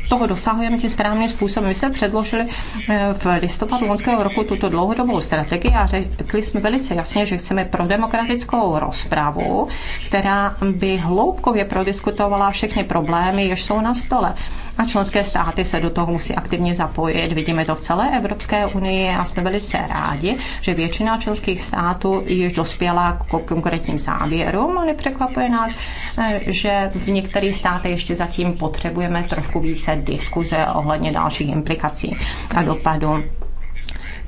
toho dosahujeme tím správným způsobem. My jsme předložili eh, v listopadu loňského roku tuto dlouhodobou strategii a řekli jsme velice jasně, že chceme pro demokratickou rozpravu, která by hloubkově prodiskutovala všechny problémy, jež jsou na stole a členské státy se do toho musí aktivně zapojit. Vidíme to v celé Evropské unii a jsme velice rádi, že většina členských států již dospěla k konkrétním závěrům a nepřekvapuje nás, eh, že v některých státech ještě zatím potřebujeme trošku více diskuze ohledně dalších implikací a dopadů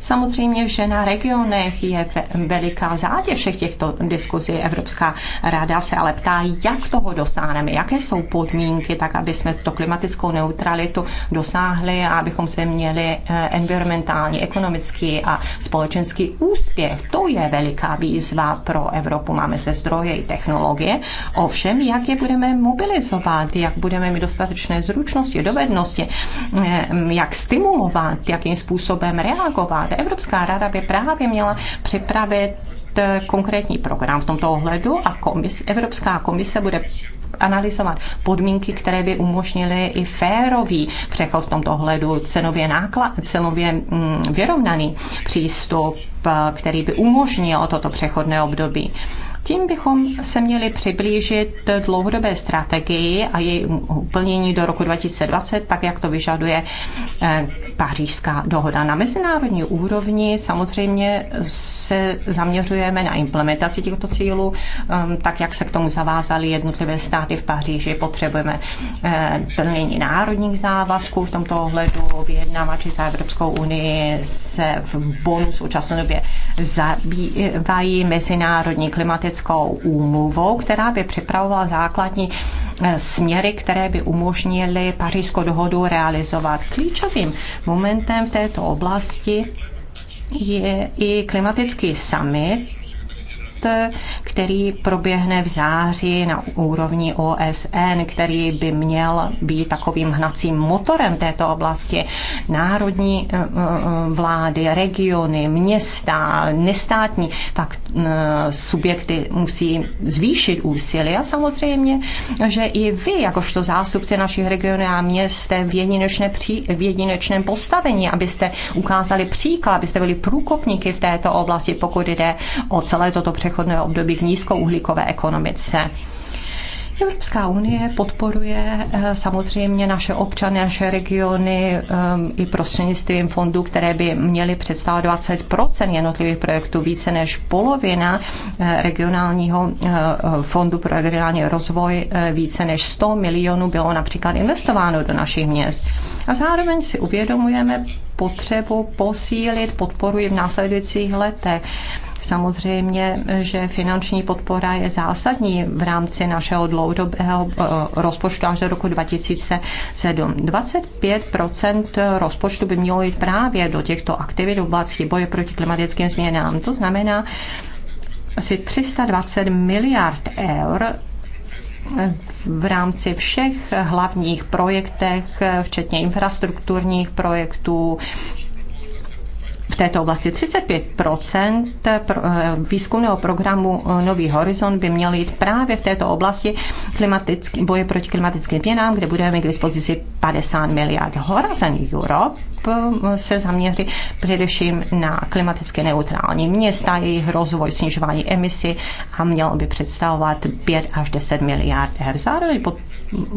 Samozřejmě, že na regionech je veliká zátěž všech těchto diskuzí. Evropská ráda se ale ptá, jak toho dosáhneme, jaké jsou podmínky, tak aby jsme to klimatickou neutralitu dosáhli a abychom se měli eh, environmentální, ekonomický a společenský úspěch. To je veliká výzva pro Evropu. Máme se zdroje i technologie. Ovšem, jak je budeme mobilizovat, jak budeme mít dostatečné zručnosti, dovednosti, eh, jak stimulovat, jakým způsobem reagovat Evropská rada by právě měla připravit eh, konkrétní program v tomto ohledu a komis, Evropská komise bude analyzovat podmínky, které by umožnily i férový přechod v tomto ohledu, cenově, náklad, cenově mm, vyrovnaný přístup, eh, který by umožnil toto přechodné období. Tím bychom se měli přiblížit dlouhodobé strategii a její uplnění do roku 2020, tak jak to vyžaduje eh, pařížská dohoda. Na mezinárodní úrovni samozřejmě se zaměřujeme na implementaci těchto cílů, ehm, tak jak se k tomu zavázaly jednotlivé státy v Paříži. Potřebujeme eh, plnění národních závazků v tomto ohledu. Vyjednávači za Evropskou unii se v bonu v současné době zabývají mezinárodní klimatické politickou úmluvou, která by připravovala základní eh, směry, které by umožnily pařížskou dohodu realizovat. Klíčovým momentem v této oblasti je i klimatický summit, který proběhne v září na úrovni OSN, který by měl být takovým hnacím motorem této oblasti. Národní eh, eh, eh, vlády, regiony, města, nestátní tak subjekty musí zvýšit úsilí a samozřejmě, že i vy, jakožto zástupci našich regionů a měst, jste v, jedinečné pří, v jedinečném postavení, abyste ukázali příklad, abyste byli průkopníky v této oblasti, pokud jde o celé toto přechod přechodného období k nízkouhlíkové ekonomice. Evropská unie podporuje eh, samozřejmě naše občany, naše regiony eh, i prostřednictvím fondů, které by měly představovat 20 jednotlivých projektů, více než polovina eh, regionálního fondu pro regionální rozvoj, více než 100 milionů bylo například investováno do našich měst. A zároveň si uvědomujeme potřebu posílit podporu i v následujících letech Samozřejmě, že finanční podpora je zásadní v rámci našeho dlouhodobého eh, rozpočtu až do roku 2007. 25 rozpočtu by mělo jít právě do těchto aktivit v oblasti boje proti klimatickým změnám. To znamená, asi 320 miliard eur eh, v rámci všech hlavních projektech, eh, včetně infrastrukturních projektů, v této oblasti 35 eh, výzkumného programu eh, Nový horizont by měl jít právě v této oblasti klimatický, boje proti klimatickým změnám, kde budeme mít k dispozici 50 miliard. Horizon euro eh, se zaměří především na klimaticky neutrální města, jejich rozvoj, snižování emisí a měl by představovat 5 až 10 miliard her. Zároveň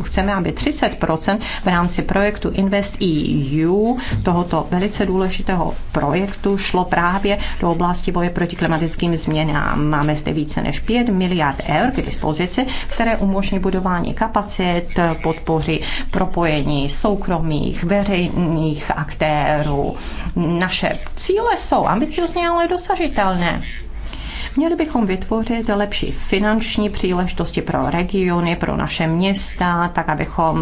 chceme, aby 30 v rámci projektu Invest EU, tohoto velice důležitého projektu, šlo právě do oblasti boje proti klimatickým změnám. Máme zde více než 5 miliard eur k dispozici, které umožní budování kapacit, podpoří propojení soukromých, veřejných aktérů. Naše cíle jsou ambiciozní, ale dosažitelné. Měli bychom vytvořit lepší finanční příležitosti pro regiony, pro naše města, tak abychom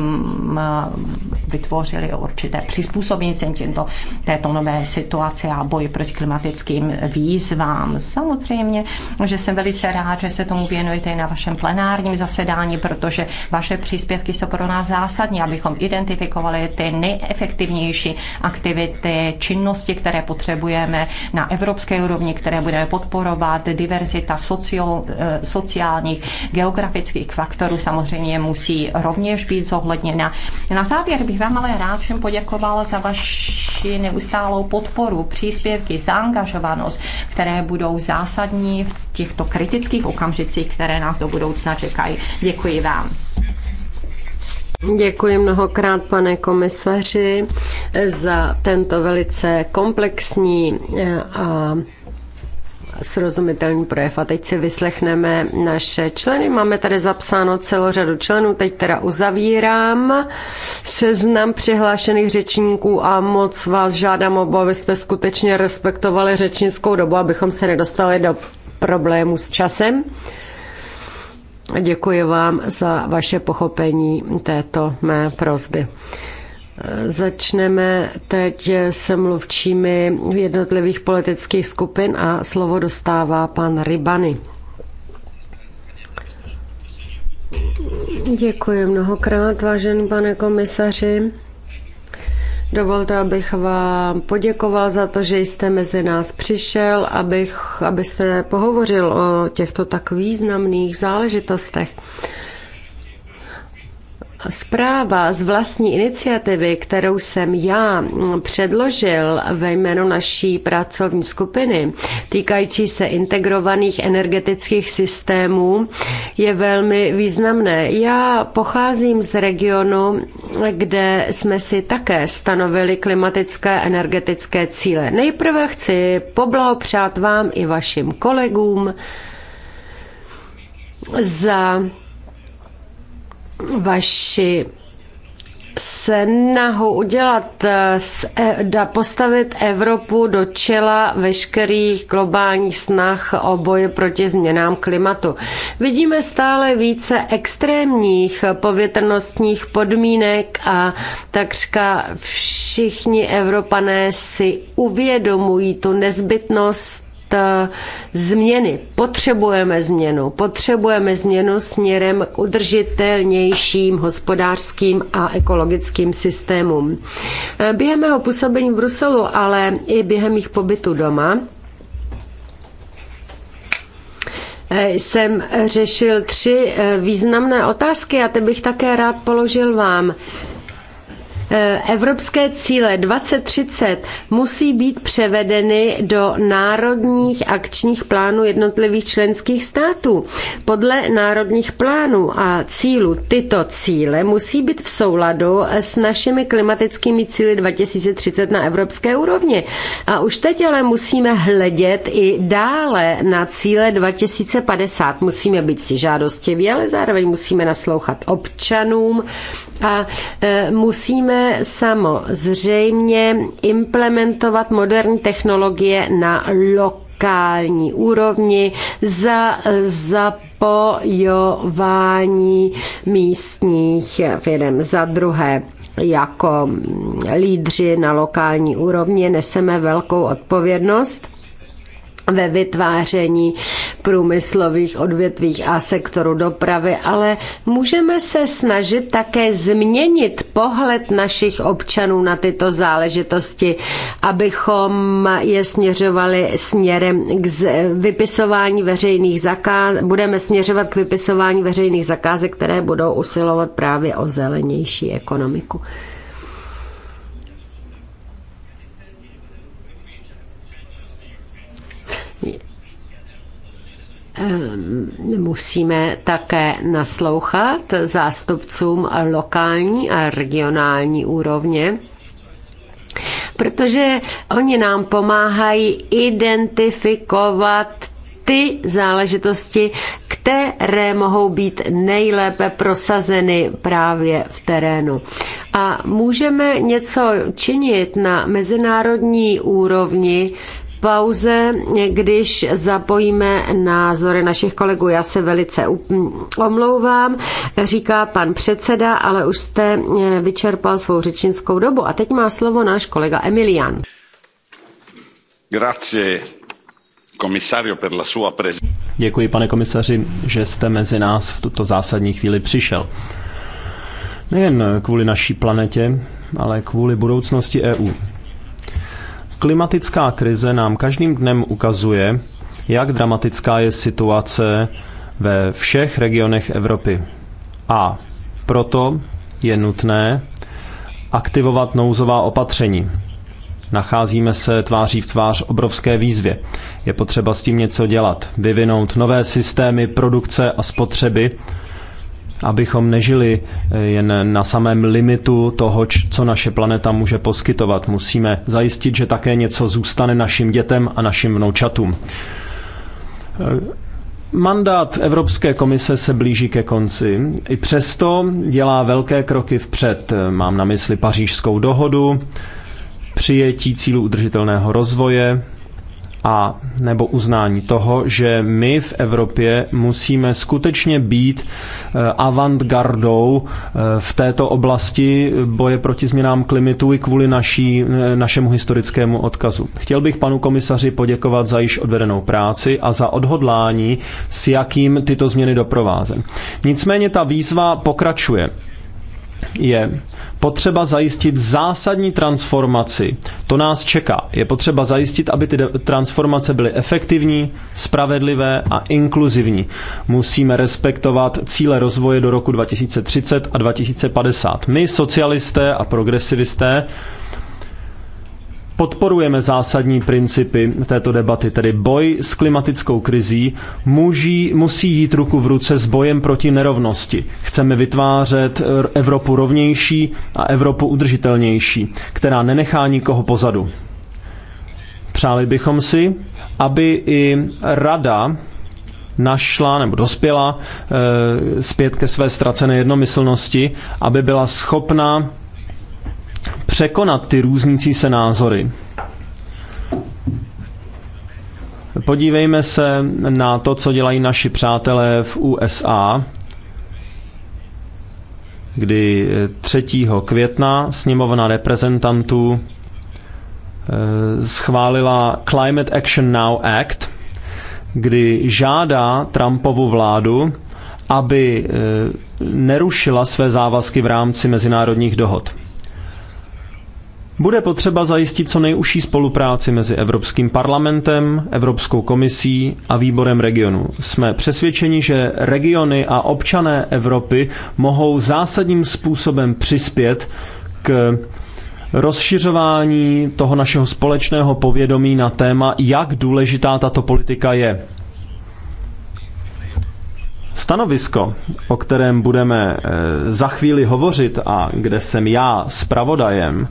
eh, vytvořili určité přizpůsobení se těmto, této nové situaci a boji proti klimatickým výzvám. Samozřejmě, že jsem velice rád, že se tomu věnujete i na vašem plenárním zasedání, protože vaše příspěvky jsou pro nás zásadní, abychom identifikovali ty nejefektivnější aktivity, činnosti, které potřebujeme na evropské úrovni, které budeme podporovat, diverzita socio, eh, sociálních, geografických faktorů samozřejmě musí rovněž být zohledněna. Na závěr bych vám ale rád všem poděkovala za vaši neustálou podporu, příspěvky, zaangažovanost, které budou zásadní v těchto kritických okamžicích, které nás do budoucna čekají. Děkuji vám. Děkuji mnohokrát, pane komisaři, za tento velice komplexní eh, a srozumitelný projev. A teď si vyslechneme naše členy. Máme tady zapsáno celou řadu členů. Teď teda uzavírám seznam přihlášených řečníků a moc vás žádám oba, abyste skutečně respektovali řečnickou dobu, abychom se nedostali do problému s časem. Děkuji vám za vaše pochopení této mé prozby. Začneme teď se mluvčími jednotlivých politických skupin a slovo dostává pan Rybany. Děkuji mnohokrát, vážený pane komisaři. Dovolte, abych vám poděkoval za to, že jste mezi nás přišel, abych, abyste pohovořil o těchto tak významných záležitostech. Zpráva z vlastní iniciativy, kterou jsem já mm, předložil ve jménu naší pracovní skupiny, týkající se integrovaných energetických systémů, je velmi významné. Já pocházím z regionu, kde jsme si také stanovili klimatické a energetické cíle. Nejprve chci poblahopřát vám i vašim kolegům za vaši snahu udělat, eh, eh, da postavit Evropu do čela veškerých globálních snah o boji proti změnám klimatu. Vidíme stále více extrémních povětrnostních podmínek a takřka všichni Evropané si uvědomují tu nezbytnost Eh, změny. Potřebujeme změnu. Potřebujeme změnu směrem k udržitelnějším hospodářským a ekologickým systémům. Eh, během mého působení v Bruselu, ale i během mých pobytu doma, eh, jsem řešil tři významné otázky a ty bych také rád položil vám. Eh, evropské cíle 2030 musí být převedeny do národních akčních plánů jednotlivých členských států. Podle národních plánů a cílů tyto cíle musí být v souladu s našimi klimatickými cíly 2030 na evropské úrovni. A už teď ale musíme hledět i dále na cíle 2050. Musíme být si žádostiví, ale zároveň musíme naslouchat občanům a eh, musíme musíme samozřejmě implementovat moderní technologie na lokální lokální úrovni za zapojování místních firm. Za druhé, jako lídři na lokální úrovni neseme velkou odpovědnost ve vytváření průmyslových odvětvích a sektoru dopravy, ale můžeme se snažit také změnit pohled našich občanů na tyto záležitosti, abychom je směřovali směrem k vypisování veřejných zakázek, budeme směřovat k vypisování veřejných zakázek, které budou usilovat právě o zelenější ekonomiku. Ehm, musíme také naslouchat zástupcům lokální a regionální úrovně, protože oni nám pomáhají identifikovat ty záležitosti, které mohou být nejlépe prosazeny právě v terénu. A můžeme něco činit na mezinárodní úrovni pauze, když zapojíme názory našich kolegů. Já se velice omlouvám, říká pan předseda, ale už jste eh, vyčerpal svou řečnickou dobu. A teď má slovo náš kolega Emilian. Grazie. Děkuji, pane komisaři, že jste mezi nás v tuto zásadní chvíli přišel. Nejen kvůli naší planetě, ale kvůli budoucnosti EU. Klimatická krize nám každým dnem ukazuje, jak dramatická je situace ve všech regionech Evropy. A proto je nutné aktivovat nouzová opatření. Nacházíme se tváří v tvář obrovské výzvě. Je potřeba s tím něco dělat, vyvinout nové systémy produkce a spotřeby, abychom nežili eh, jen na samém limitu toho, co naše planeta může poskytovat. Musíme zajistit, že také něco zůstane našim dětem a našim vnoučatům. Eh, mandát Evropské komise se blíží ke konci. I přesto dělá velké kroky vpřed. Mám na mysli pařížskou dohodu, přijetí cílu udržitelného rozvoje, a nebo uznání toho, že my v Evropě musíme skutečně být eh, avantgardou eh, v této oblasti boje proti změnám klimatu i kvůli naší, eh, našemu historickému odkazu. Chtěl bych panu komisaři poděkovat za již odvedenou práci a za odhodlání, s jakým tyto změny doprovázen. Nicméně ta výzva pokračuje je potřeba zajistit zásadní transformaci. To nás čeká. Je potřeba zajistit, aby ty transformace byly efektivní, spravedlivé a inkluzivní. Musíme respektovat cíle rozvoje do roku 2030 a 2050. My, socialisté a progresivisté, podporujeme zásadní principy této debaty, tedy boj s klimatickou krizí muží, musí jít ruku v ruce s bojem proti nerovnosti. Chceme vytvářet Evropu rovnější a Evropu udržitelnější, která nenechá nikoho pozadu. Přáli bychom si, aby i Rada našla nebo dospěla e, zpět ke své ztracené jednomyslnosti, aby byla schopna překonat ty různící se názory. Podívejme se na to, co dělají naši přátelé v USA, kdy 3. května sněmovna reprezentantů eh, schválila Climate Action Now Act, kdy žádá Trumpovu vládu, aby eh, nerušila své závazky v rámci mezinárodních dohod. Bude potřeba zajistit co nejužší spolupráci mezi Evropským parlamentem, Evropskou komisí a výborem regionu. Jsme přesvědčeni, že regiony a občané Evropy mohou zásadním způsobem přispět k rozšiřování toho našeho společného povědomí na téma, jak důležitá tato politika je. Stanovisko, o kterém budeme eh, za chvíli hovořit a kde jsem já zpravodajem,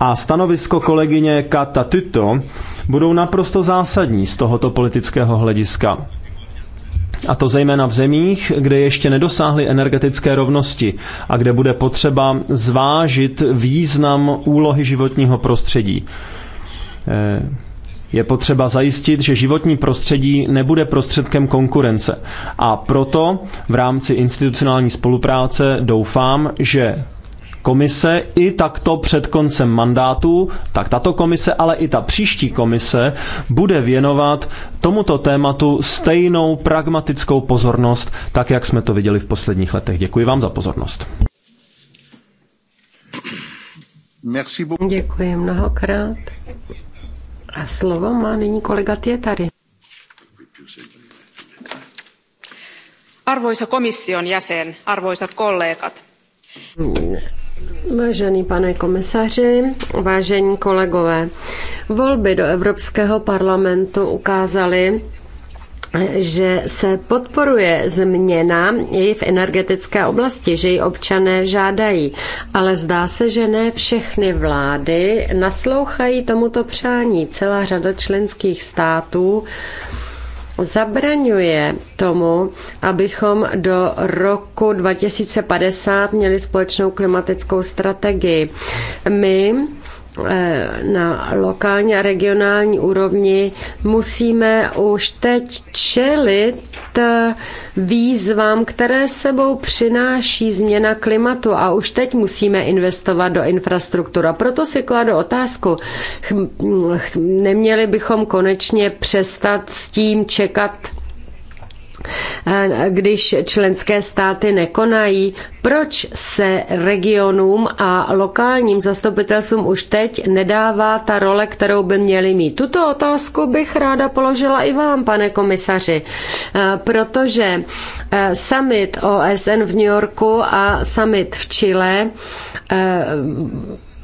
a stanovisko kolegyně Kata Tyto budou naprosto zásadní z tohoto politického hlediska. A to zejména v zemích, kde ještě nedosáhly energetické rovnosti a kde bude potřeba zvážit význam úlohy životního prostředí. Eh, je potřeba zajistit, že životní prostředí nebude prostředkem konkurence. A proto v rámci institucionální spolupráce doufám, že komise i takto před koncem mandátu, tak tato komise, ale i ta příští komise bude věnovat tomuto tématu stejnou pragmatickou pozornost, tak jak jsme to viděli v posledních letech. Děkuji vám za pozornost. Děkuji mnohokrát. A slovo má nyní kolega Tietari. Arvoisa komission jäsen, arvoisat kollegat. Hmm. Vážený pane komisaři, vážení kolegové, volby do Evropského parlamentu ukázaly, že se podporuje změna i v energetické oblasti, že ji občané žádají. Ale zdá se, že ne všechny vlády naslouchají tomuto přání. Celá řada členských států zabraňuje tomu, abychom do roku 2050 měli společnou klimatickou strategii. My Eh, na lokální a regionální úrovni musíme už teď čelit eh, výzvám, které sebou přináší změna klimatu a už teď musíme investovat do infrastruktura. Proto si kladu otázku, hm, neměli bychom konečně přestat s tím čekat Eh, když členské státy nekonají, proč se regionům a lokálním zastupitelstvům už teď nedává ta role, kterou by měli mít? Tuto otázku bych ráda položila i vám, pane komisaři, eh, protože eh, summit OSN v New Yorku a summit v Chile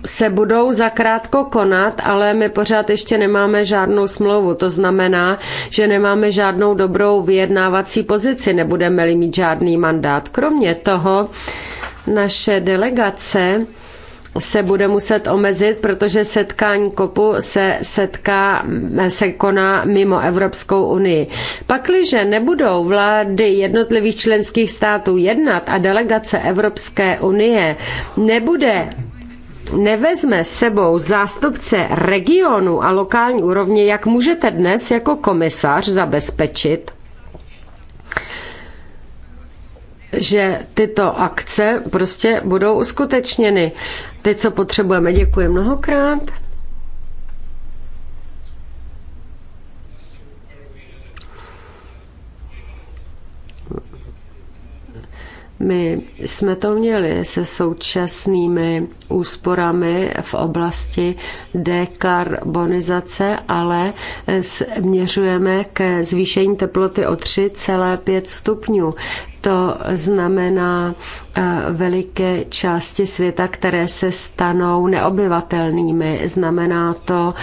se budou zakrátko konat, ale my pořád ještě nemáme žádnou smlouvu. To znamená, že nemáme žádnou dobrou vyjednávací pozici, nebudeme-li mít žádný mandát. Kromě toho, naše delegace se bude muset omezit, protože setkání kopu se setká, se koná mimo Evropskou unii. Pakliže nebudou vlády jednotlivých členských států jednat a delegace Evropské unie nebude nevezme sebou zástupce regionu a lokální úrovně, jak můžete dnes jako komisař zabezpečit, že tyto akce prostě budou uskutečněny. Teď, co potřebujeme, děkuji mnohokrát. My jsme to měli se současnými úsporami v oblasti dekarbonizace, ale směřujeme ke zvýšení teploty o 3,5 stupňů. To znamená eh, veliké části světa, které se stanou neobyvatelnými. Znamená to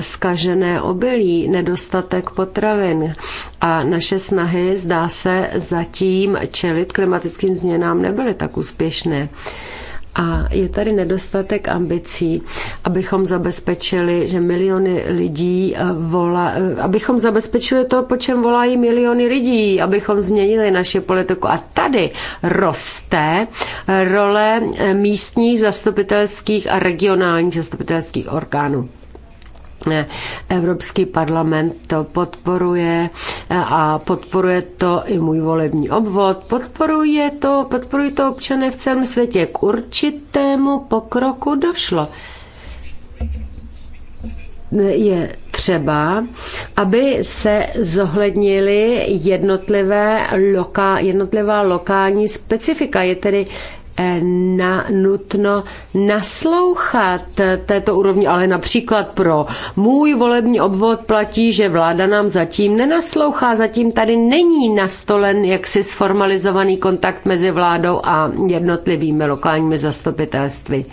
skažené eh, obilí, nedostatek potravin. A naše snahy, zdá se, zatím čelit klimatickým změnám nebyly tak úspěšné. A je tady nedostatek ambicí, abychom zabezpečili, že miliony lidí eh, volá, eh, abychom zabezpečili to, po čem volají miliony lidí, abychom změnili naše politiku. A tady roste eh, role místních zastupitelských a regionálních zastupitelských orgánů. Evropský parlament to podporuje eh, a podporuje to i můj volební obvod. Podporuje to, podporují to občané v celém světě. K určitému pokroku došlo je třeba, aby se zohlednili jednotlivé loka, jednotlivá lokální specifika. Je tedy na, nutno naslouchat této úrovni, ale například pro můj volební obvod platí, že vláda nám zatím nenaslouchá, zatím tady není nastolen jaksi sformalizovaný kontakt mezi vládou a jednotlivými lokálními zastupitelství.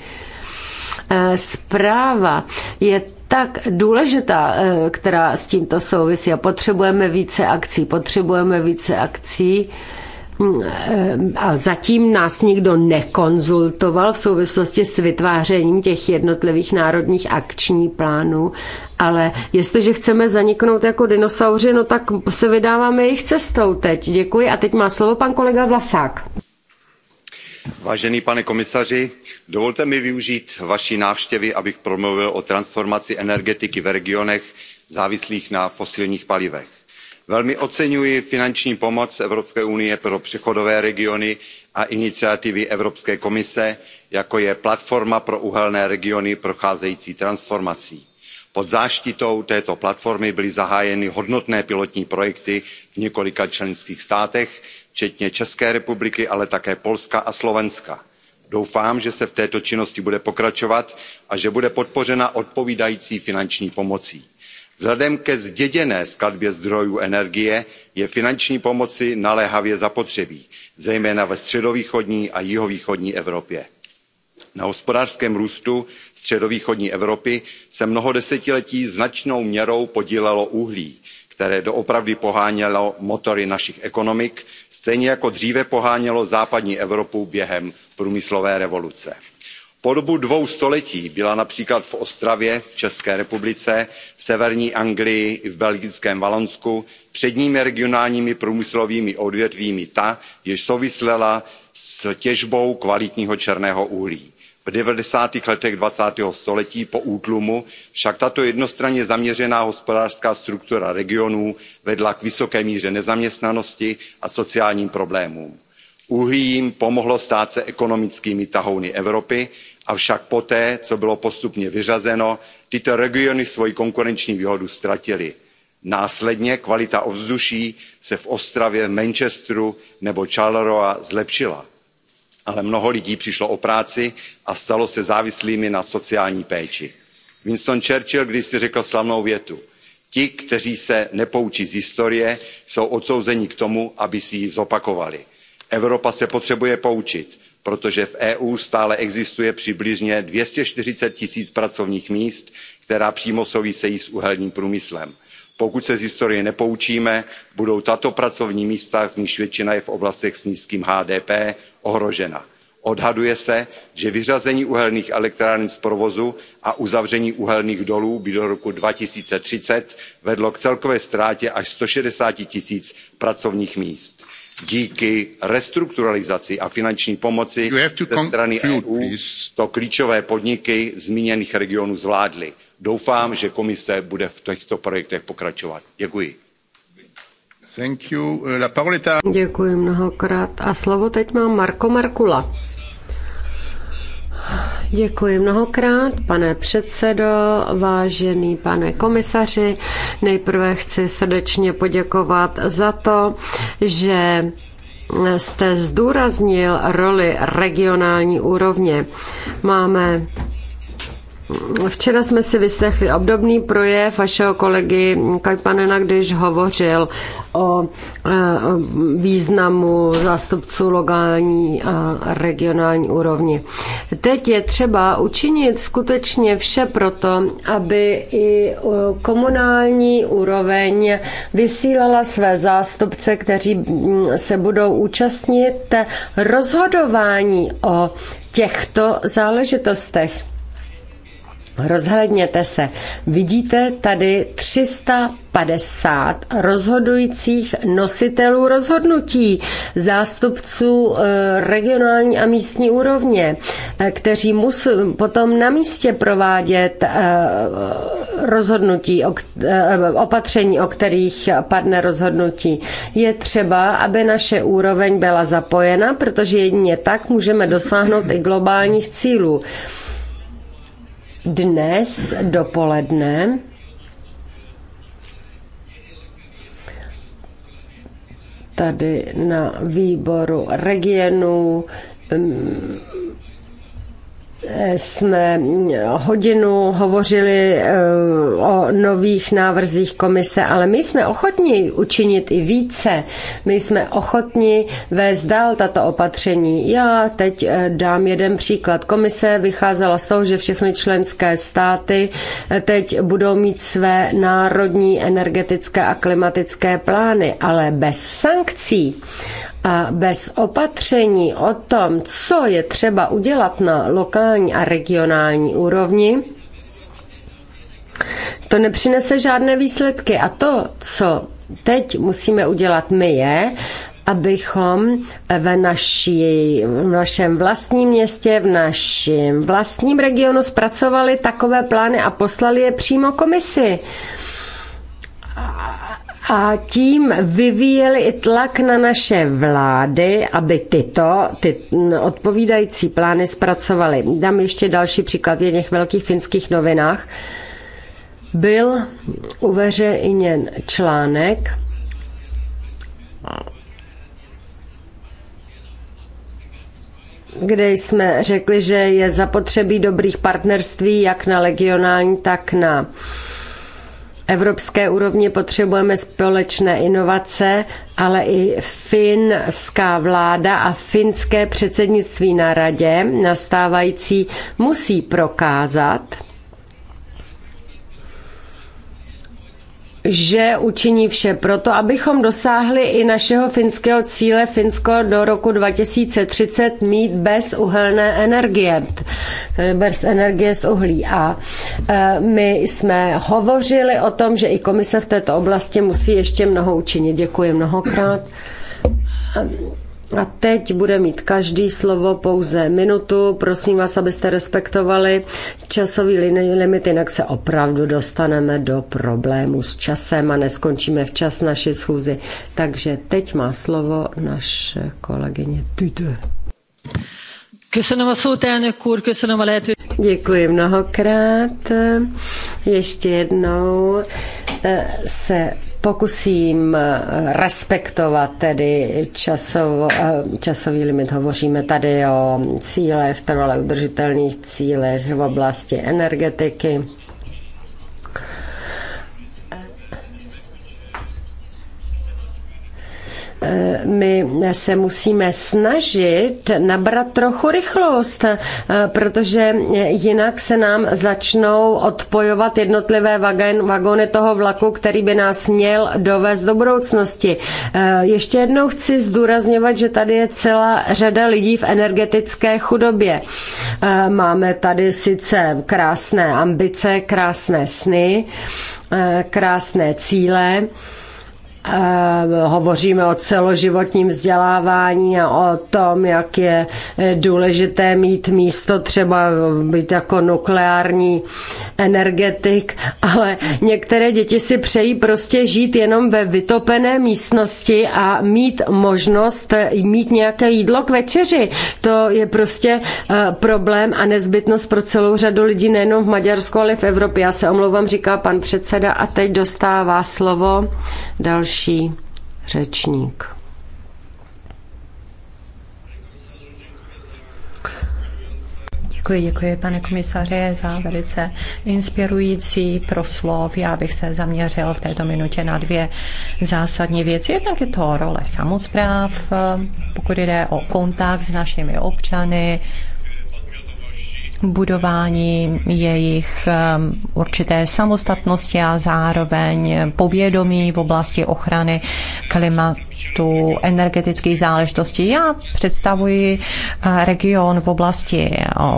Eh, zpráva je tak důležitá, eh, která s tímto souvisí a potřebujeme více akcí, potřebujeme více akcí, a zatím nás nikdo nekonzultoval v souvislosti s vytvářením těch jednotlivých národních akční plánů, ale jestliže chceme zaniknout jako dinosauři, no tak se vydáváme jejich cestou teď. Děkuji a teď má slovo pan kolega Vlasák. Vážený pane komisaři, dovolte mi využít vaší návštěvy, abych promluvil o transformaci energetiky v regionech závislých na fosilních palivech velmi oceňuji finanční pomoc evropské unie pro přechodové regiony a iniciativy evropské komise jako je platforma pro uhelné regiony procházející transformací. pod záštitou této platformy byly zahájeny hodnotné pilotní projekty v několika členských státech včetně české republiky ale také polska a slovenska. doufám že se v této činnosti bude pokračovat a že bude podpořena odpovídající finanční pomocí vzhledem ke zděděné skladbě zdrojů energie je finanční pomoci naléhavě zapotřebí zejména ve středovýchodní a jihovýchodní evropě. na hospodářském růstu středovýchodní evropy se mnoho desetiletí značnou měrou podílelo uhlí které doopravdy pohánělo motory našich ekonomik stejně jako dříve pohánělo západní evropu během průmyslové revoluce po dobu dvou století byla například v ostravě v české republice v severní anglii i v belgickém valonsku předními regionálními průmyslovými odvětvími ta jež souvisela s těžbou kvalitního černého uhlí. v devadesátých letech dvacátého století po útlumu však tato jednostranně zaměřená hospodářská struktura regionů vedla k vysoké míře nezaměstnanosti a sociálním problémům uhlí jim pomohlo stát se ekonomickými tahouny evropy avšak poté co bylo postupně vyřazeno tyto regiony svoji konkurenční výhodu ztratily. následně kvalita ovzduší se v ostravě manchesteru nebo charleroi zlepšila ale mnoho lidí přišlo o práci a stalo se závislými na sociální péči. winston churchill kdysi řekl slavnou větu ti kteří se nepoučí z historie jsou odsouzeni k tomu aby si ji zopakovali evropa se potřebuje poučit protože v eu stále existuje přibližně two hundred and forty zero pracovních míst která přímo souvisejí s uhelným průmyslem. pokud se z historie nepoučíme budou tato pracovní místa z nichž většina je v oblastech s nízkým hdp ohrožena. odhaduje se že vyřazení uhelných elektráren z provozu a uzavření uhelných dolů by do roku two thousand and thirty vedlo k celkové ztrátě až one hundred and sixty zero pracovních míst díky restrukturalizaci a finanční pomoci ze strany eu e to klíčové podniky zmíněných regionů zvládly. doufám že komise bude v těchto projektech pokračovat. děkuji. děkuji mnohokrát a slovo teď má marco markula. Děkuji mnohokrát, pane předsedo, vážený pane komisaři. Nejprve chci srdečně poděkovat za to, že jste zdůraznil roli regionální úrovně. Máme Včera jsme si vyslechli obdobný projev vašeho kolegy Kajpanena, když hovořil o e, významu zástupců lokální a regionální úrovni. Teď je třeba učinit skutečně vše proto, aby i e, komunální úroveň vysílala své zástupce, kteří se budou účastnit rozhodování o těchto záležitostech. Rozhledněte se. Vidíte tady 350 rozhodujících nositelů rozhodnutí, zástupců eh, regionální a místní úrovně, eh, kteří musí potom na místě provádět eh, rozhodnutí, opatření, o kterých padne rozhodnutí. Je třeba, aby naše úroveň byla zapojena, protože jedině tak můžeme dosáhnout i globálních cílů dnes dopoledne tady na výboru regionu mm, jsme eh, hodinu hovořili eh, o nových návrzích komise, ale my jsme ochotni učinit i více. My jsme ochotni vést dál tato opatření. Já teď eh, dám jeden příklad. Komise vycházela z toho, že všechny členské státy teď budou mít své národní energetické a klimatické plány, ale bez sankcí bez opatření o tom, co je třeba udělat na lokální a regionální úrovni, to nepřinese žádné výsledky. A to, co teď musíme udělat my, je, abychom ve naší, v našem vlastním městě, v našem vlastním regionu zpracovali takové plány a poslali je přímo komisi a tím vyvíjeli i tlak na naše vlády, aby tyto ty odpovídající plány zpracovaly. Dám ještě další příklad v jedných velkých finských novinách. Byl uveřejněn článek kde jsme řekli, že je zapotřebí dobrých partnerství jak na regionální, tak na evropské úrovni potřebujeme společné inovace, ale i finská vláda a finské předsednictví na radě nastávající musí prokázat, že učiní vše proto, abychom dosáhli i našeho finského cíle Finsko do roku 2030 mít bez uhelné energie, tedy bez energie z uhlí. A e, my jsme hovořili o tom, že i komise v této oblasti musí ještě mnoho učinit. Děkuji mnohokrát. A teď bude mít každý slovo pouze minutu. Prosím vás, abyste respektovali časový limit, jinak se opravdu dostaneme do problému s časem a neskončíme včas naši schůzi. Takže teď má slovo naše kolegyně Tüde. Děkuji mnohokrát. Ještě jednou eh, se pokusím eh, respektovat tedy časov, eh, časový limit. Hovoříme tady o cílech, trvale udržitelných cílech v oblasti energetiky. my se musíme snažit nabrat trochu rychlost, eh, protože jinak se nám začnou odpojovat jednotlivé vagony toho vlaku, který by nás měl dovést do budoucnosti. Eh, ještě jednou chci zdůrazňovat, že tady je celá řada lidí v energetické chudobě. Eh, máme tady sice krásné ambice, krásné sny, krásné cíle, Eh, hovoříme o celoživotním vzdělávání a o tom, jak je eh, důležité mít místo třeba být jako nukleární energetik, [LAUGHS] ale některé děti si přejí prostě žít jenom ve vytopené místnosti a mít možnost eh, mít nějaké jídlo k večeři. To je prostě problém a nezbytnost pro celou řadu lidí nejenom v Maďarsku, ale v Evropě. Já se omlouvám, říká pan předseda a teď dostává slovo další Další řečník. Děkuji, děkuji, pane komisaře, za velice inspirující proslov. Já bych se zaměřil v této minutě na dvě zásadní věci. Jednak je to role samozpráv, pokud jde o kontakt s našimi občany, budování jejich um, určité samostatnosti a zároveň povědomí v oblasti ochrany klimatu, energetických záležitostí. Já představuji uh, region v oblasti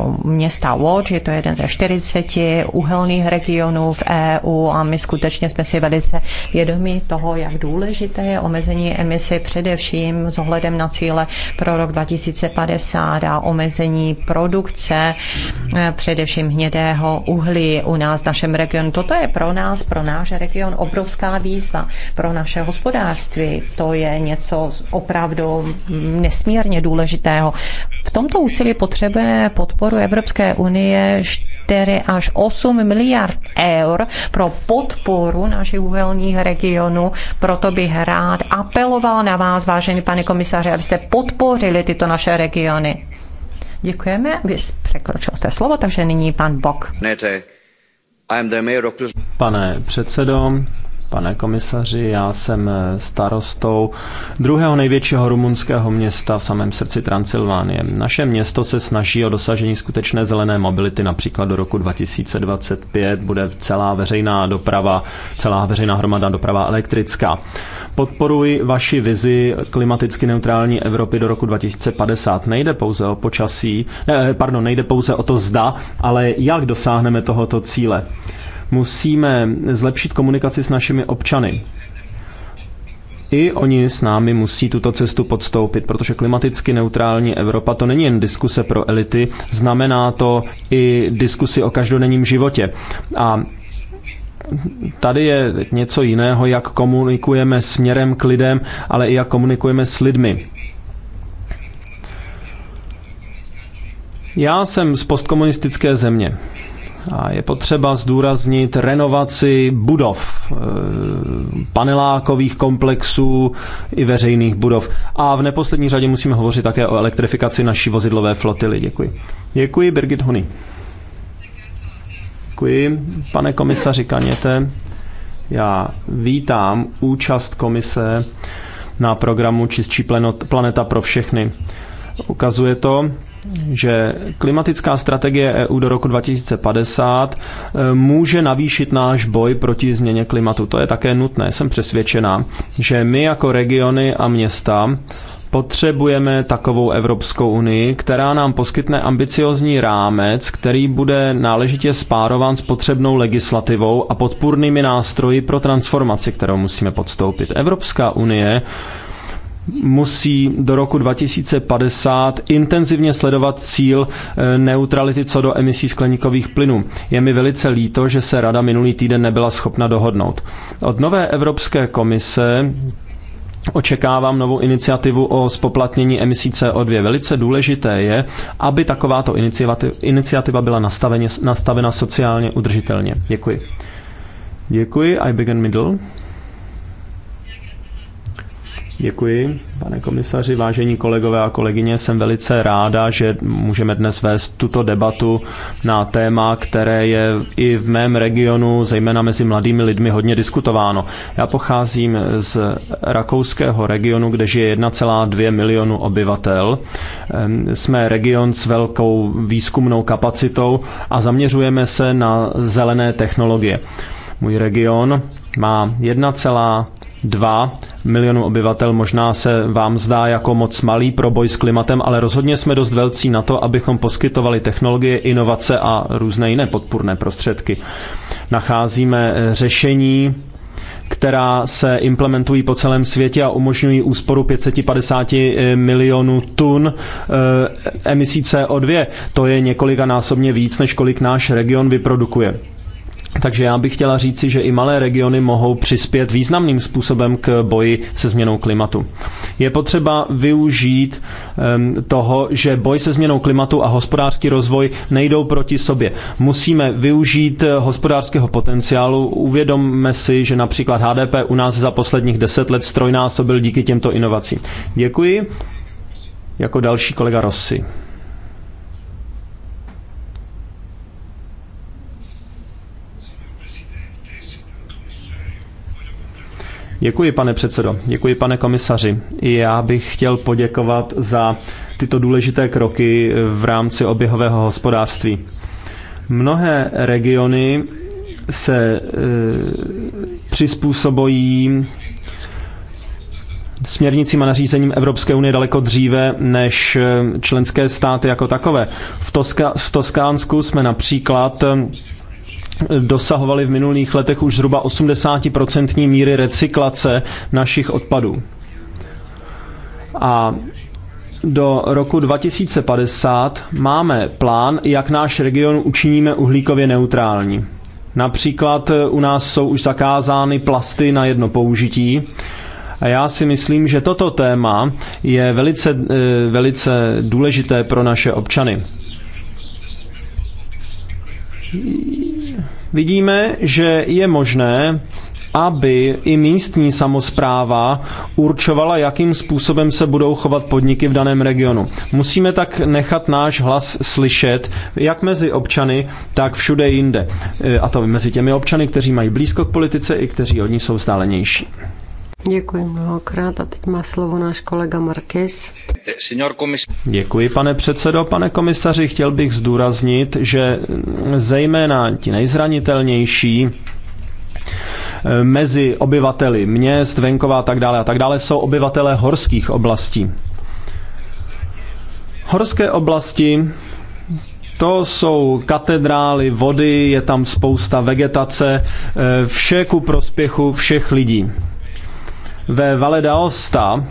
um, města Watch, je to jeden ze 40 uhelných regionů v EU a my skutečně jsme si velice vědomi toho, jak důležité je omezení emisy především s ohledem na cíle pro rok 2050 a omezení produkce Eh, především hnědého uhlí u nás v našem regionu. Toto je pro nás, pro náš region obrovská výzva, pro naše hospodářství. To je něco opravdu nesmírně důležitého. V tomto úsilí potřebuje podporu Evropské unie 4 až 8 miliard eur pro podporu našich uhelních regionů. Proto bych rád apeloval na vás, vážený pane komisaře abyste podpořili tyto naše regiony. Děkujeme, vy překročil jste slovo, takže nyní pan Bok. Pane předsedo, Pane komisaři, já jsem eh, starostou druhého největšího rumunského města v samém srdci Transylvánie. Naše město se snaží o dosažení skutečné zelené mobility, například do roku 2025 bude celá veřejná doprava, celá veřejná hromada doprava elektrická. Podporuji vaši vizi klimaticky neutrální Evropy do roku 2050. Nejde pouze o počasí, ne, eh, pardon, nejde pouze o to zda, ale jak dosáhneme tohoto cíle. Musíme zlepšit komunikaci s našimi občany. I oni s námi musí tuto cestu podstoupit, protože klimaticky neutrální Evropa to není jen diskuse pro elity, znamená to i diskusy o každodenním životě. A tady je něco jiného, jak komunikujeme směrem k lidem, ale i jak komunikujeme s lidmi. Já jsem z postkomunistické země. A je potřeba zdůraznit renovaci budov, eh, panelákových komplexů i veřejných budov. A v neposlední řadě musíme hovořit také o elektrifikaci naší vozidlové flotily. Děkuji. Děkuji, Birgit Hony. Děkuji, pane komisaři Kaněte. Já vítám účast komise na programu Čistší planeta pro všechny. Ukazuje to, že klimatická strategie EU do roku 2050 e, může navýšit náš boj proti změně klimatu. To je také nutné. Jsem přesvědčená, že my jako regiony a města potřebujeme takovou Evropskou unii, která nám poskytne ambiciozní rámec, který bude náležitě spárován s potřebnou legislativou a podpůrnými nástroji pro transformaci, kterou musíme podstoupit. Evropská unie musí do roku 2050 intenzivně sledovat cíl eh, neutrality co do emisí skleníkových plynů. Je mi velice líto, že se rada minulý týden nebyla schopna dohodnout. Od nové Evropské komise Očekávám novou iniciativu o spoplatnění emisí CO2. Velice důležité je, aby takováto iniciativa byla nastavena sociálně udržitelně. Děkuji. Děkuji. I begin middle. Děkuji, pane komisaři, vážení kolegové a kolegyně. Jsem velice ráda, že můžeme dnes vést tuto debatu na téma, které je i v mém regionu, zejména mezi mladými lidmi, hodně diskutováno. Já pocházím z rakouského regionu, kde žije 1,2 milionu obyvatel. Ehm, jsme region s velkou výzkumnou kapacitou a zaměřujeme se na zelené technologie. Můj region má 2 milionů obyvatel možná se vám zdá jako moc malý pro boj s klimatem, ale rozhodně jsme dost velcí na to, abychom poskytovali technologie, inovace a různé jiné podpůrné prostředky. Nacházíme eh, řešení, která se implementují po celém světě a umožňují úsporu 550 eh, milionů tun eh, emisí CO2. To je několika násobně víc, než kolik náš region vyprodukuje. Takže já bych chtěla říci, že i malé regiony mohou přispět významným způsobem k boji se změnou klimatu. Je potřeba využít ehm, toho, že boj se změnou klimatu a hospodářský rozvoj nejdou proti sobě. Musíme využít eh, hospodářského potenciálu. Uvědomme si, že například HDP u nás za posledních deset let strojnásobil díky těmto inovacím. Děkuji. Jako další kolega Rossi. Děkuji, pane předsedo. Děkuji, pane komisaři. Já bych chtěl poděkovat za tyto důležité kroky v rámci oběhového hospodářství. Mnohé regiony se e, přizpůsobují směrnicím a nařízením Evropské unie daleko dříve než e, členské státy jako takové. V, Toska, v Toskánsku jsme například dosahovali v minulých letech už zhruba 80% míry recyklace našich odpadů. A do roku 2050 máme plán, jak náš region učiníme uhlíkově neutrální. Například eh, u nás jsou už zakázány plasty na jedno použití. A já si myslím, že toto téma je velice, eh, velice důležité pro naše občany vidíme, že je možné, aby i místní samozpráva určovala, jakým způsobem se budou chovat podniky v daném regionu. Musíme tak nechat náš hlas slyšet, jak mezi občany, tak všude jinde. E, a to mezi těmi občany, kteří mají blízko k politice i kteří od ní jsou vzdálenější. Děkuji mnohokrát a teď má slovo náš kolega Marques. Děkuji, pane předsedo. Pane komisaři, chtěl bych zdůraznit, že zejména ti nejzranitelnější eh, mezi obyvateli měst, venkova a tak dále a tak dále jsou obyvatelé horských oblastí. Horské oblasti to jsou katedrály, vody, je tam spousta vegetace, eh, vše ku prospěchu všech lidí. Ve Valle d'Aosta,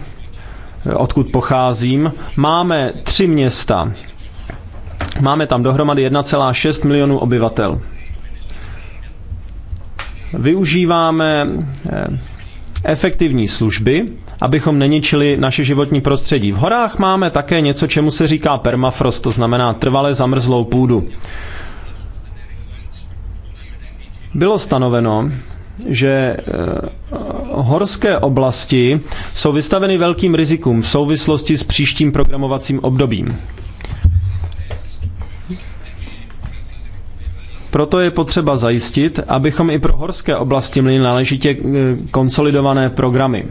odkud pocházím, máme tři města. Máme tam dohromady 1,6 milionů obyvatel. Využíváme eh, efektivní služby, abychom neničili naše životní prostředí. V horách máme také něco, čemu se říká permafrost, to znamená trvale zamrzlou půdu. Bylo stanoveno, že eh, horské oblasti jsou vystaveny velkým rizikům v souvislosti s příštím programovacím obdobím. Proto je potřeba zajistit, abychom i pro horské oblasti měli náležitě eh, konsolidované programy.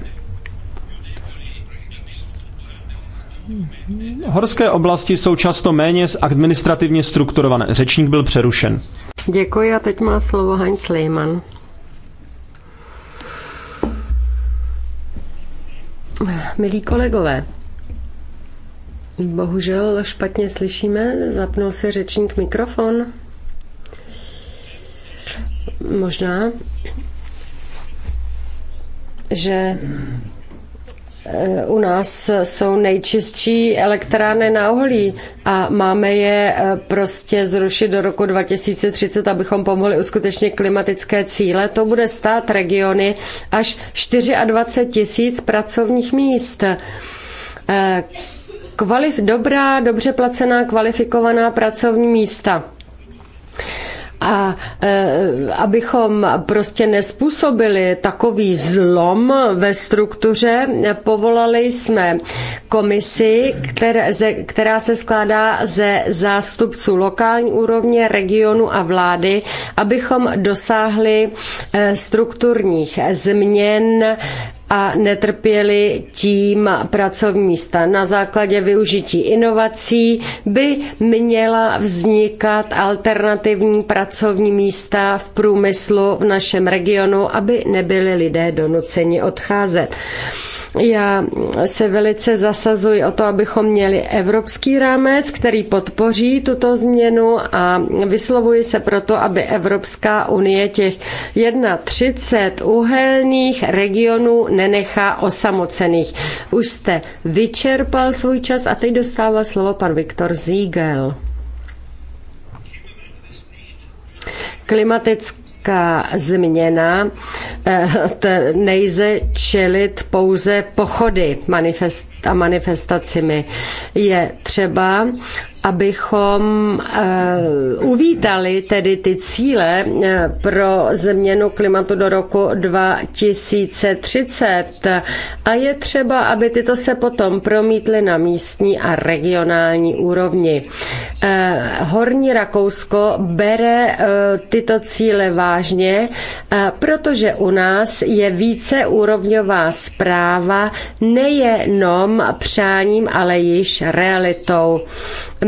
Horské oblasti jsou často méně administrativně strukturované. Řečník byl přerušen. Děkuji a teď má slovo Heinz Lehmann. Milí kolegové, bohužel špatně slyšíme, zapnul se řečník mikrofon. Možná, že Eh, u nás jsou nejčistší elektrárny na uhlí a máme je eh, prostě zrušit do roku 2030, abychom pomohli uskutečnit klimatické cíle. To bude stát regiony až 24 tisíc pracovních míst. Eh, kvalif- dobrá, dobře placená, kvalifikovaná pracovní místa a e, abychom prostě nespůsobili takový zlom ve struktuře, povolali jsme komisi, která se skládá ze zástupců lokální úrovně, regionu a vlády, abychom dosáhli e, strukturních změn a netrpěli tím pracovní místa. Na základě využití inovací by měla vznikat alternativní pracovní místa v průmyslu v našem regionu, aby nebyli lidé donuceni odcházet. Já se velice zasazuji o to, abychom měli evropský rámec, který podpoří tuto změnu a vyslovuji se proto, aby Evropská unie těch 31 uhelných regionů nenechá osamocených. Už jste vyčerpal svůj čas a teď dostává slovo pan Viktor Ziegel. Klimatický klimatická změna eh, nejze čelit pouze pochody manifest a manifestacemi. Je třeba abychom eh, uvítali tedy ty cíle eh, pro změnu klimatu do roku 2030 a je třeba, aby tyto se potom promítly na místní a regionální úrovni. Eh, Horní Rakousko bere tyto cíle vážně, protože u nás je víceúrovňová zpráva nejenom přáním, ale již realitou.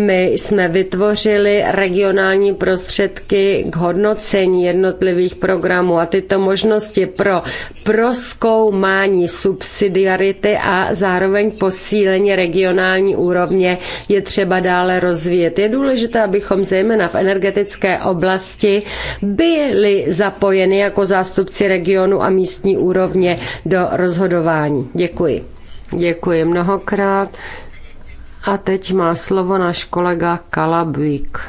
My jsme vytvořili regionální prostředky k hodnocení jednotlivých programů a tyto možnosti pro proskoumání subsidiarity a zároveň posílení regionální úrovně je třeba dále rozvíjet. Je důležité, abychom zejména v energetické oblasti byli zapojeni jako zástupci regionu a místní úrovně do rozhodování. Děkuji. Děkuji mnohokrát. A teď má slovo náš kolega Kalabík.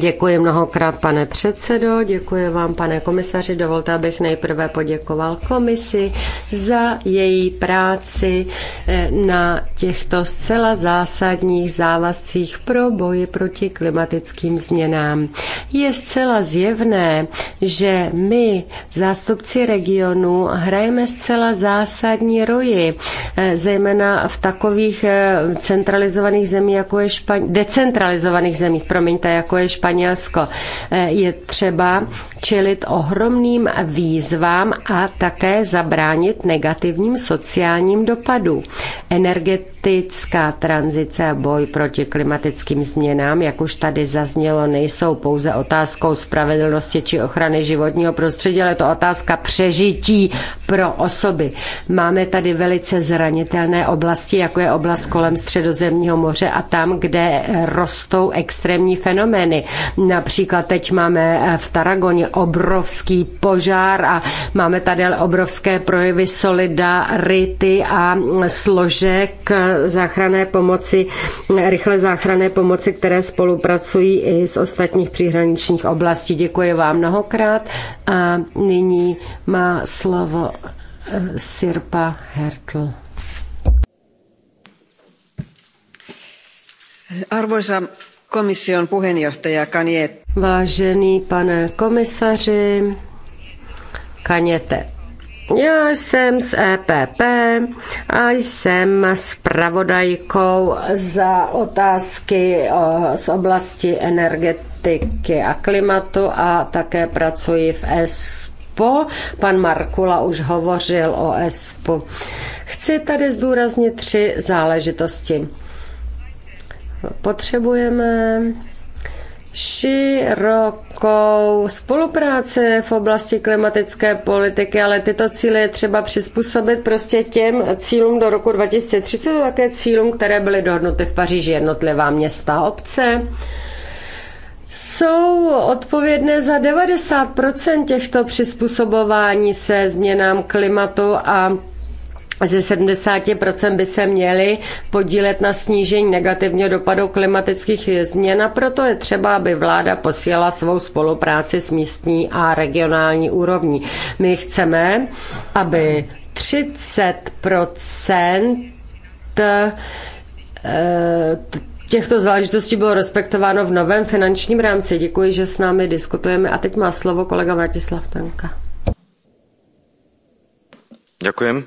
Děkuji mnohokrát, pane předsedo, děkuji vám, pane komisaři. Dovolte, abych nejprve poděkoval komisi za její práci eh, na těchto zcela zásadních závazcích pro boji proti klimatickým změnám. Je zcela zjevné, že my, zástupci regionu, hrajeme zcela zásadní roji, eh, zejména v takových eh, centralizovaných zemích, jako je Španělsko, decentralizovaných zemích, promiňte, jako je Španělsko, Španělsko. E, je třeba čelit ohromným výzvám a také zabránit negativním sociálním dopadům. Energetická tranzice a boj proti klimatickým změnám, jak už tady zaznělo, nejsou pouze otázkou spravedlnosti či ochrany životního prostředí, ale to otázka přežití pro osoby. Máme tady velice zranitelné oblasti, jako je oblast kolem Středozemního moře a tam, kde rostou extrémní fenomény. Například teď máme eh, v Taragoně obrovský požár a máme tady obrovské projevy solidarity a složek eh, záchranné pomoci, rychle záchranné pomoci, které spolupracují i z ostatních příhraničních oblastí. Děkuji vám mnohokrát a nyní má slovo eh, Sirpa Hertl. Arvoisa komission puheenjohtaja Kaniet. Vážený pane komisaři Kaněte, já jsem z EPP a jsem spravodajkou za otázky z oblasti energetiky a klimatu a také pracuji v ESPO. Pan Markula už hovořil o ESPO. Chci tady zdůraznit tři záležitosti. Potřebujeme širokou spolupráci v oblasti klimatické politiky, ale tyto cíle je třeba přizpůsobit prostě těm cílům do roku 2030 také cílům, které byly dohodnuty v Paříži jednotlivá města a obce jsou odpovědné za 90% těchto přizpůsobování se změnám klimatu a ze 70% by se měly podílet na snížení negativního dopadu klimatických změn a proto je třeba, aby vláda posílala svou spolupráci s místní a regionální úrovní. My chceme, aby 30% eh, těchto záležitostí bylo respektováno v novém finančním rámci. Děkuji, že s námi diskutujeme. A teď má slovo kolega Vratislav Tanka. Děkujem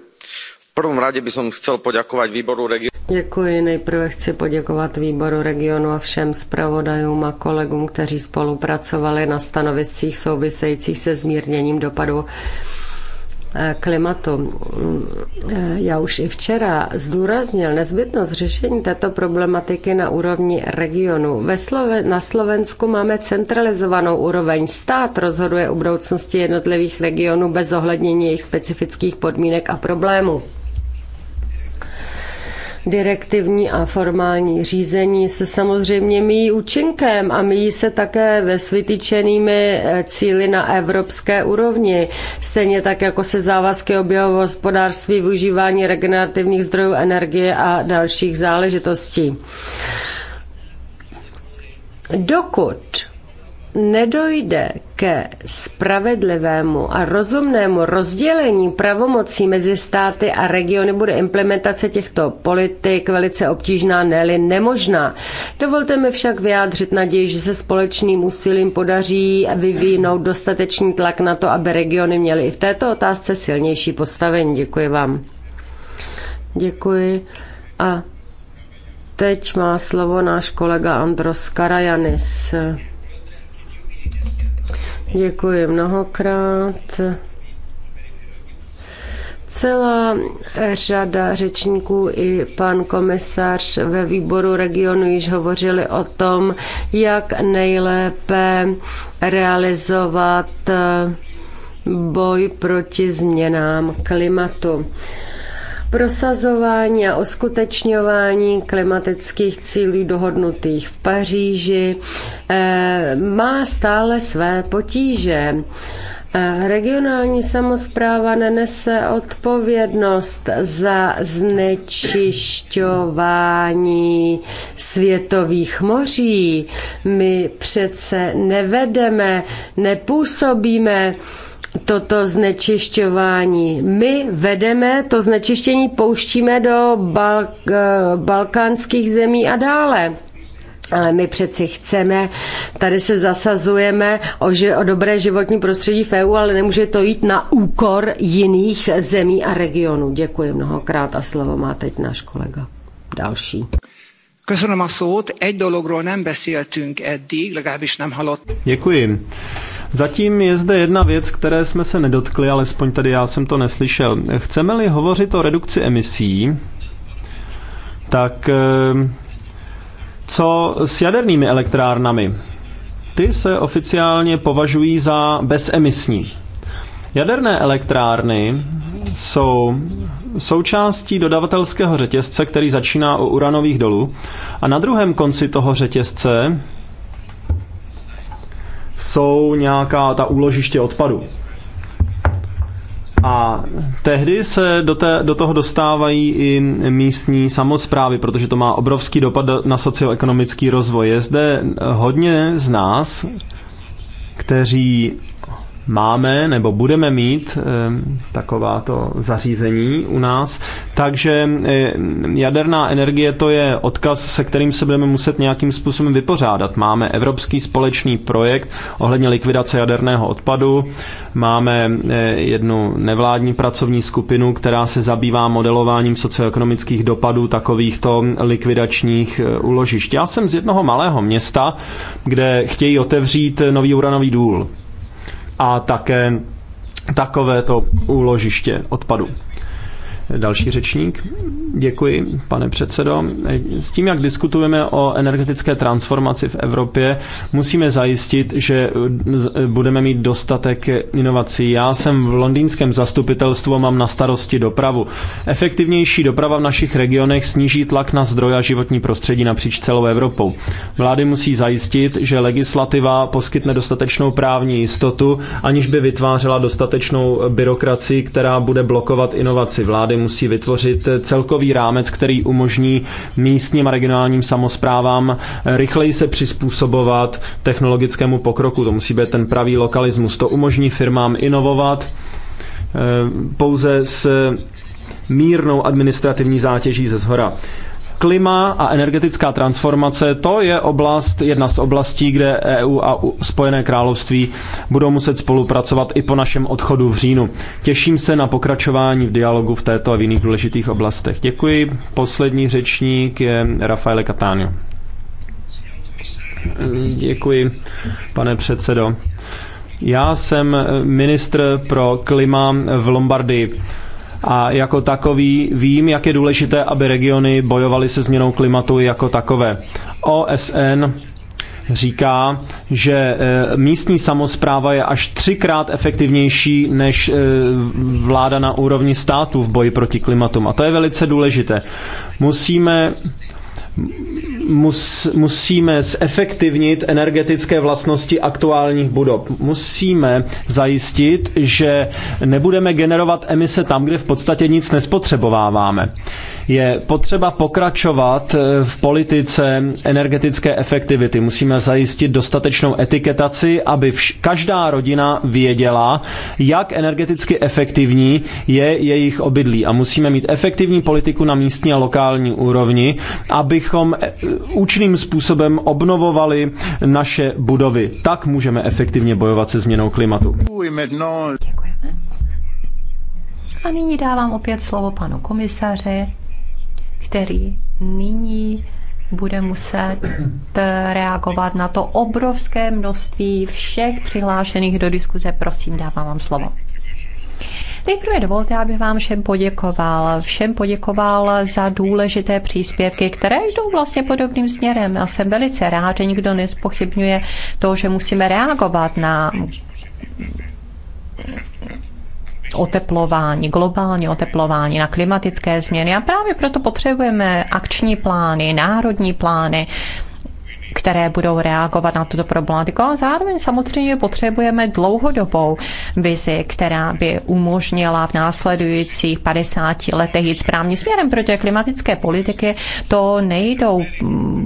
prvom rade by som chcel poďakovať výboru regionu. Děkuji. Nejprve chci poděkovat výboru regionu a všem zpravodajům a kolegům, kteří spolupracovali na stanoviscích souvisejících se zmírněním dopadu eh, klimatu. Eh, já už i včera zdůraznil nezbytnost řešení této problematiky na úrovni regionu. Ve Sloven- na Slovensku máme centralizovanou úroveň. Stát rozhoduje o budoucnosti jednotlivých regionů bez ohlednění jejich specifických podmínek a problémů direktivní a formální řízení se samozřejmě míjí účinkem a míjí se také ve vytyčenými eh, cíly na evropské úrovni. Stejně tak jako se závazky o hospodářství, využívání regenerativních zdrojů energie a dalších záležitostí. Dokud nedojde ke spravedlivému a rozumnému rozdělení pravomocí mezi státy a regiony, bude implementace těchto politik velice obtížná, ne nemožná. Dovolte mi však vyjádřit naději, že se společným úsilím podaří vyvinout dostatečný tlak na to, aby regiony měly i v této otázce silnější postavení. Děkuji vám. Děkuji. A teď má slovo náš kolega Andros Karajanis. Děkuji mnohokrát. Celá řada řečníků i pan komisař ve výboru regionu již hovořili o tom, jak nejlépe realizovat boj proti změnám klimatu prosazování a uskutečňování klimatických cílů dohodnutých v Paříži eh, má stále své potíže. Eh, regionální samozpráva nenese odpovědnost za znečišťování světových moří. My přece nevedeme, nepůsobíme toto znečišťování. My vedeme to znečištění, pouštíme do balk, eh, balkánských zemí a dále. Ale my přeci chceme, tady se zasazujeme o, že, o dobré životní prostředí v EU, ale nemůže to jít na úkor jiných zemí a regionů. Děkuji mnohokrát a slovo má teď náš kolega. Další. Děkuji. Zatím je zde jedna věc, které jsme se nedotkli, alespoň tady já jsem to neslyšel. Chceme-li hovořit o redukci emisí, tak eh, co s jadernými elektrárnami? Ty se oficiálně považují za bezemisní. Jaderné elektrárny jsou součástí dodavatelského řetězce, který začíná u uranových dolů, a na druhém konci toho řetězce jsou nějaká ta úložiště odpadu. A tehdy se do, té, do toho dostávají i místní samozprávy, protože to má obrovský dopad na socioekonomický rozvoj. Je zde hodně z nás, kteří máme nebo budeme mít eh, takováto zařízení u nás. Takže eh, jaderná energie to je odkaz, se kterým se budeme muset nějakým způsobem vypořádat. Máme evropský společný projekt ohledně likvidace jaderného odpadu, máme eh, jednu nevládní pracovní skupinu, která se zabývá modelováním socioekonomických dopadů takovýchto likvidačních uložišť. Já jsem z jednoho malého města, kde chtějí otevřít nový uranový důl a také takovéto úložiště odpadu. Další řečník. Děkuji, pane předsedo. S tím, jak diskutujeme o energetické transformaci v Evropě, musíme zajistit, že budeme mít dostatek inovací. Já jsem v londýnském zastupitelstvu, mám na starosti dopravu. Efektivnější doprava v našich regionech sníží tlak na zdroje a životní prostředí napříč celou Evropou. Vlády musí zajistit, že legislativa poskytne dostatečnou právní jistotu, aniž by vytvářela dostatečnou byrokracii, která bude blokovat inovaci vlády vlády musí vytvořit celkový rámec, který umožní místním a regionálním samozprávám rychleji se přizpůsobovat technologickému pokroku. To musí být ten pravý lokalismus. To umožní firmám inovovat eh, pouze s mírnou administrativní zátěží ze zhora. Klima a energetická transformace, to je oblast, jedna z oblastí, kde EU a Spojené království budou muset spolupracovat i po našem odchodu v říjnu. Těším se na pokračování v dialogu v této a v jiných důležitých oblastech. Děkuji. Poslední řečník je Rafaele Catania. Děkuji, pane předsedo. Já jsem ministr pro klima v Lombardii a jako takový vím, jak je důležité, aby regiony bojovaly se změnou klimatu jako takové. OSN říká, že e, místní samozpráva je až třikrát efektivnější než e, vláda na úrovni státu v boji proti klimatu. A to je velice důležité. Musíme mus, musíme zefektivnit energetické vlastnosti aktuálních budov. Musíme zajistit, že nebudeme generovat emise tam, kde v podstatě nic nespotřebováváme. Je potřeba pokračovat eh, v politice energetické efektivity. Musíme zajistit dostatečnou etiketaci, aby vš- každá rodina věděla, jak energeticky efektivní je jejich obydlí. A musíme mít efektivní politiku na místní a lokální úrovni, abychom eh, účinným způsobem obnovovali naše budovy. Tak můžeme efektivně bojovat se změnou klimatu. Děkujeme. A nyní dávám opět slovo panu komisaři, který nyní bude muset reagovat na to obrovské množství všech přihlášených do diskuze. Prosím, dávám vám slovo. Nejprve dovolte, abych vám všem poděkoval. Všem poděkoval za důležité příspěvky, které jdou vlastně podobným směrem. A jsem velice rád, že nikdo nespochybňuje to, že musíme reagovat na oteplování, globální oteplování, na klimatické změny. A právě proto potřebujeme akční plány, národní plány, které budou reagovat na tuto problematiku. A zároveň samozřejmě potřebujeme dlouhodobou vizi, která by umožnila v následujících 50 letech jít správným směrem, protože klimatické politiky to nejdou,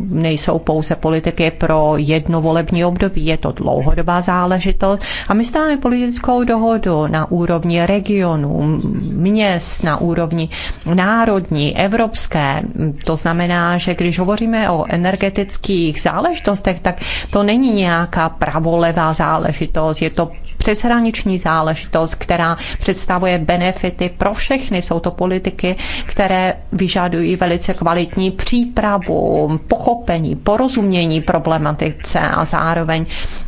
nejsou pouze politiky pro jedno volební období, je to dlouhodobá záležitost a my stáváme politickou dohodu na úrovni regionů, měst, na úrovni národní, evropské. To znamená, že když hovoříme o energetických záležitostech, záležitostech, tak to není nějaká pravolevá záležitost, je to přeshraniční záležitost, která představuje benefity pro všechny. Jsou to politiky, které vyžadují velice kvalitní přípravu, pochopení, porozumění problematice a zároveň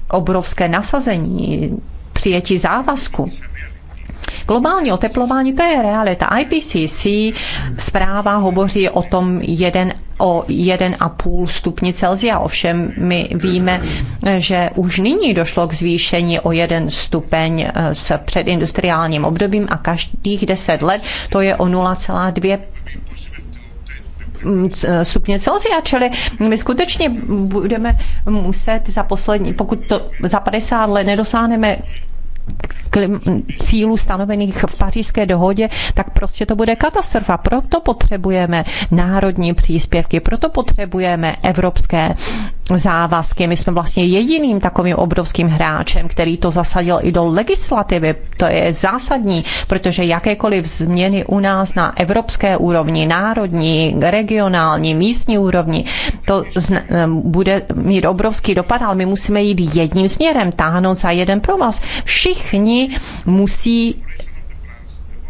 obrovské nasazení přijetí závazku. Globální oteplování, to je realita. IPCC zpráva hovoří o tom jeden o 1,5 stupni Celsia. Ovšem my víme, že už nyní došlo k zvýšení o 1 stupeň eh, s předindustriálním obdobím a každých 10 let to je o 0,2 mm, eh, stupně Celsia, čili my skutečně budeme muset za poslední, pokud to za 50 let nedosáhneme cílů stanovených v pařížské dohodě, tak prostě to bude katastrofa. Proto potřebujeme národní příspěvky, proto potřebujeme evropské závazky. My jsme vlastně jediným takovým obrovským hráčem, který to zasadil i do legislativy. To je zásadní, protože jakékoliv změny u nás na evropské úrovni, národní, regionální, místní úrovni, to bude mít obrovský dopad, ale my musíme jít jedním směrem, táhnout za jeden pro vás. Všichni všichni musí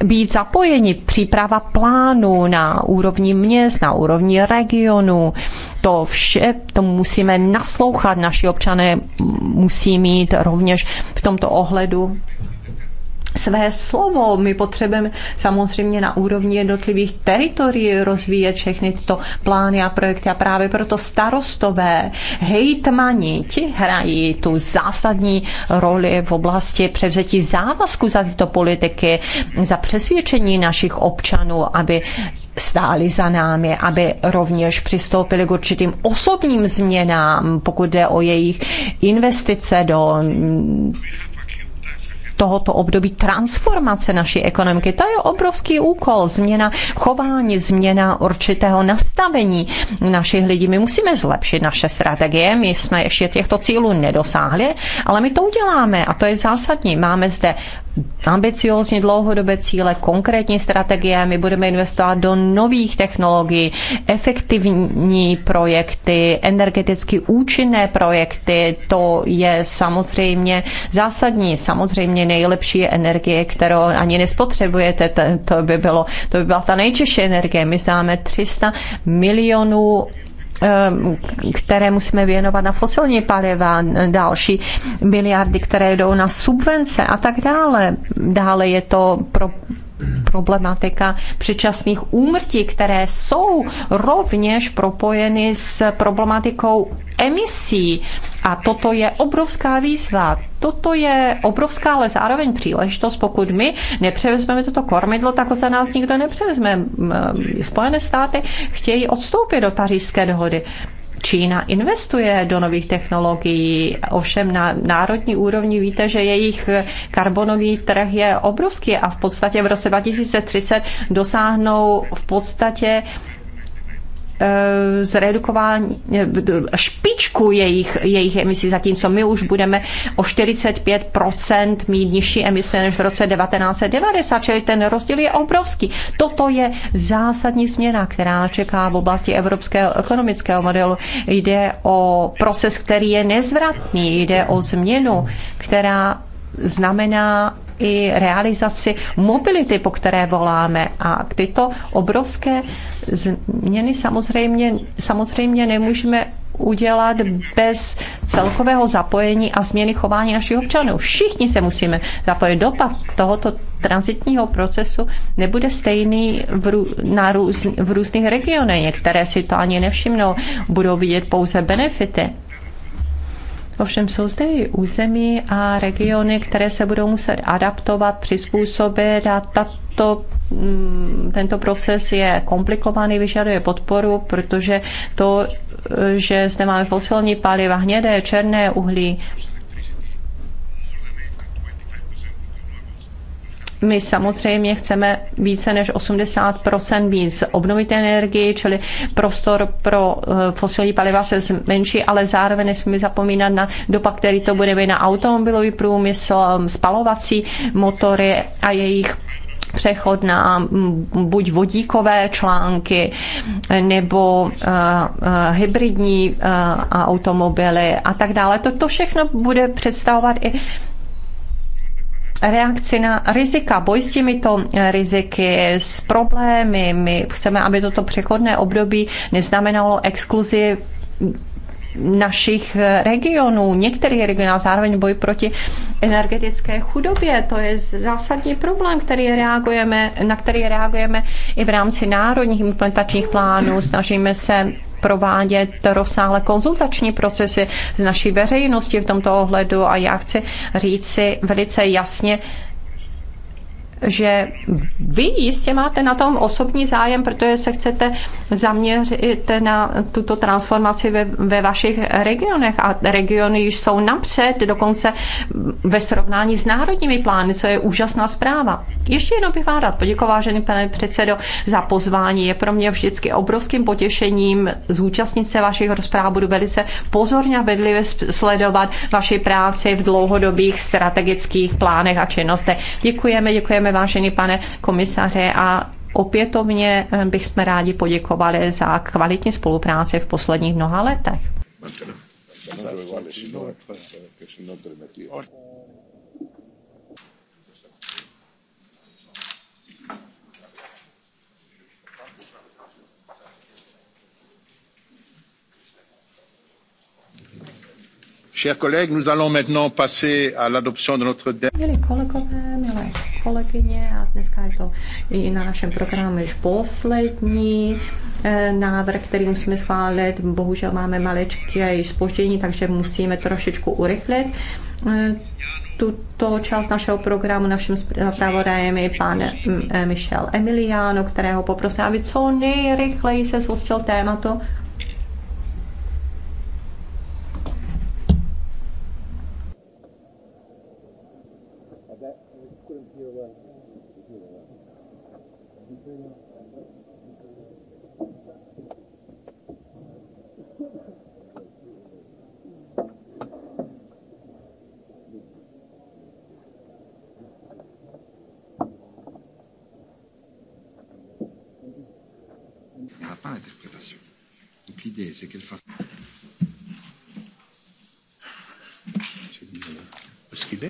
být zapojeni. Příprava plánu na úrovni měst, na úrovni regionu, to vše, to musíme naslouchat. Naši občané musí mít rovněž v tomto ohledu své slovo. My potřebujeme samozřejmě na úrovni jednotlivých teritorií rozvíjet všechny tyto plány a projekty a právě proto starostové, hejtmani, ti hrají tu zásadní roli v oblasti převzetí závazku za tyto politiky, za přesvědčení našich občanů, aby stáli za námi, aby rovněž přistoupili k určitým osobním změnám, pokud jde o jejich investice do tohoto období transformace naší ekonomiky. To je obrovský úkol, změna chování, změna určitého nastavení našich lidí. My musíme zlepšit naše strategie, my jsme ještě těchto cílů nedosáhli, ale my to uděláme a to je zásadní. Máme zde ambiciózní dlouhodobé cíle, konkrétní strategie, my budeme investovat do nových technologií, efektivní projekty, energeticky účinné projekty, to je samozřejmě zásadní. Samozřejmě nejlepší energie, kterou ani nespotřebujete. To by, bylo, to by byla ta nejčeší energie. My máme 300 milionů ehm, které musíme věnovat na fosilní paliva, další miliardy, které jdou na subvence a tak dále. Dále je to pro problematika předčasných úmrtí, které jsou rovněž propojeny s problematikou emisí. A toto je obrovská výzva. Toto je obrovská, ale zároveň příležitost. Pokud my nepřevezmeme toto kormidlo, tak ho za nás nikdo nepřevezme. Spojené státy chtějí odstoupit do pařížské dohody. Čína investuje do nových technologií, ovšem na národní úrovni víte, že jejich karbonový trh je obrovský a v podstatě v roce 2030 dosáhnou v podstatě Eh, zredukování eh, špičku jejich, jejich emisí, zatímco my už budeme o 45% mít nižší emise než v roce 1990, čili ten rozdíl je obrovský. Toto je zásadní změna, která čeká v oblasti evropského ekonomického modelu. Jde o proces, který je nezvratný, jde o změnu, která znamená i realizaci mobility, po které voláme. A tyto obrovské změny samozřejmě, samozřejmě nemůžeme udělat bez celkového zapojení a změny chování našich občanů. Všichni se musíme zapojit. Dopad tohoto transitního procesu nebude stejný v, rů, na růz, v různých regionech. Některé si to ani nevšimnou, budou vidět pouze benefity. Ovšem jsou zde i území a regiony, které se budou muset adaptovat, přizpůsobit a tato mm, tento proces je komplikovaný, vyžaduje podporu, protože to, e, že zde máme fosilní paliva, hnědé, černé uhlí, my samozřejmě chceme více než 80 víc obnovit energii, čili prostor pro eh, fosilní paliva se zmenší, ale zároveň nesmíme zapomínat na dopad, který to bude mít na automobilový průmysl, spalovací motory a jejich přechod na buď vodíkové články nebo uh, uh, hybridní uh, automobily a tak dále. To, to všechno bude představovat i reakci na rizika, boj s těmito riziky, s problémy. My chceme, aby toto přechodné období neznamenalo exkluzi našich regionů, některých regionů, zároveň boj proti energetické chudobě. To je zásadní problém, který reagujeme, na který reagujeme i v rámci národních implementačních plánů. Snažíme se provádět rozsáhlé konzultační procesy s naší veřejností v tomto ohledu a já chci říci velice jasně, že vy jistě máte na tom osobní zájem, protože se chcete zaměřit na tuto transformaci ve, ve vašich regionech a regiony již jsou napřed, dokonce ve srovnání s národními plány, co je úžasná zpráva. Ještě jednou bych vám rád poděkoval, vážený pane předsedo, za pozvání. Je pro mě vždycky obrovským potěšením zúčastnit se vašich rozpráv. Budu velice pozorně a vedlivě sledovat vaši práci v dlouhodobých strategických plánech a činnostech. Děkujeme, děkujeme vážený pane komisaře, a opětovně eh, bychom rádi poděkovali za kvalitní spolupráci v posledních mnoha letech. Chers collègues, nous allons maintenant passer à l'adoption de notre Milí kolegové, milé kolegyně, a dneska je to i na našem programu již poslední eh, návrh, který musíme schválit. Bohužel máme maličké již spoždění, takže musíme trošičku urychlit eh, tuto část našeho programu naším zpravodajem je pan mm, eh, Michel Emiliano, kterého poprosím, aby co nejrychleji se zhostil tématu l'idée, c'est qu'elle fasse. Parce qu'il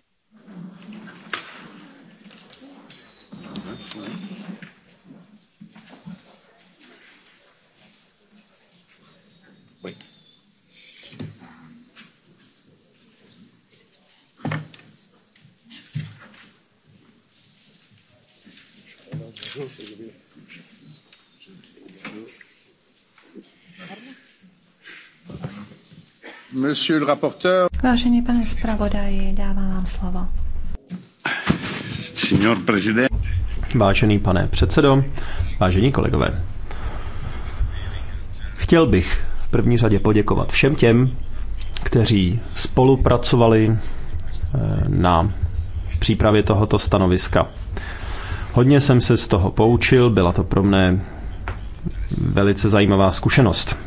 Vážený pane zpravodaji, dávám vám slovo. Signor prezident. Vážený pane předsedo, vážení kolegové. Chtěl bych v první řadě poděkovat všem těm, kteří spolupracovali eh, na přípravě tohoto stanoviska. Hodně jsem se z toho poučil, byla to pro mne velice zajímavá zkušenost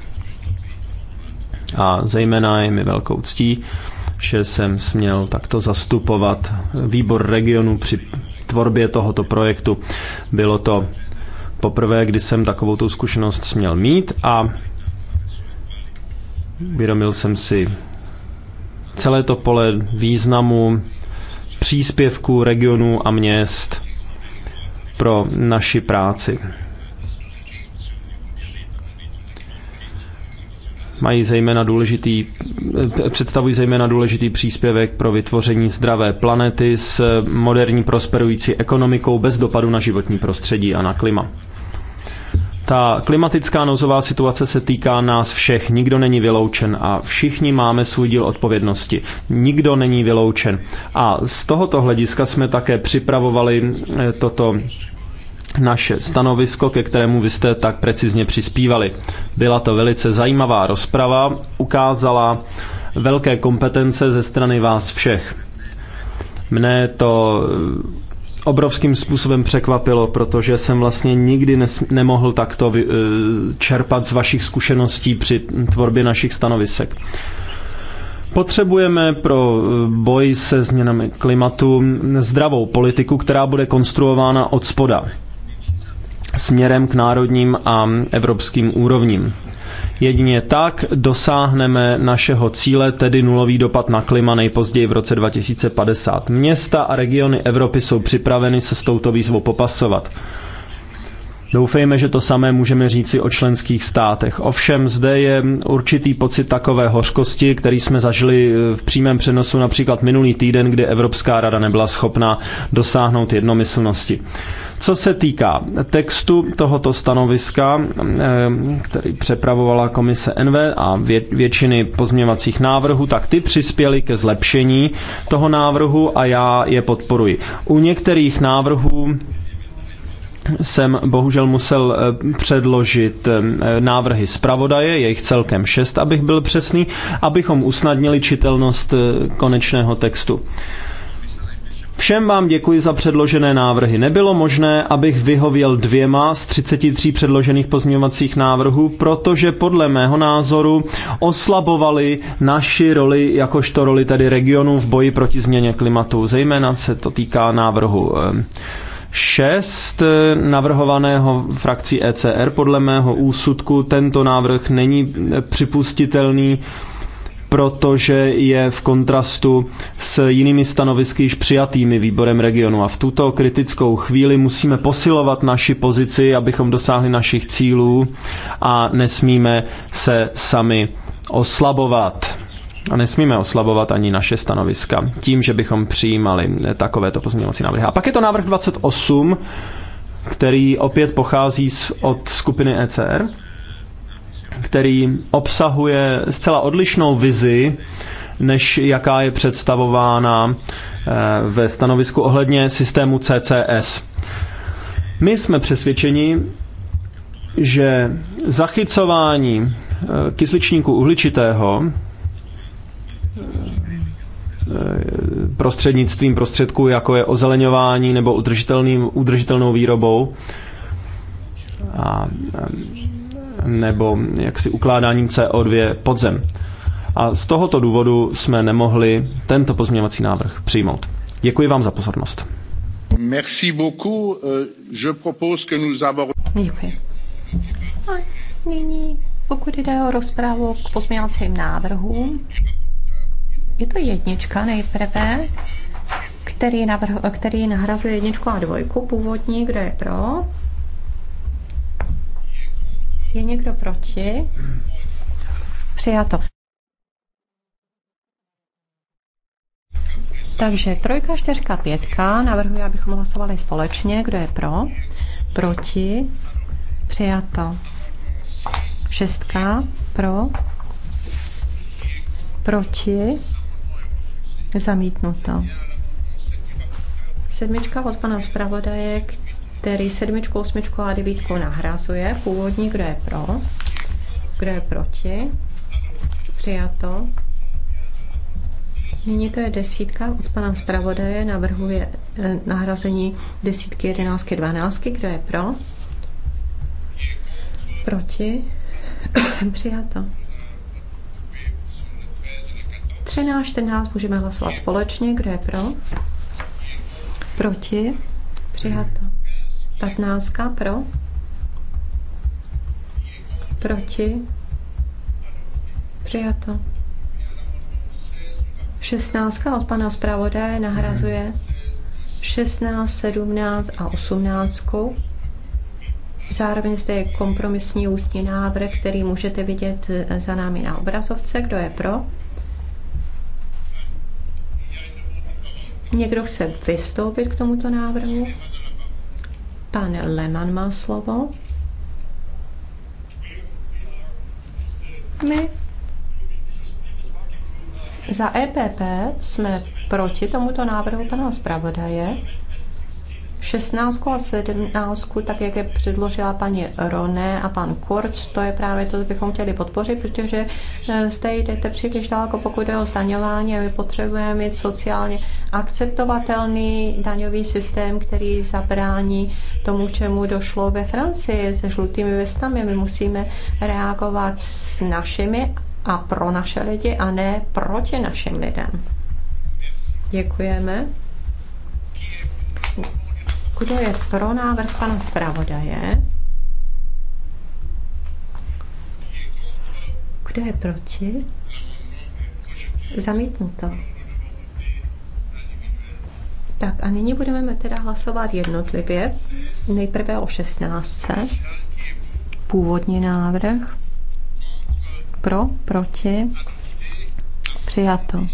a zejména je mi velkou ctí, že jsem směl takto zastupovat výbor regionu při tvorbě tohoto projektu. Bylo to poprvé, kdy jsem takovou tu zkušenost směl mít a uvědomil jsem si celé to pole významu příspěvků regionů a měst pro naši práci. mají zejména důležitý, představují zejména důležitý příspěvek pro vytvoření zdravé planety s moderní prosperující ekonomikou bez dopadu na životní prostředí a na klima. Ta klimatická nouzová situace se týká nás všech, nikdo není vyloučen a všichni máme svůj díl odpovědnosti. Nikdo není vyloučen. A z tohoto hlediska jsme také připravovali eh, toto naše stanovisko, ke kterému vy jste tak precizně přispívali. Byla to velice zajímavá rozprava, ukázala velké kompetence ze strany vás všech. Mne to eh, obrovským způsobem překvapilo, protože jsem vlastně nikdy nes- nemohl takto vy- eh, čerpat z vašich zkušeností při tvorbě našich stanovisek. Potřebujeme pro eh, boj se změnami klimatu zdravou politiku, která bude konstruována od spoda směrem k národním a evropským úrovním. Jedině tak dosáhneme našeho cíle, tedy nulový dopad na klima nejpozději v roce 2050. Města a regiony Evropy jsou připraveny se s touto výzvou popasovat. Doufejme, že to samé můžeme říci o členských státech. Ovšem zde je určitý pocit takové hořkosti, který jsme zažili eh, v přímém přenosu například minulý týden, kdy Evropská rada nebyla schopna dosáhnout jednomyslnosti. Co se týká textu tohoto stanoviska, eh, který přepravovala komise NV a většiny pozměvacích návrhů, tak ty přispěly ke zlepšení toho návrhu a já je podporuji. U některých návrhů jsem bohužel musel eh, předložit eh, návrhy zpravodaje, je jich celkem šest, abych byl přesný, abychom usnadnili čitelnost eh, konečného textu. Všem vám děkuji za předložené návrhy. Nebylo možné, abych vyhověl dvěma z 33 předložených pozměňovacích návrhů, protože podle mého názoru oslabovali naši roli, jakožto roli tedy regionu v boji proti změně klimatu. Zejména se to týká návrhu eh, 6 eh, navrhovaného frakcí ECR. Podle mého úsudku tento návrh není eh, připustitelný, protože je v kontrastu s jinými stanovisky již přijatými výborem regionu. A v tuto kritickou chvíli musíme posilovat naši pozici, abychom dosáhli našich cílů a nesmíme se sami oslabovat. A nesmíme oslabovat ani naše stanoviska tím, že bychom přijímali takovéto pozměňovací návrhy. A pak je to návrh 28, který opět pochází z, od skupiny ECR, který obsahuje zcela odlišnou vizi, než jaká je představována eh, ve stanovisku ohledně systému CCS. My jsme přesvědčeni, že zachycování eh, kysličníku uhličitého prostřednictvím prostředků, jako je ozeleňování nebo udržitelným, udržitelnou výrobou a, nebo jaksi ukládáním CO2 podzem A z tohoto důvodu jsme nemohli tento pozměňovací návrh přijmout. Děkuji vám za pozornost. Merci beaucoup. Euh, je propose que nous Děkuji. A nyní, pokud jde o rozprávu k pozměňovacím návrhům, je to jednička nejprve, který, navrhu, který nahrazuje jedničku a dvojku původní, kdo je pro. Je někdo proti? Přijato. Takže trojka, čtyřka, pětka. Navrhuji, abychom hlasovali společně. Kdo je pro? Proti? Přijato. Šestka pro? Proti? Zamítnuto. Sedmička od pana zpravodaje, který sedmičku, osmičku a devítku nahrazuje. Původní, kdo je pro? Kdo je proti? Přijato. Nyní to je desítka od pana zpravodaje, navrhuje eh, nahrazení desítky, jedenáctky, dvanáctky. Kdo je pro? Proti? [COUGHS] Přijato. 13, 14 můžeme hlasovat společně. Kdo je pro? Proti? Přijato. 15 pro? Proti? Přijato. 16 od pana zpravodaje nahrazuje 16, 17 a 18. Zároveň zde je kompromisní ústní návrh, který můžete vidět za námi na obrazovce. Kdo je pro? Někdo chce vystoupit k tomuto návrhu? Pan Leman má slovo. My za EPP jsme proti tomuto návrhu pana zpravodaje 16 a 17, tak jak je předložila paní Roné a pan Kurz, to je právě to, co bychom chtěli podpořit, protože eh, zde jdete příliš daleko, pokud je o zdaňování a my potřebujeme mít sociálně akceptovatelný daňový systém, který zabrání tomu, čemu došlo ve Francii se žlutými vestami. My musíme reagovat s našimi a pro naše lidi a ne proti našim lidem. Děkujeme. Kdo je pro návrh pana zpravodaje? Kdo je proti? Zamítnuto. Tak a nyní budeme teda hlasovat jednotlivě. Nejprve o 16. Původní návrh. Pro, proti. Přijato.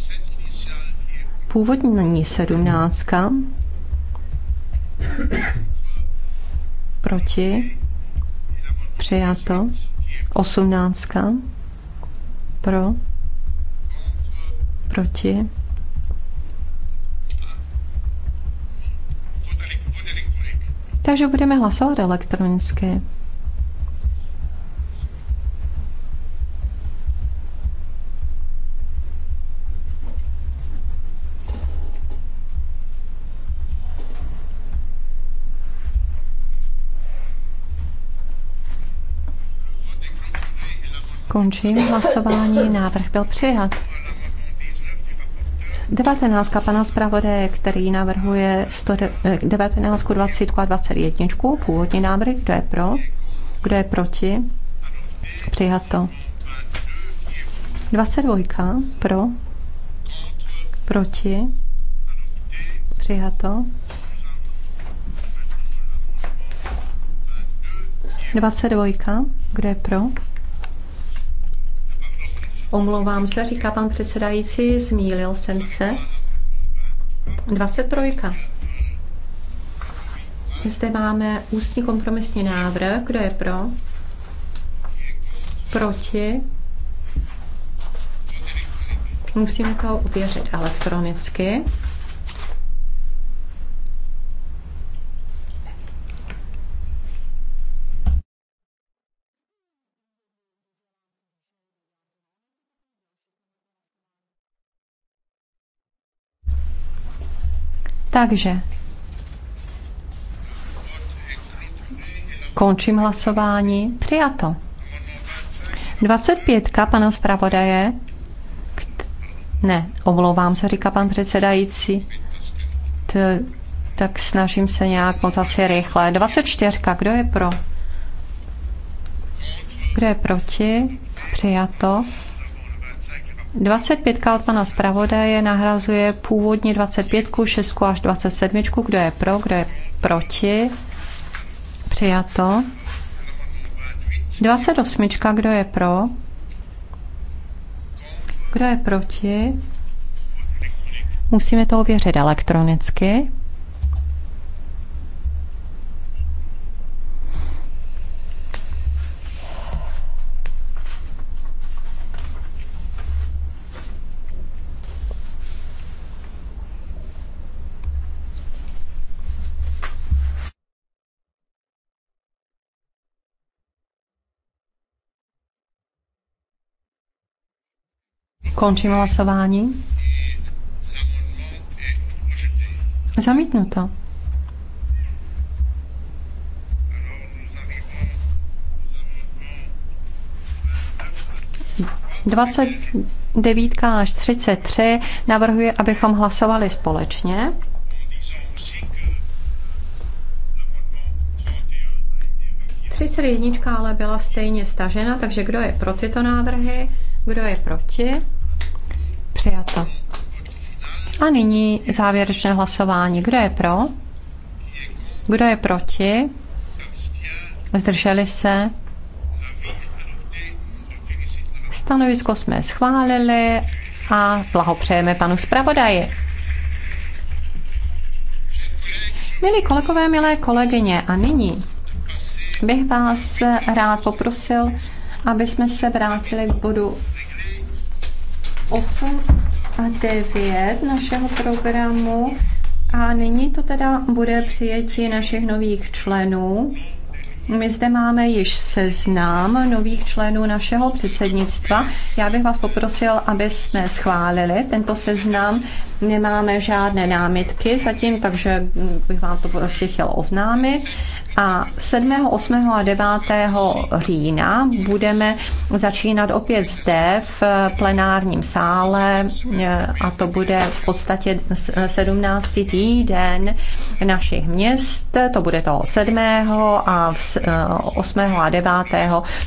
Původní 17 Proti. Přijato. Osmnáctka. Pro. Proti. Takže budeme hlasovat elektronicky. Končím hlasování. Návrh byl přijat. 19. pana zpravodaje, který navrhuje 19, 20 eh, a 21. Původní návrh, kdo je pro, kdo je proti. Přijat to. 22. Pro, proti. Přijat to. 22. Kdo je pro? Omlouvám se, říká pan předsedající, zmílil jsem se. 23. Zde máme ústní kompromisní návrh. Kdo je pro? Proti? Musíme to ověřit elektronicky. Takže končím hlasování. Přijato. 25. pana zpravodaje. Ne, omlouvám se, říká pan předsedající. T, tak snažím se nějak moc asi rychle. 24. Kdo je pro? Kdo je proti? Přijato. 25 od pana zpravodaje nahrazuje původně 25, 6 až 27. Kdo je pro, kdo je proti? Přijato. 28. Kdo je pro? Kdo je proti? Musíme to ověřit elektronicky. Končím hlasování. Zamítnuto. Dvacet devítka až 33 navrhuje, abychom hlasovali společně. jednička ale byla stejně stažena, takže kdo je pro tyto návrhy, kdo je proti? Přijato. A nyní závěrečné hlasování. Kdo je pro? Kdo je proti? Zdrželi se? Stanovisko jsme schválili a blahopřejeme panu zpravodaji. Milí kolegové, milé kolegyně, a nyní bych vás rád poprosil, aby jsme se vrátili k bodu 8 a 9 našeho programu. A nyní to teda bude přijetí našich nových členů. My zde máme již seznám nových členů našeho předsednictva. Já bych vás poprosil, aby jsme schválili tento seznam. Nemáme žádné námitky zatím, takže bych vám to prostě chtěl oznámit. A 7., 8. a 9. října budeme začínat opět zde v plenárním sále a to bude v podstatě 17. týden našich měst. To bude toho 7. a 8. a 9.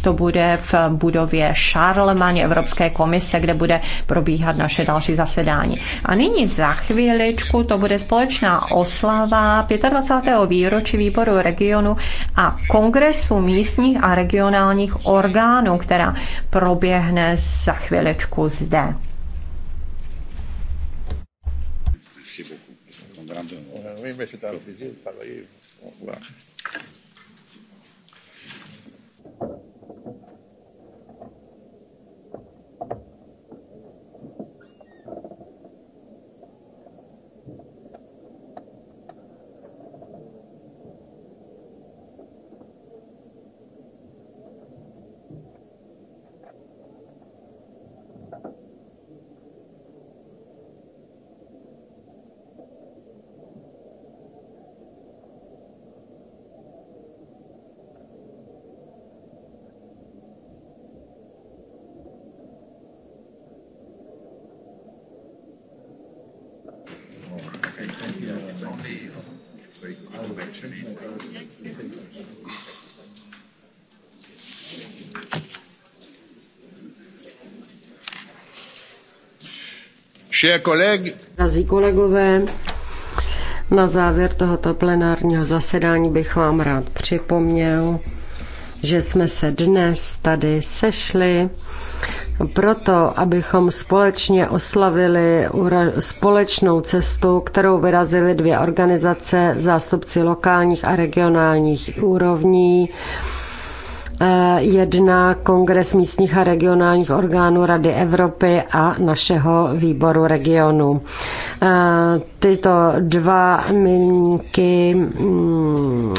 to bude v budově Charlemagne Evropské komise, kde bude probíhat naše další zasedání. A nyní za chvíličku to bude společná oslava 25. výročí výboru regionu regionu a kongresu místních a regionálních orgánů, která proběhne za chvilečku zde. Oui, mais c'est un plaisir de Drazí kolegové, na závěr tohoto plenárního zasedání bych vám rád připomněl, že jsme se dnes tady sešli proto, abychom společně oslavili společnou cestu, kterou vyrazily dvě organizace, zástupci lokálních a regionálních úrovní, Eh, jedna Kongres místních a regionálních orgánů Rady Evropy a našeho výboru regionu. Eh, tyto dva milníky mm,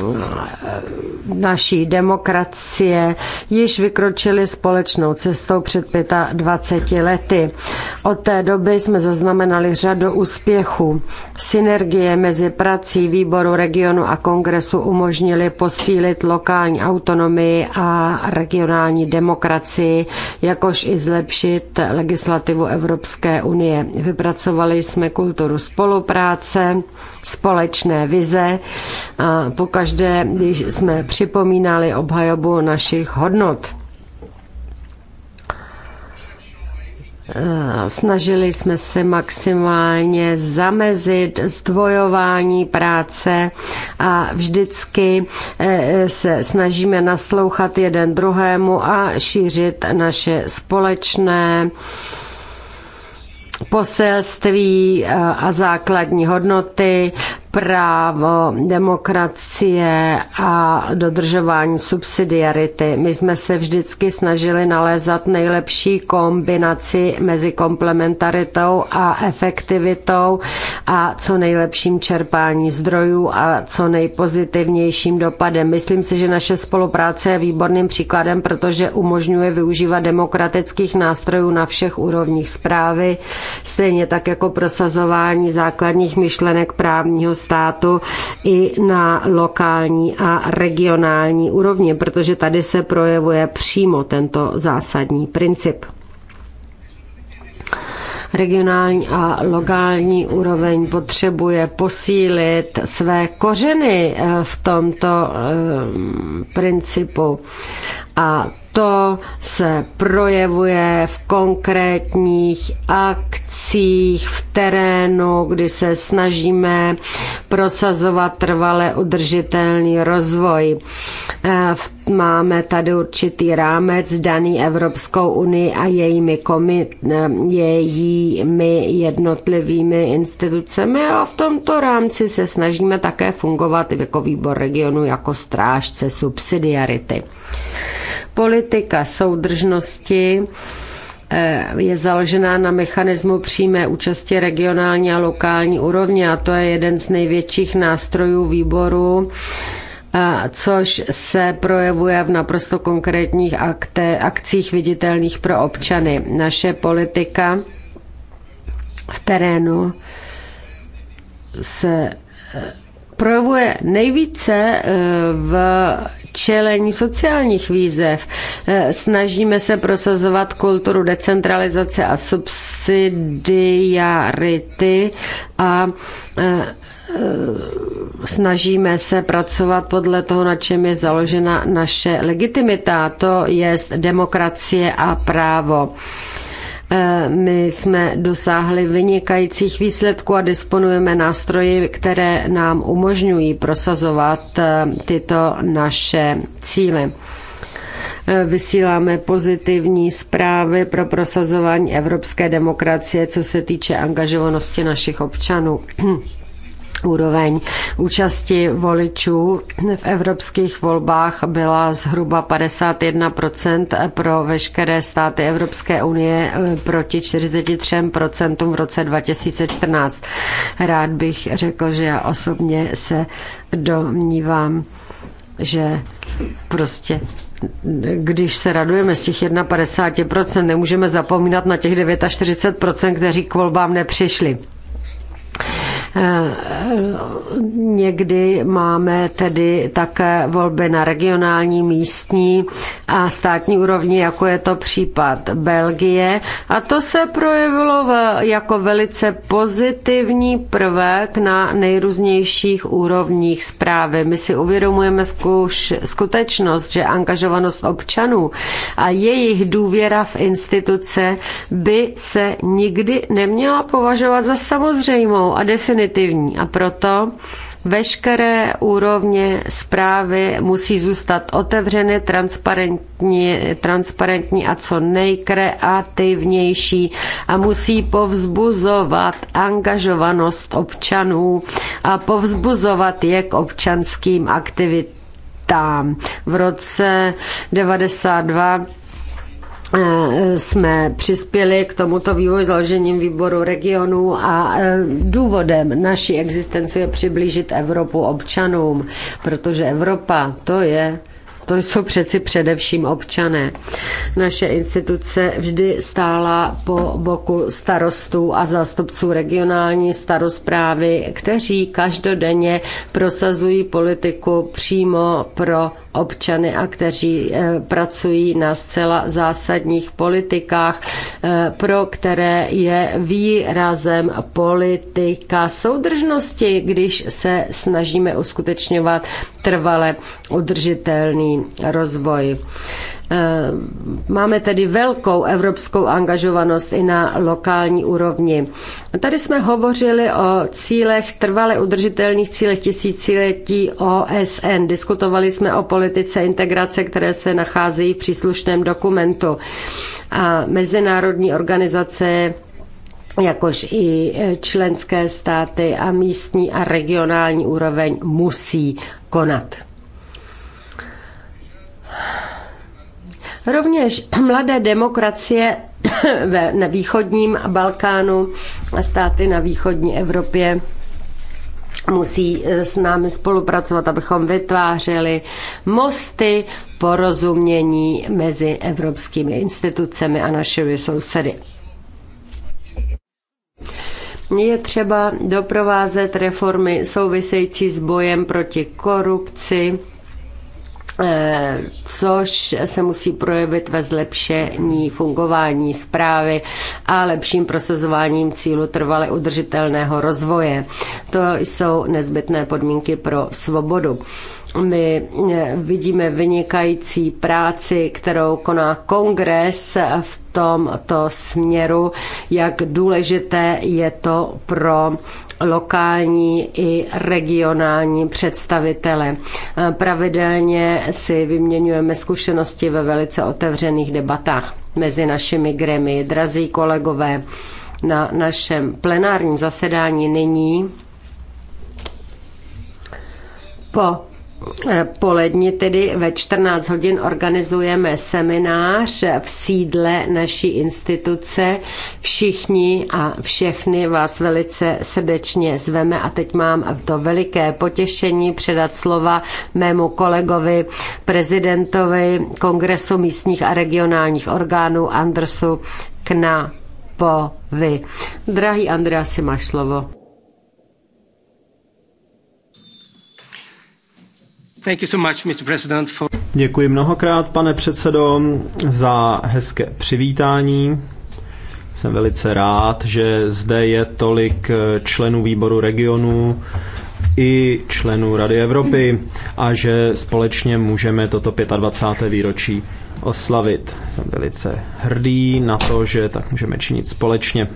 naší demokracie již vykročili společnou cestou před 25 lety. Od té doby jsme zaznamenali řadu úspěchů. Synergie mezi prací výboru regionu a kongresu umožnily posílit lokální autonomii a a regionální demokracii, jakož i zlepšit legislativu Evropské unie. Vypracovali jsme kulturu spolupráce, společné vize a pokaždé, když jsme připomínali obhajobu našich hodnot. Eh, snažili jsme se maximálně zamezit zdvojování práce a vždycky eh, se snažíme naslouchat jeden druhému a šířit naše společné poselství eh, a základní hodnoty, právo, demokracie a dodržování subsidiarity. My jsme se vždycky snažili nalézat nejlepší kombinaci mezi komplementaritou a efektivitou a co nejlepším čerpání zdrojů a co nejpozitivnějším dopadem. Myslím si, že naše spolupráce je výborným příkladem, protože umožňuje využívat demokratických nástrojů na všech úrovních zprávy, stejně tak jako prosazování základních myšlenek právního státu i na lokální a regionální úrovni, protože tady se projevuje přímo tento zásadní princip regionální a lokální úroveň potřebuje posílit své kořeny eh, v tomto eh, principu a to se projevuje v konkrétních akcích v terénu, kdy se snažíme prosazovat trvale udržitelný rozvoj. E, máme tady určitý rámec daný Evropskou unii a jejími, komi, e, jejími jednotlivými institucemi a v tomto rámci se snažíme také fungovat jako výbor regionu, jako strážce subsidiarity. Politika soudržnosti eh, je založená na mechanismu přímé účasti regionální a lokální úrovně a to je jeden z největších nástrojů výboru eh, což se projevuje v naprosto konkrétních akte, akcích viditelných pro občany. Naše politika v terénu se eh, projevuje nejvíce eh, v čelení sociálních výzev. Eh, snažíme se prosazovat kulturu decentralizace a subsidiarity a eh, snažíme se pracovat podle toho, na čem je založena naše legitimita, to je demokracie a právo. Eh, my jsme dosáhli vynikajících výsledků a disponujeme nástroji, které nám umožňují prosazovat eh, tyto naše cíle eh, vysíláme pozitivní zprávy pro prosazování evropské demokracie, co se týče angažovanosti našich občanů. Úroveň účasti voličů v evropských volbách byla zhruba 51% pro veškeré státy Evropské unie eh, proti 43% v roce 2014. Rád bych řekl, že já osobně se domnívám, že prostě když se radujeme z těch 51%, nemůžeme zapomínat na těch 49%, kteří k volbám nepřišli. Eh, někdy máme tedy také volby na regionální, místní a státní úrovni, jako je to případ Belgie. A to se projevilo jako velice pozitivní prvek na nejrůznějších úrovních zprávy. My si uvědomujeme skutečnost, že angažovanost občanů a jejich důvěra v instituce by se nikdy neměla považovat za samozřejmou a definitivní definitivní a proto veškeré úrovně zprávy musí zůstat otevřené, transparentní, transparentní a co nejkreativnější a musí povzbuzovat angažovanost občanů a povzbuzovat je k občanským aktivitám. V roce 92 E, jsme přispěli k tomuto vývoji založením výboru regionů a e, důvodem naší existence je přiblížit Evropu občanům, protože Evropa to je to jsou přeci především občané. Naše instituce vždy stála po boku starostů a zástupců regionální starosprávy, kteří každodenně prosazují politiku přímo pro občany a kteří eh, pracují na zcela zásadních politikách, eh, pro které je výrazem politika soudržnosti, když se snažíme uskutečňovat trvale udržitelný rozvoj. Eh, máme tedy velkou evropskou angažovanost i na lokální úrovni. Tady jsme hovořili o cílech, trvale udržitelných cílech tisíciletí OSN. Diskutovali jsme o politice integrace, které se nacházejí v příslušném dokumentu. A mezinárodní organizace jakož i členské státy a místní a regionální úroveň musí konat. Rovněž mladé demokracie [COUGHS] ve, na východním Balkánu a státy na východní Evropě musí eh, s námi spolupracovat, abychom vytvářeli mosty porozumění mezi evropskými institucemi a našimi sousedy. Je třeba doprovázet reformy související s bojem proti korupci, Eh, což se musí projevit ve zlepšení fungování zprávy a lepším prosazováním cílu trvale udržitelného rozvoje. To jsou nezbytné podmínky pro svobodu. My eh, vidíme vynikající práci, kterou koná kongres v tomto směru, jak důležité je to pro lokální i regionální představitele. Pravidelně si vyměňujeme zkušenosti ve velice otevřených debatách mezi našimi gremy. Drazí kolegové, na našem plenárním zasedání nyní po Eh, poledni, tedy ve 14 hodin, organizujeme seminář v sídle naší instituce. Všichni a všechny vás velice srdečně zveme a teď mám to veliké potěšení předat slova mému kolegovi, prezidentovi Kongresu místních a regionálních orgánů Andrsu Knapovi. Drahý Andreasi, máš slovo. Děkuji mnohokrát, pane předsedo, za hezké přivítání. Jsem velice rád, že zde je tolik eh, členů výboru regionu i členů Rady Evropy a že společně můžeme toto 25. výročí oslavit. Jsem velice hrdý na to, že tak můžeme činit společně.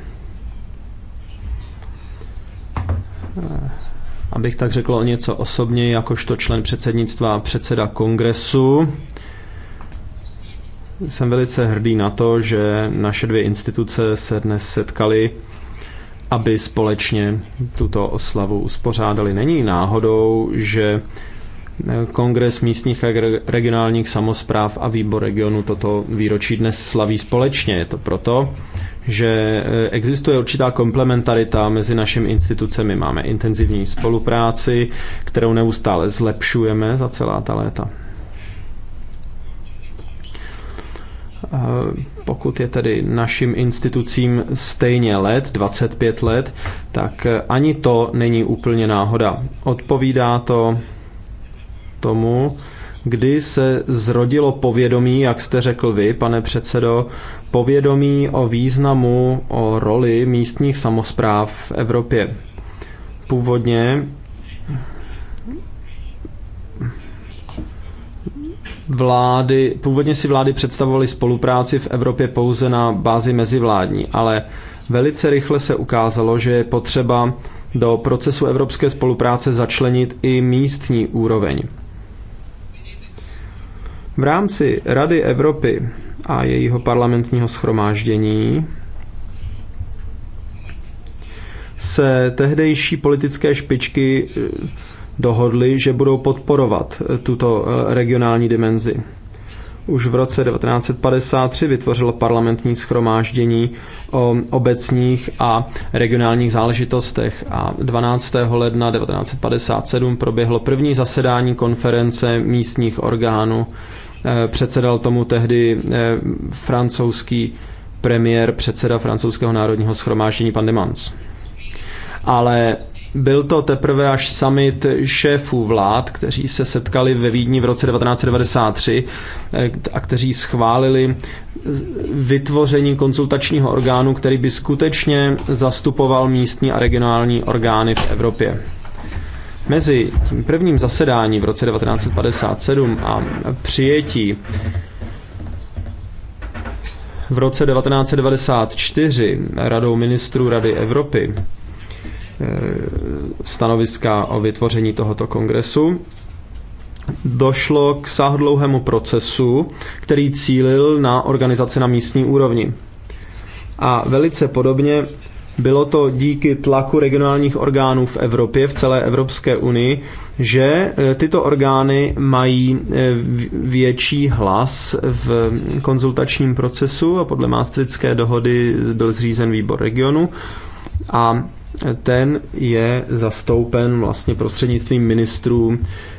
Abych tak řekl o něco osobně, jakožto člen předsednictva a předseda kongresu, jsem velice hrdý na to, že naše dvě instituce se dnes setkaly, aby společně tuto oslavu uspořádali. Není náhodou, že Kongres místních a regionálních samozpráv a výbor regionu toto výročí dnes slaví společně. Je to proto, že e, existuje určitá komplementarita mezi našimi institucemi. Máme intenzivní spolupráci, kterou neustále zlepšujeme za celá ta léta. E, pokud je tedy našim institucím stejně let, 25 let, tak e, ani to není úplně náhoda. Odpovídá to tomu, kdy se zrodilo povědomí, jak jste řekl vy, pane předsedo, povědomí o významu, o roli místních samozpráv v Evropě. Původně vlády, původně si vlády představovaly spolupráci v Evropě pouze na bázi mezivládní, ale velice rychle se ukázalo, že je potřeba do procesu evropské spolupráce začlenit i místní úroveň. V rámci Rady Evropy a jejího parlamentního schromáždění se tehdejší politické špičky eh, dohodly, že budou podporovat eh, tuto eh, regionální dimenzi. Už v roce 1953 vytvořilo parlamentní schromáždění o obecních a regionálních záležitostech a 12. ledna 1957 proběhlo první zasedání konference místních orgánů Eh, předsedal tomu tehdy eh, francouzský premiér, předseda francouzského národního schromáždění pan Demans. Ale byl to teprve až summit šéfů vlád, kteří se setkali ve Vídni v roce 1993 eh, a kteří schválili vytvoření konzultačního orgánu, který by skutečně zastupoval místní a regionální orgány v Evropě. Mezi tím prvním zasedání v roce 1957 a přijetí v roce 1994 radou ministrů Rady Evropy eh, stanoviska o vytvoření tohoto kongresu. Došlo k sáhodlouhému procesu, který cílil na organizace na místní úrovni. A velice podobně bylo to díky tlaku regionálních orgánů v Evropě, v celé Evropské unii, že e, tyto orgány mají e, větší hlas v konzultačním procesu a podle Maastrichtské dohody byl zřízen výbor regionu a ten je zastoupen vlastně prostřednictvím ministrů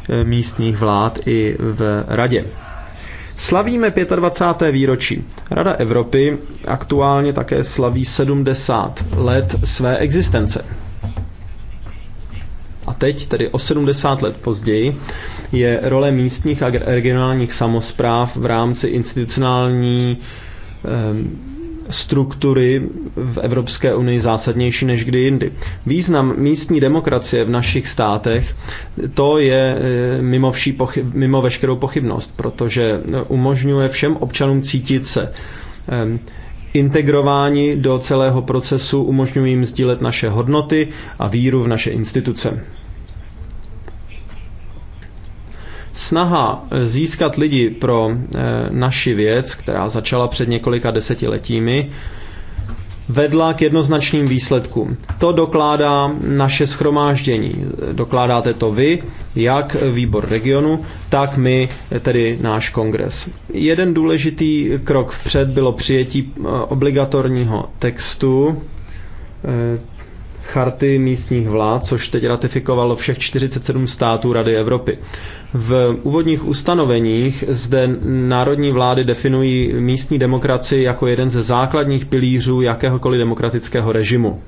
e, místních vlád i v radě. Slavíme 25. výročí. Rada Evropy aktuálně také slaví 70 let své existence. A teď, tedy o 70 let později, je role místních a regionálních samozpráv v rámci institucionální ehm, struktury v Evropské unii zásadnější než kdy jindy. Význam místní demokracie v našich státech, to je eh, mimo, vší pochyb, mimo veškerou pochybnost, protože umožňuje všem občanům cítit se ehm, integrováni do celého procesu, umožňují jim sdílet naše hodnoty a víru v naše instituce. snaha získat lidi pro eh, naši věc, která začala před několika desetiletími, vedla k jednoznačným výsledkům. To dokládá naše schromáždění. Dokládáte to vy, jak výbor regionu, tak my, tedy náš kongres. Jeden důležitý krok vpřed bylo přijetí eh, obligatorního textu eh, charty místních vlád, což teď ratifikovalo všech 47 států Rady Evropy. V úvodních ustanoveních zde národní vlády definují místní demokracii jako jeden ze základních pilířů jakéhokoliv demokratického režimu.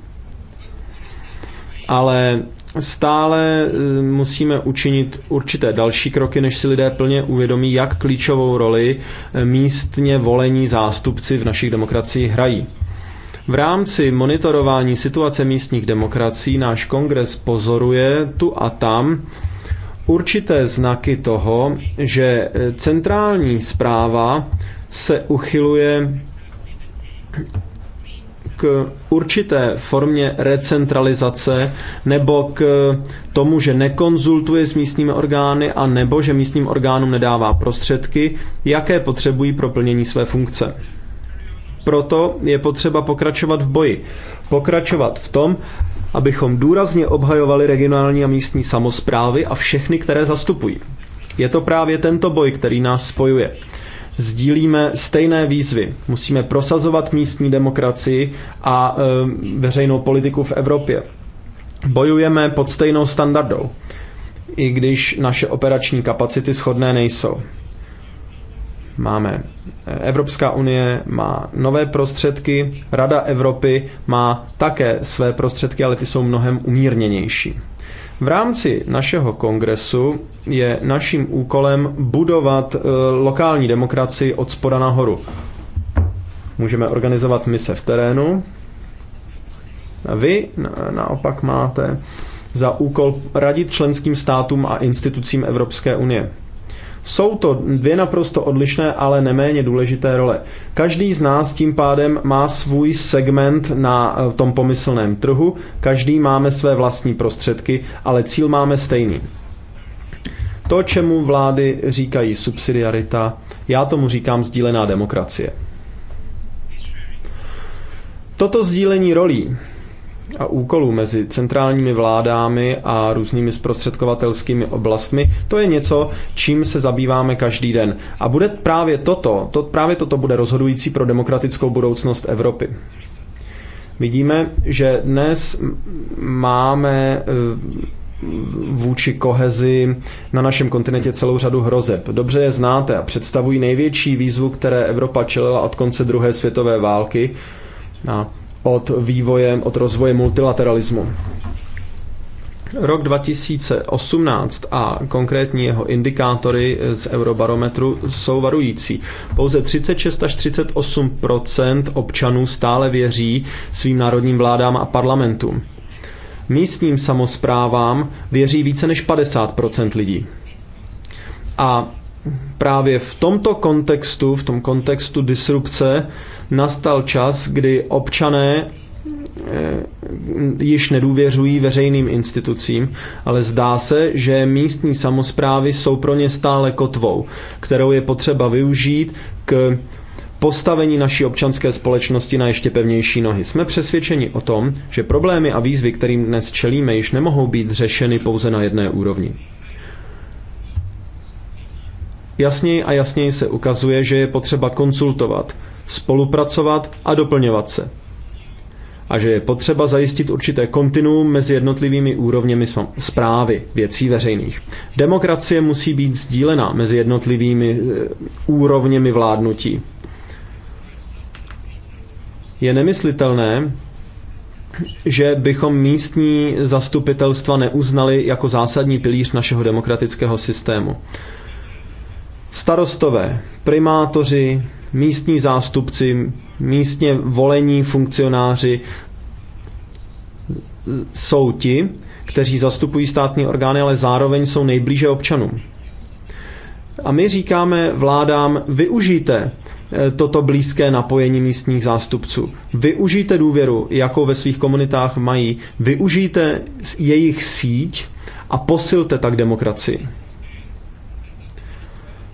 Ale stále eh, musíme učinit určité další kroky, než si lidé plně uvědomí, jak klíčovou roli eh, místně volení zástupci v našich demokracii hrají. V rámci monitorování situace místních demokracií náš kongres pozoruje tu a tam určité znaky toho, že centrální zpráva se uchyluje k určité formě recentralizace nebo k tomu, že nekonzultuje s místními orgány a nebo že místním orgánům nedává prostředky, jaké potřebují pro plnění své funkce. Proto je potřeba pokračovat v boji. Pokračovat v tom, abychom důrazně obhajovali regionální a místní samozprávy a všechny, které zastupují. Je to právě tento boj, který nás spojuje. Sdílíme stejné výzvy. Musíme prosazovat místní demokracii a e, veřejnou politiku v Evropě. Bojujeme pod stejnou standardou, i když naše operační kapacity shodné nejsou máme eh, Evropská unie má nové prostředky, Rada Evropy má také své prostředky, ale ty jsou mnohem umírněnější. V rámci našeho kongresu je naším úkolem budovat eh, lokální demokracii od spoda nahoru. Můžeme organizovat mise v terénu. A vy naopak máte za úkol radit členským státům a institucím Evropské unie. Jsou to dvě naprosto odlišné, ale neméně důležité role. Každý z nás tím pádem má svůj segment na eh, tom pomyslném trhu, každý máme své vlastní prostředky, ale cíl máme stejný. To, čemu vlády říkají subsidiarita, já tomu říkám sdílená demokracie. Toto sdílení rolí a úkolů mezi centrálními vládami a různými zprostředkovatelskými oblastmi, to je něco, čím se zabýváme každý den. A bude právě toto, to, právě toto bude rozhodující pro demokratickou budoucnost Evropy. Vidíme, že dnes máme e, vůči kohezi na našem kontinentě celou řadu hrozeb. Dobře je znáte a představují největší výzvu, které Evropa čelila od konce druhé světové války. A od vývoje, od rozvoje multilateralismu. Rok 2018 a konkrétní jeho indikátory z Eurobarometru jsou varující. Pouze 36 až 38 občanů stále věří svým národním vládám a parlamentům. Místním samozprávám věří více než 50 lidí. A právě v tomto kontextu, v tom kontextu disrupce, Nastal čas, kdy občané eh, již nedůvěřují veřejným institucím, ale zdá se, že místní samozprávy jsou pro ně stále kotvou, kterou je potřeba využít k postavení naší občanské společnosti na ještě pevnější nohy. Jsme přesvědčeni o tom, že problémy a výzvy, kterým dnes čelíme, již nemohou být řešeny pouze na jedné úrovni. Jasněji a jasněji se ukazuje, že je potřeba konsultovat spolupracovat a doplňovat se. A že je potřeba zajistit určité kontinuum mezi jednotlivými úrovněmi zprávy věcí veřejných. Demokracie musí být sdílena mezi jednotlivými eh, úrovněmi vládnutí. Je nemyslitelné, že bychom místní zastupitelstva neuznali jako zásadní pilíř našeho demokratického systému. Starostové, primátoři, místní zástupci, místně volení funkcionáři jsou ti, kteří zastupují státní orgány, ale zároveň jsou nejblíže občanům. A my říkáme vládám, využijte eh, toto blízké napojení místních zástupců. Využijte důvěru, jakou ve svých komunitách mají, využijte jejich síť a posilte tak demokracii.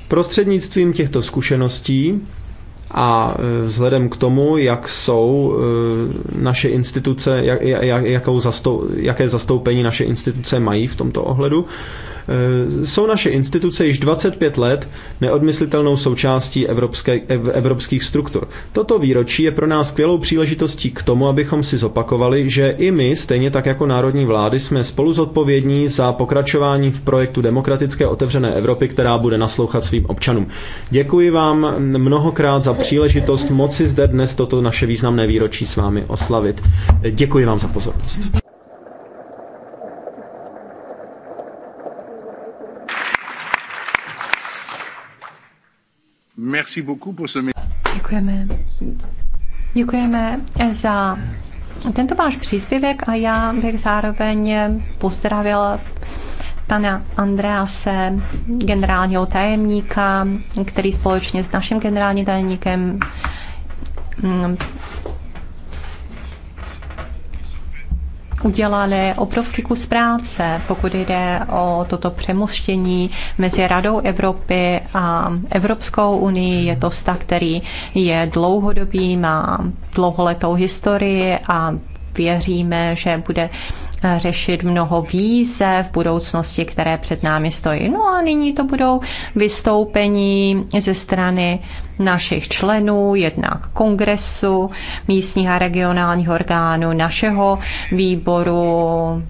Prostřednictvím těchto zkušeností a e, vzhledem k tomu, jak jsou e, naše instituce, jak, jak, jakou zastou, jaké zastoupení naše instituce mají v tomto ohledu, Eh, jsou naše instituce již 25 let neodmyslitelnou součástí evropské, ev, evropských struktur. Toto výročí je pro nás skvělou příležitostí k tomu, abychom si zopakovali, že i my, stejně tak jako národní vlády, jsme spolu zodpovědní za pokračování v projektu demokratické otevřené Evropy, která bude naslouchat svým občanům. Děkuji vám mnohokrát za příležitost moci zde dnes toto naše významné výročí s vámi oslavit. Děkuji vám za pozornost. Merci beaucoup pour ce... Děkujeme. Děkujeme za tento váš příspěvek a já bych zároveň pozdravil pana Andrease, generálního tajemníka, který společně s naším generálním tajemníkem mm, udělali obrovský kus práce, pokud jde o toto přemoštění mezi Radou Evropy a Evropskou unii. Je to vztah, který je dlouhodobý, má dlouholetou historii a věříme, že bude řešit mnoho výzev v budoucnosti, které před námi stojí. No a nyní to budou vystoupení ze strany našich členů, jednak kongresu, místního, a regionálního orgánu našeho výboru.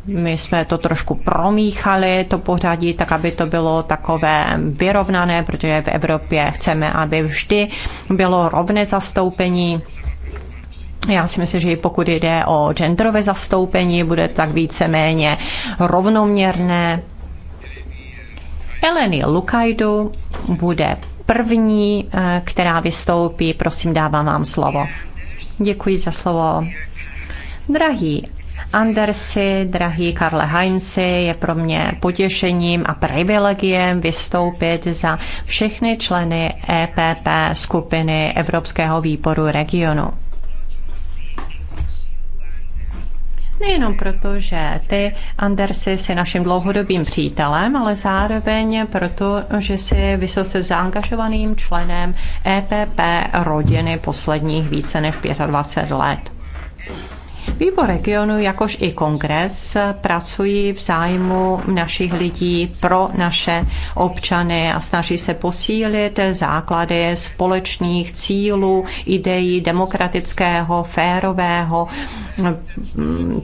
My jsme to trošku promíchali, to pořadí, tak aby to bylo takové vyrovnané, protože v Evropě chceme, aby vždy bylo rovné zastoupení já si myslím, že i pokud jde o genderové zastoupení, bude tak víceméně rovnoměrné. Eleni Lukajdu bude první, eh, která vystoupí. Prosím, dávám vám slovo. Děkuji za slovo. Drahý Andersi, drahý Karle Heinzi, je pro mě potěšením a privilegiem vystoupit za všechny členy EPP skupiny Evropského výboru regionu. Nejenom proto, že ty, Anders, jsi naším dlouhodobým přítelem, ale zároveň proto, že jsi vysoce zaangažovaným členem EPP rodiny posledních více než 25 let. Výbor regionu, jakož i kongres pracují v zájmu našich lidí pro naše občany a snaží se posílit základy společných cílů, ideí demokratického, férového,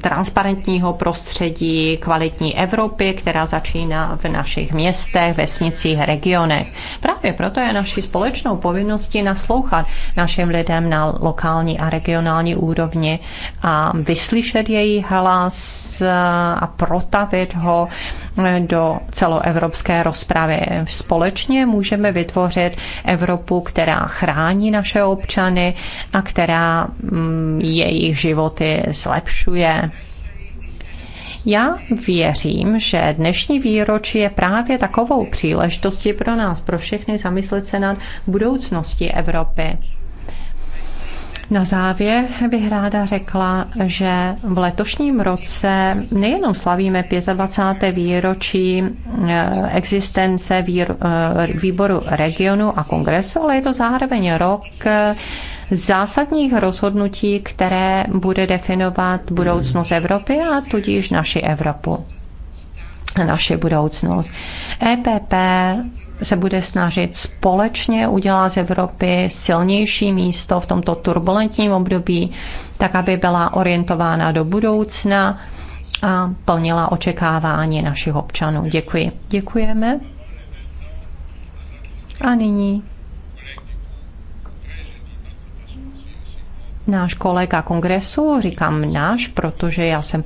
transparentního prostředí, kvalitní Evropy, která začíná v našich městech, vesnicích, regionech. Právě proto je naší společnou povinností naslouchat našim lidem na lokální a regionální úrovni a vyslyšet její hlas eh, a protavit ho eh, do celoevropské rozpravy. Společně můžeme vytvořit Evropu, která chrání naše občany a která mm, jejich životy zlepšuje. Já věřím, že dnešní výročí je právě takovou příležitostí pro nás, pro všechny zamyslet se nad budoucností Evropy. Na závěr bych ráda řekla, že v letošním roce nejenom slavíme 25. výročí e, existence e, výboru regionu a kongresu, ale je to zároveň rok zásadních rozhodnutí, které bude definovat budoucnost Evropy a tudíž naši Evropu naši budoucnost. EPP se bude snažit společně udělat z Evropy silnější místo v tomto turbulentním období, tak aby byla orientována do budoucna a plnila očekávání našich občanů. Děkuji. Děkujeme. A nyní náš kolega kongresu, říkám náš, protože já jsem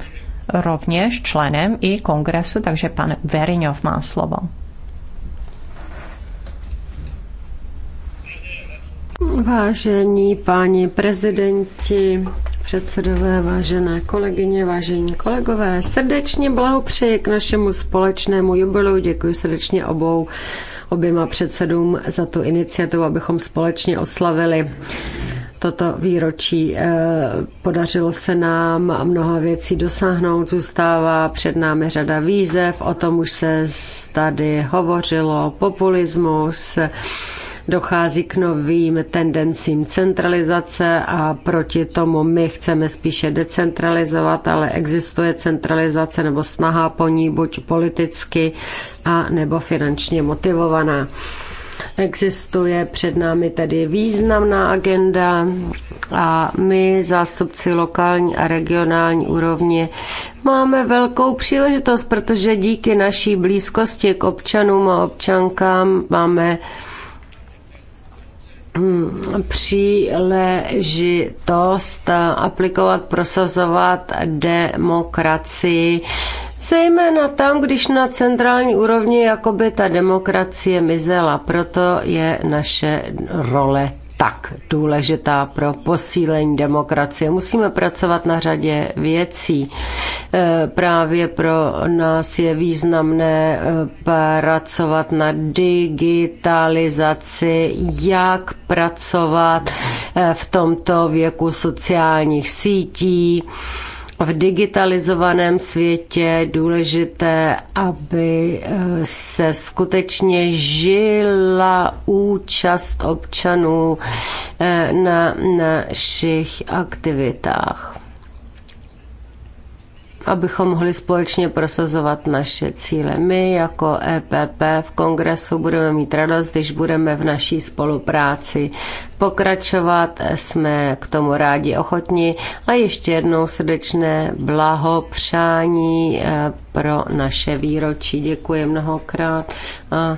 rovněž členem i kongresu, takže pan Veriňov má slovo. Vážení páni prezidenti, předsedové, vážené kolegyně, vážení kolegové, srdečně blahopřeji k našemu společnému jubileu. Děkuji srdečně obou oběma předsedům za tu iniciativu, abychom společně oslavili toto výročí. Eh, podařilo se nám mnoha věcí dosáhnout, zůstává před námi řada výzev, o tom už se tady hovořilo, populismus, dochází k novým tendencím centralizace a proti tomu my chceme spíše decentralizovat, ale existuje centralizace nebo snaha po ní buď politicky a nebo finančně motivovaná. Existuje před námi tedy významná agenda a my, zástupci lokální a regionální úrovně, máme velkou příležitost, protože díky naší blízkosti k občanům a občankám máme hm, příležitost aplikovat, prosazovat demokracii Zejména tam, když na centrální úrovni jakoby ta demokracie mizela. Proto je naše role tak důležitá pro posílení demokracie. Musíme pracovat na řadě věcí. E, právě pro nás je významné e, pracovat na digitalizaci, jak pracovat e, v tomto věku sociálních sítí v digitalizovaném světě důležité, aby eh, se skutečně žila účast občanů eh, na našich aktivitách abychom mohli společně prosazovat naše cíle. My jako EPP v kongresu budeme mít radost, když budeme v naší spolupráci pokračovat. Jsme k tomu rádi ochotni a ještě jednou srdečné blahopřání eh, pro naše výročí. Děkuji mnohokrát a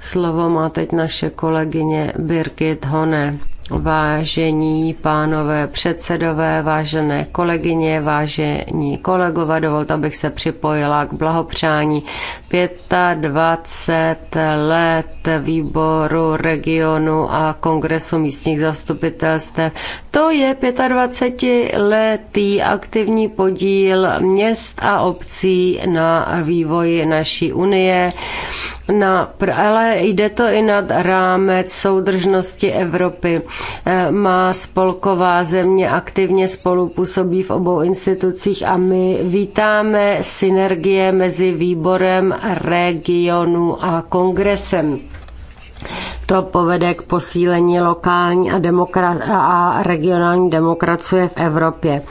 slovo má teď naše kolegyně Birgit Hone. Vážení pánové předsedové, vážené kolegyně, vážení kolegové, dovolte, abych se připojila k blahopřání 25 let výboru regionu a kongresu místních zastupitelstv. To je 25 letý aktivní podíl měst a obcí na vývoji naší unie. Na, ale jde to i nad rámec soudržnosti Evropy Eh, má spolková země aktivně spolupůsobí v obou institucích a my vítáme synergie mezi výborem regionu a kongresem. To povede k posílení lokální a, demokra- a regionální demokracie v Evropě.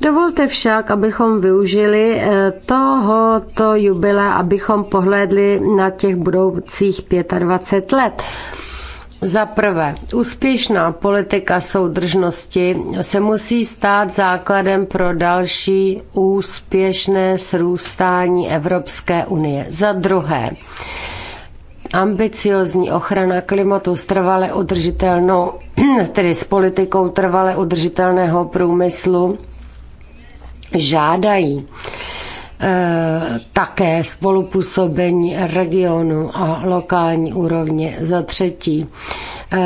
Dovolte však, abychom využili eh, tohoto jubilea, abychom pohledli na těch budoucích 25 let. Za prvé, úspěšná politika soudržnosti se musí stát základem pro další úspěšné srůstání Evropské unie. Za druhé, ambiciozní ochrana klimatu s trvale udržitelnou, [CLEARS THROAT] tedy s politikou trvale udržitelného průmyslu, žádají Eh, také spolupůsobení regionu a lokální úrovně. Za třetí, eh,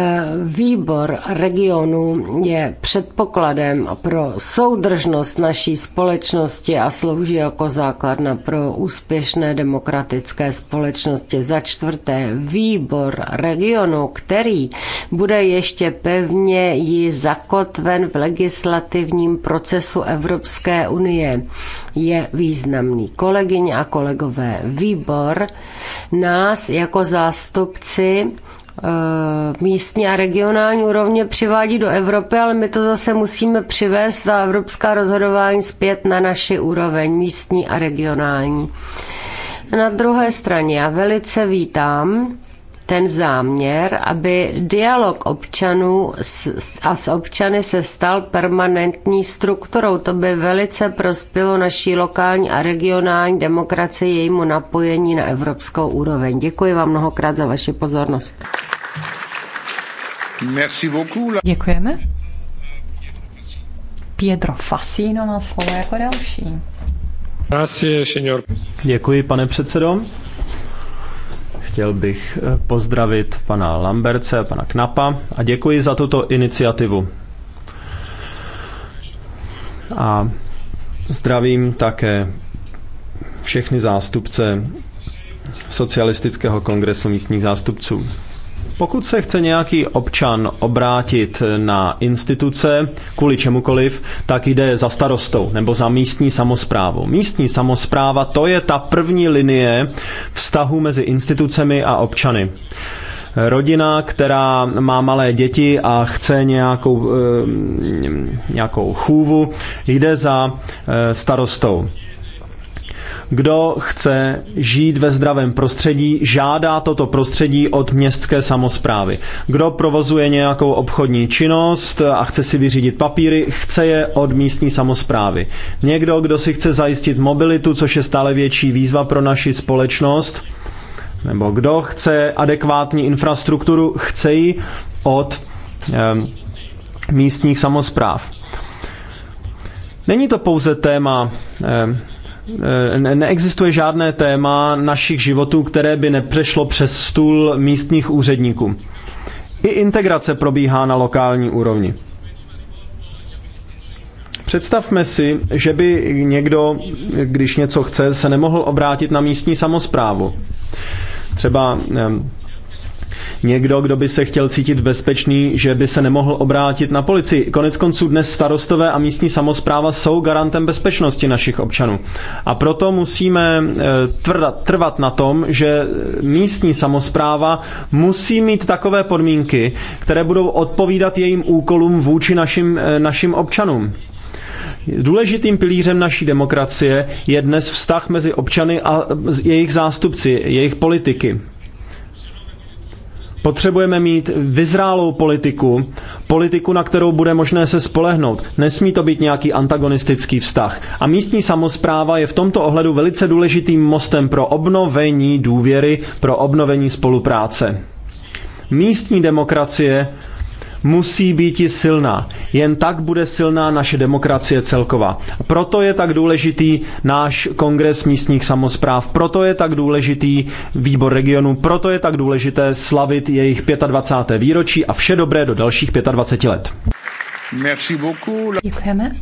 výbor regionu je předpokladem pro soudržnost naší společnosti a slouží jako základna pro úspěšné demokratické společnosti. Za čtvrté, výbor regionu, který bude ještě pevně ji zakotven v legislativním procesu Evropské unie, je významný významný. Kolegyně a kolegové, výbor nás jako zástupci eh, místní a regionální úrovně přivádí do Evropy, ale my to zase musíme přivést a evropská rozhodování zpět na naši úroveň místní a regionální. Na druhé straně já velice vítám ten záměr, aby dialog občanů a s občany se stal permanentní strukturou. To by velice prospělo naší lokální a regionální demokracii, jejímu napojení na evropskou úroveň. Děkuji vám mnohokrát za vaši pozornost. Merci beaucoup. Děkujeme. Pietro Fasino má slovo jako další. Děkuji, pane předsedo. Chtěl bych eh, pozdravit pana Lamberce, pana Knapa a děkuji za tuto iniciativu. A zdravím také všechny zástupce Socialistického kongresu místních zástupců. Pokud se chce nějaký občan obrátit na instituce kvůli čemukoliv, tak jde za starostou nebo za místní samozprávu. Místní samozpráva to je ta první linie vztahu mezi institucemi a občany rodina, která má malé děti a chce nějakou, eh, nějakou chůvu, jde za eh, starostou. Kdo chce žít ve zdravém prostředí, žádá toto prostředí od městské samozprávy. Kdo provozuje nějakou obchodní činnost a chce si vyřídit papíry, chce je od místní samozprávy. Někdo, kdo si chce zajistit mobilitu, což je stále větší výzva pro naši společnost, nebo kdo chce adekvátní infrastrukturu, chce ji od eh, místních samozpráv. Není to pouze téma eh, Eh, neexistuje žádné téma našich životů, které by nepřešlo přes stůl místních úředníků. I integrace probíhá na lokální úrovni. Představme si, že by někdo, když něco chce, se nemohl obrátit na místní samozprávu. Třeba někdo, kdo by se chtěl cítit bezpečný, že by se nemohl obrátit na policii. Konec konců dnes starostové a místní samozpráva jsou garantem bezpečnosti našich občanů. A proto musíme eh, tvrdat, trvat na tom, že místní samozpráva musí mít takové podmínky, které budou odpovídat jejím úkolům vůči našim, eh, našim občanům. Důležitým pilířem naší demokracie je dnes vztah mezi občany a jejich zástupci, jejich politiky. Potřebujeme mít vyzrálou politiku, politiku, na kterou bude možné se spolehnout. Nesmí to být nějaký antagonistický vztah. A místní samozpráva je v tomto ohledu velice důležitým mostem pro obnovení důvěry, pro obnovení spolupráce. Místní demokracie musí být i silná. Jen tak bude silná naše demokracie celková. Proto je tak důležitý náš kongres místních samozpráv, proto je tak důležitý výbor regionu, proto je tak důležité slavit jejich 25. výročí a vše dobré do dalších 25 let. Merci beaucoup. Děkujeme.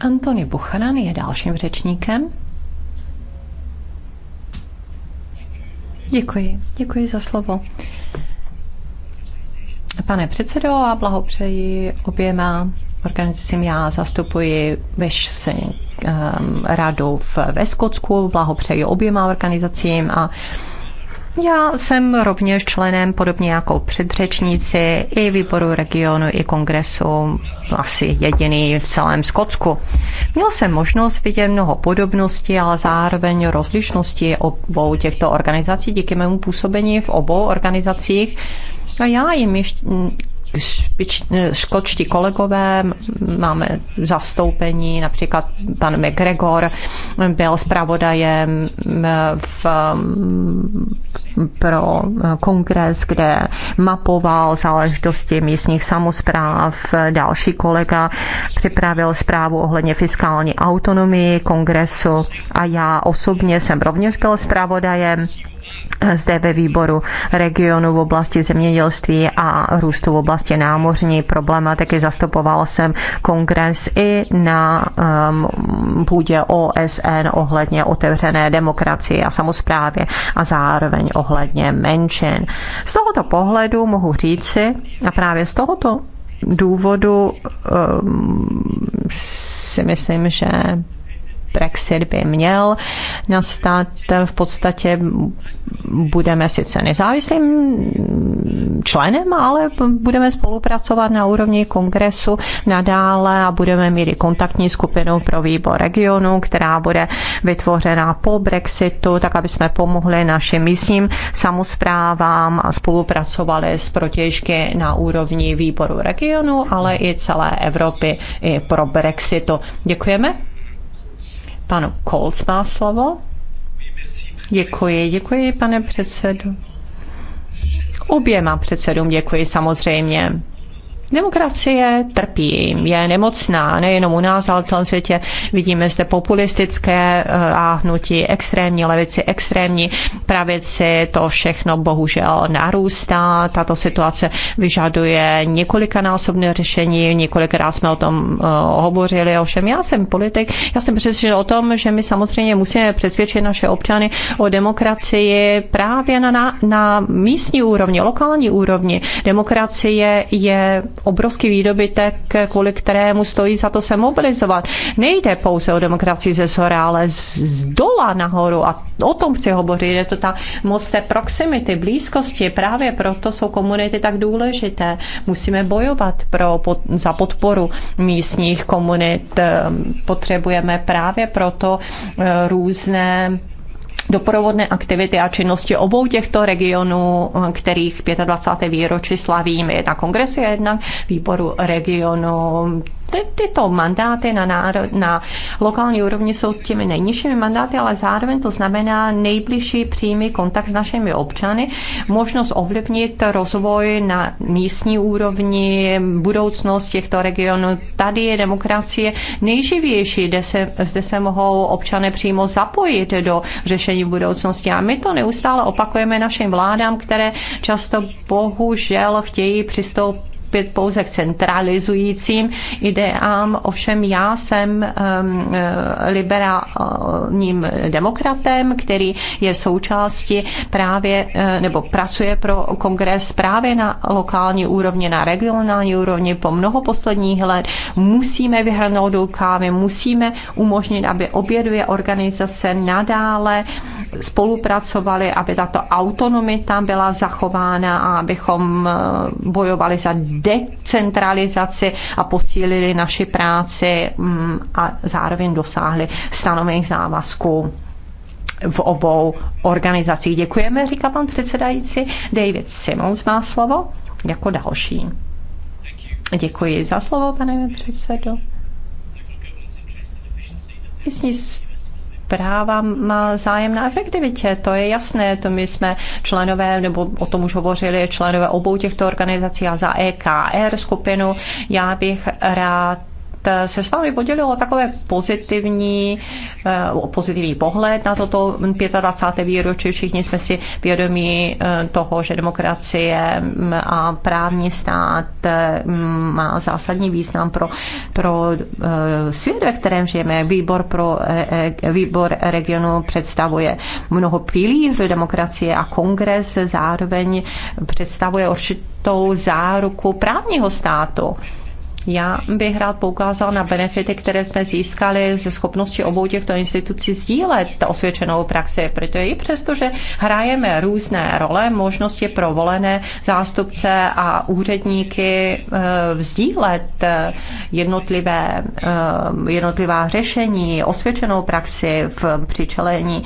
Antony Buchanan je dalším řečníkem. Děkuji, děkuji za slovo. Pane předsedo, a blahopřeji oběma organizacím. Já zastupuji Vešsen um, radu v, ve Skotsku, blahopřeji oběma organizacím a já jsem rovněž členem, podobně jako předřečníci, i výboru regionu, i kongresu, asi jediný v celém Skotsku. Měl jsem možnost vidět mnoho podobností, ale zároveň rozlišnosti obou těchto organizací díky mému působení v obou organizacích. A já jim ještě, špič, škotští kolegové, máme zastoupení, například pan McGregor byl zpravodajem v, pro kongres, kde mapoval záležitosti místních samozpráv. Další kolega připravil zprávu ohledně fiskální autonomii kongresu a já osobně jsem rovněž byl zpravodajem zde ve výboru regionu v oblasti zemědělství a růstu v oblasti námořní problematiky. Zastupoval jsem kongres i na um, půdě OSN ohledně otevřené demokracie a samozprávě a zároveň ohledně menšin. Z tohoto pohledu mohu říci a právě z tohoto důvodu um, si myslím, že Brexit by měl nastat. V podstatě budeme sice nezávislým členem, ale budeme spolupracovat na úrovni kongresu nadále a budeme mít i kontaktní skupinu pro výbor regionu, která bude vytvořena po Brexitu, tak aby jsme pomohli našim místním samozprávám a spolupracovali s protěžky na úrovni výboru regionu, ale i celé Evropy i pro Brexitu. Děkujeme. Panu Kolc má slovo. Děkuji, děkuji, pane předsedu. Oběma předsedům děkuji samozřejmě Demokracie trpí, je nemocná, nejenom u nás, ale v celém světě vidíme zde populistické eh, a hnutí, extrémní levici, extrémní pravici, to všechno bohužel narůstá. Tato situace vyžaduje několikanásobné řešení, několikrát jsme o tom eh, hovořili, ovšem já jsem politik, já jsem přesvědčen o tom, že my samozřejmě musíme přesvědčit naše občany o demokracii právě na, na, na místní úrovni, lokální úrovni. Demokracie je obrovský výdobytek, kvůli kterému stojí za to se mobilizovat. Nejde pouze o demokracii ze zhora, ale z dola nahoru a o tom chci hovořit. Je to ta moc té proximity, blízkosti. Právě proto jsou komunity tak důležité. Musíme bojovat pro, pod, za podporu místních komunit. Ehm, potřebujeme právě proto eh, různé doprovodné aktivity a činnosti obou těchto regionů, kterých 25. výročí slavíme, jedna kongresu je jedna výboru regionu ty, tyto mandáty na, náro, na lokální úrovni jsou těmi nejnižšími mandáty, ale zároveň to znamená nejbližší přímý kontakt s našimi občany, možnost ovlivnit rozvoj na místní úrovni, budoucnost těchto regionů. Tady je demokracie nejživější, kde se, zde se mohou občané přímo zapojit do řešení budoucnosti. A my to neustále opakujeme našim vládám, které často bohužel chtějí přistoupit opět pouze k centralizujícím ideám. Ovšem já jsem um, eh, liberálním demokratem, který je součástí právě, eh, nebo pracuje pro kongres právě na lokální úrovni, na regionální úrovni po mnoho posledních let. Musíme vyhrnout do kávy, musíme umožnit, aby obě dvě organizace nadále spolupracovaly, aby tato autonomita byla zachována a abychom eh, bojovali za decentralizaci a posílili naši práci mm, a zároveň dosáhli stanovených závazků v obou organizacích. Děkujeme, říká pan předsedající. David Simons má slovo jako další. Děkuji za slovo, pane předsedo. Místní práva má zájem na efektivitě. To je jasné, to my jsme členové, nebo o tom už hovořili, členové obou těchto organizací a za EKR skupinu. Já bych rád Eh, se s vámi podělilo takové pozitivní, eh, pozitivní pohled na toto 25. výročí. Všichni jsme si vědomí eh, toho, že demokracie mm, a právní stát mm, má zásadní význam pro, pro svět, ve kterém žijeme. Výbor, pro, výbor regionu představuje mnoho pilířů demokracie a kongres zároveň představuje určitou záruku právního státu. Já bych rád poukázal na benefity, které jsme získali ze schopnosti obou těchto institucí sdílet osvědčenou praxi, protože i přesto, že hrajeme různé role, možnosti pro volené zástupce a úředníky vzdílet eh, eh, jednotlivé, eh, jednotlivá řešení, osvědčenou praxi v přičelení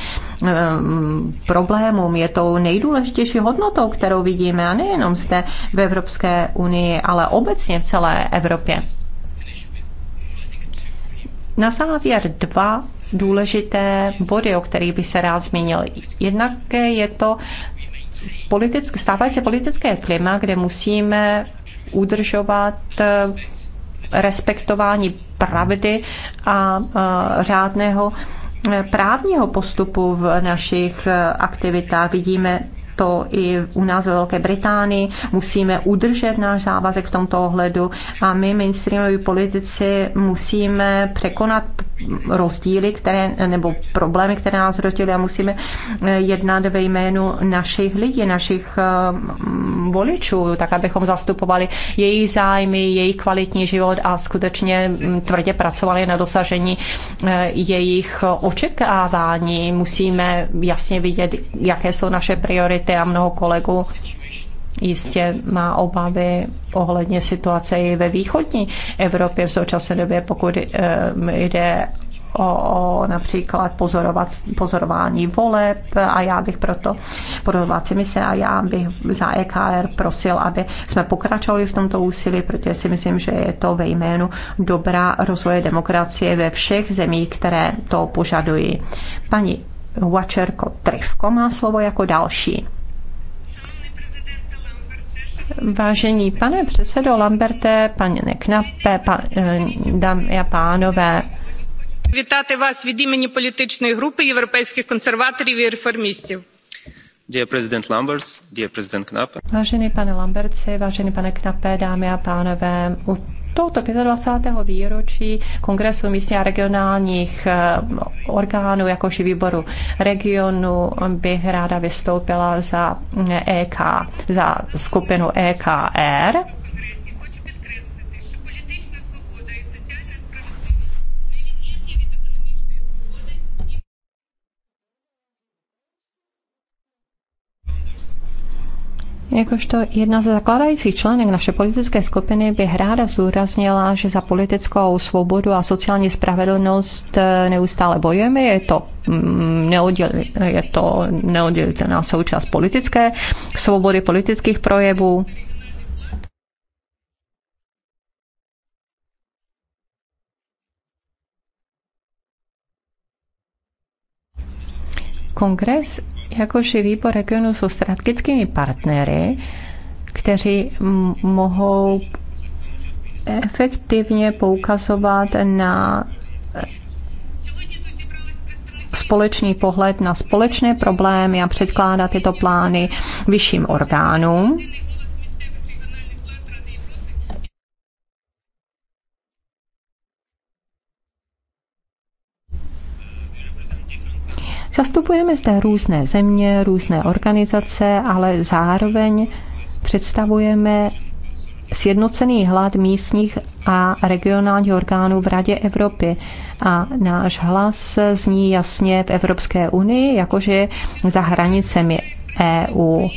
problémům je tou nejdůležitější hodnotou, kterou vidíme a nejenom zde v Evropské unii, ale obecně v celé Evropě. Evropě. Na závěr dva důležité body, o kterých by se rád zmínil. Jednak je to politické, stávající politické klima, kde musíme udržovat eh, respektování pravdy a eh, řádného eh, právního postupu v našich aktivitách. Vidíme to i u nás ve Velké Británii. Musíme udržet náš závazek v tomto ohledu a my, mainstreamoví politici, musíme překonat rozdíly, které, nebo problémy, které nás rotily a musíme eh, jednat ve jménu našich lidí, našich eh, mm, voličů, tak abychom zastupovali jejich zájmy, jejich kvalitní život a skutečně mm, tvrdě pracovali na dosažení eh, jejich očekávání. Musíme jasně vidět, jaké jsou naše priority priority a mnoho kolegů jistě má obavy ohledně situace i ve východní Evropě v současné době, pokud eh, jde o, o například pozorovat, pozorování voleb a já bych proto pozorovací mise a já bych za EKR prosil, aby jsme pokračovali v tomto úsilí, protože si myslím, že je to ve jménu dobrá rozvoje demokracie ve všech zemích, které to požadují. Paní Vačerko Trivko má slovo jako další. Vážení pane předsedo Lamberte, paní Neknape, pa, eh, dámy a pánové, Vítáte vás від jméně politické групи evropských konzervatorů a reformistů. Dear President Lambers, dear President Knappe. Vážený pane Lamberci, vážený pane Knappe, dámy a pánové, u tohoto 25. výročí Kongresu místních a regionálních eh, orgánů, jakož i výboru regionu, bych ráda vystoupila za mm, EK, za skupinu EKR. Jakožto jedna ze zakladajících členek naše politické skupiny bych ráda zúraznila, že za politickou svobodu a sociální spravedlnost eh, neustále bojujeme. Je to mm, neodděl, je to neoddělitelná součást politické svobody, politických projevů. Kongres jakož i výbor regionu jsou strategickými partnery, kteří mohou efektivně poukazovat na eh, společný pohled na společné problémy a předkládat tyto plány vyšším orgánům Zastupujeme zde různé země, různé organizace, ale zároveň představujeme sjednocený hlad místních a regionálních orgánů v Radě Evropy. A náš hlas zní jasně v Evropské unii, jakože za hranicemi EU.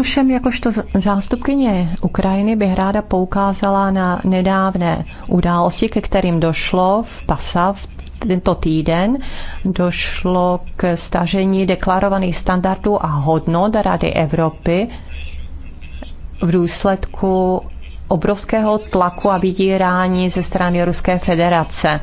Ovšem, jakožto zástupkyně Ukrajiny bych ráda poukázala na nedávné události, ke kterým došlo v PASA v tento týden došlo k stažení deklarovaných standardů a hodnot Rady Evropy v důsledku obrovského tlaku a vydírání ze strany Ruské federace.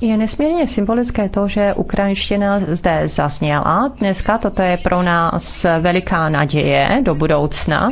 Je nesmírně symbolické to, že ukrajinština zde zazněla. Dneska toto je pro nás veliká naděje do budoucna.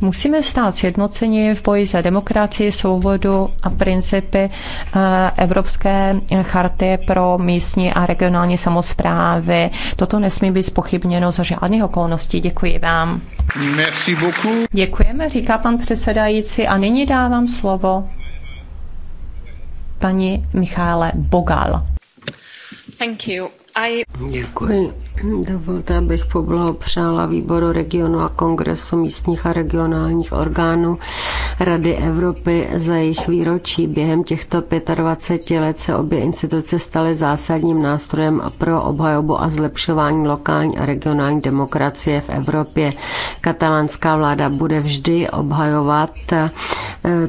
Musíme stát sjednoceni v boji za demokracii, svobodu a principy eh, Evropské charty pro místní a regionální samozprávy. Toto nesmí být spochybněno za žádných okolností. Děkuji vám. Merci beaucoup. Děkujeme, říká pan předsedající. A nyní dávám slovo paní Michále Bogal. Thank you. I... Děkuji. Dovolte, abych poblahopřála výboru regionu a kongresu místních a regionálních orgánů Rady Evropy za jejich výročí. Během těchto 25 let se obě instituce staly zásadním nástrojem pro obhajobu a zlepšování lokální a regionální demokracie v Evropě. Katalánská vláda bude vždy obhajovat eh,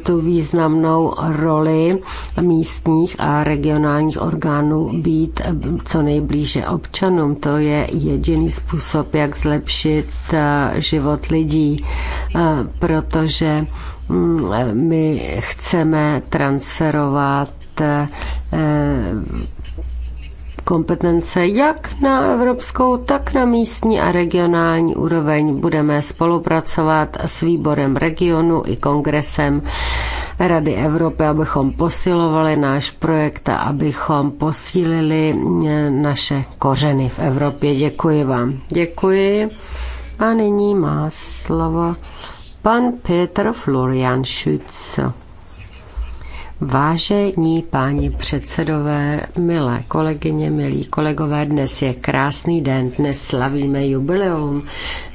tu významnou roli místních a regionálních orgánů být eh, co nejblíže občanům. To je jediný způsob, jak zlepšit eh, život lidí, protože my chceme transferovat eh, kompetence jak na evropskou, tak na místní a regionální úroveň. Budeme spolupracovat s výborem regionu i kongresem Rady Evropy, abychom posilovali náš projekt a abychom posílili eh, naše kořeny v Evropě. Děkuji vám. Děkuji. A nyní má slovo Pan Petr Florian Schütz. Vážení páni předsedové, milé kolegyně, milí kolegové, dnes je krásný den, dnes slavíme jubileum,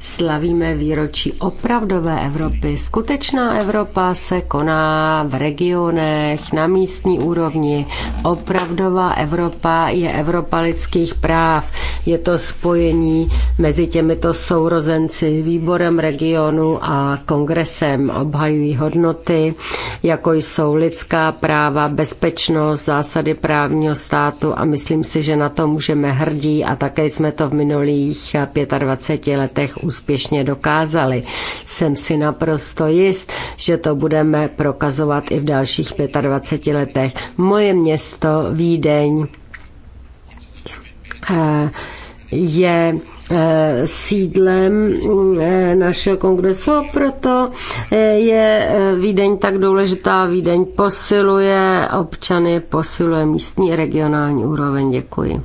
slavíme výročí opravdové Evropy. Skutečná Evropa se koná v regionech, na místní úrovni. Opravdová Evropa je Evropa lidských práv. Je to spojení mezi těmito sourozenci, výborem regionu a kongresem. Obhajují hodnoty, jako jsou lidská práva, bezpečnost, zásady právního státu a myslím si, že na to můžeme hrdí a také jsme to v minulých 25 letech úspěšně dokázali. Jsem si naprosto jist, že to budeme prokazovat i v dalších 25 letech. Moje město Vídeň eh, je Eh, sídlem mm, eh, našeho kongresu a proto eh, je Vídeň tak důležitá. Vídeň posiluje občany, posiluje místní regionální úroveň. Děkuji.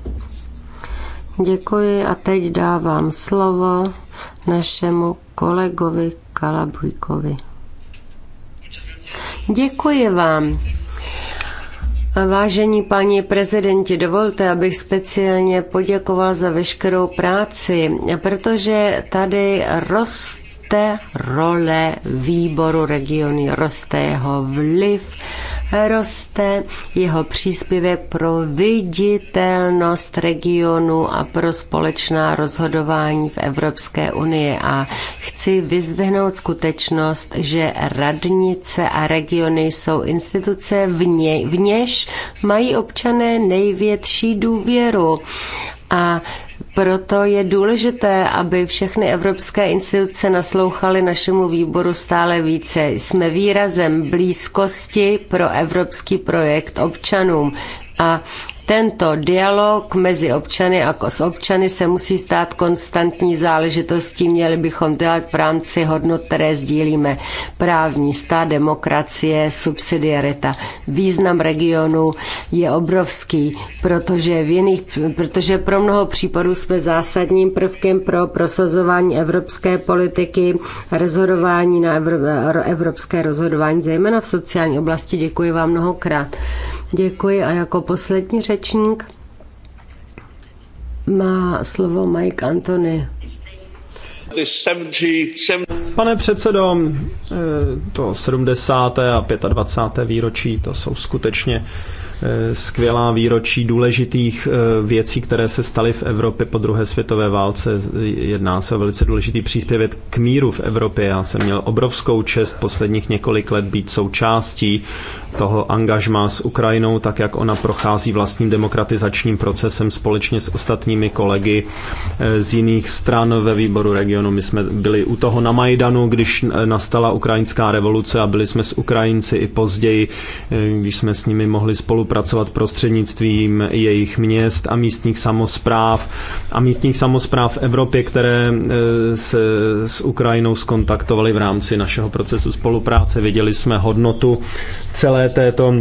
Děkuji a teď dávám slovo našemu kolegovi Kalabrikovi. Děkuji vám. Vážení páni prezidenti, dovolte, abych speciálně poděkoval za veškerou práci, protože tady roste role výboru regiony, roste jeho vliv, roste jeho příspěvek pro viditelnost regionu a pro společná rozhodování v Evropské unii. A chci vyzdvihnout skutečnost, že radnice a regiony jsou instituce, ně, v něž mají občané největší důvěru. A proto je důležité, aby všechny evropské instituce naslouchaly našemu výboru stále více. Jsme výrazem blízkosti pro evropský projekt občanům a tento dialog mezi občany a s občany se musí stát konstantní záležitostí. Měli bychom dělat v rámci hodnot, které sdílíme. Právní stát, demokracie, subsidiarita. Význam regionu je obrovský, protože, v jiných, protože pro mnoho případů jsme zásadním prvkem pro prosazování evropské politiky, rozhodování na evropské rozhodování, zejména v sociální oblasti. Děkuji vám mnohokrát. Děkuji a jako poslední řečník má slovo Mike Antony. Pane předsedo, eh, to 70. a 25. výročí, to jsou skutečně eh, skvělá výročí důležitých eh, věcí, které se staly v Evropě po druhé světové válce. Jedná se o velice důležitý příspěvek k míru v Evropě. Já jsem měl obrovskou čest posledních několik let být součástí toho angažmá s Ukrajinou, tak jak ona prochází vlastním demokratizačním procesem společně s ostatními kolegy eh, z jiných stran ve výboru regionu. My jsme byli u toho na Majdanu, když nastala ukrajinská revoluce a byli jsme s Ukrajinci i později, eh, když jsme s nimi mohli spolupracovat prostřednictvím jejich měst a místních samozpráv a místních samozpráv v Evropě, které eh, se s Ukrajinou skontaktovali v rámci našeho procesu spolupráce. Viděli jsme hodnotu celé čele této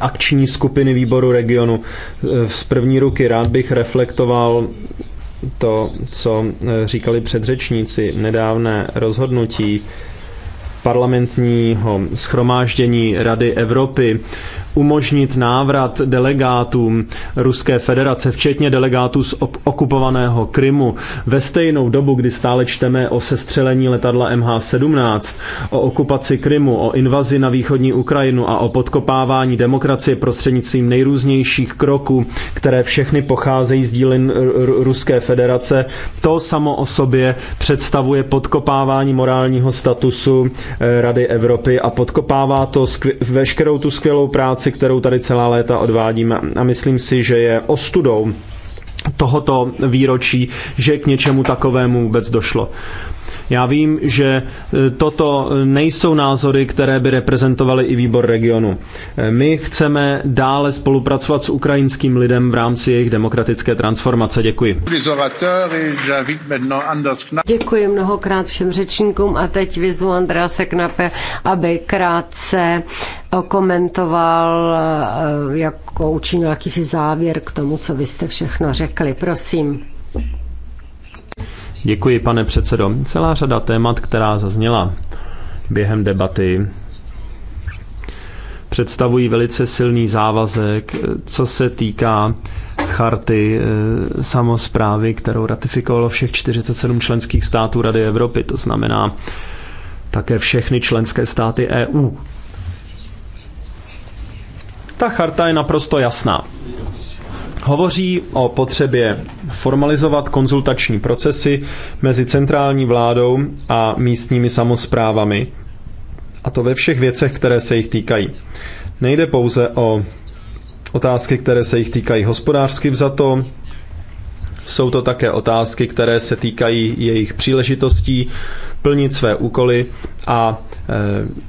akční skupiny výboru regionu. Eh, z první ruky rád bych reflektoval to, co eh, říkali předřečníci, nedávné rozhodnutí parlamentního schromáždění Rady Evropy umožnit návrat delegátům Ruské federace, včetně delegátů z okupovaného Krymu, ve stejnou dobu, kdy stále čteme o sestřelení letadla MH17, o okupaci Krymu, o invazi na východní Ukrajinu a o podkopávání demokracie prostřednictvím nejrůznějších kroků, které všechny pocházejí z dílin Ruské federace, to samo o sobě představuje podkopávání morálního statusu eh, Rady Evropy a podkopává to veškerou tu skvělou práci, práci, kterou tady celá léta odvádíme. A myslím si, že je ostudou tohoto výročí, že k něčemu takovému vůbec došlo. Já vím, že e, toto nejsou názory, které by reprezentovaly i výbor regionu. E, my chceme dále spolupracovat s ukrajinským lidem v rámci jejich demokratické transformace. Děkuji. Děkuji mnohokrát všem řečníkům a teď vyzvu Andrea Seknape, aby krátce komentoval, eh, jako učinil jakýsi závěr k tomu, co vy jste všechno řekli. Prosím. Děkuji, pane předsedo. Celá řada témat, která zazněla během debaty, představují velice silný závazek, co se týká charty eh, samozprávy, kterou ratifikovalo všech 47 členských států Rady Evropy, to znamená také všechny členské státy EU. Ta charta je naprosto jasná. Hovoří o potřebě formalizovat konzultační procesy mezi centrální vládou a místními samozprávami, a to ve všech věcech, které se jich týkají. Nejde pouze o otázky, které se jich týkají hospodářsky vzato, jsou to také otázky, které se týkají jejich příležitostí plnit své úkoly a e,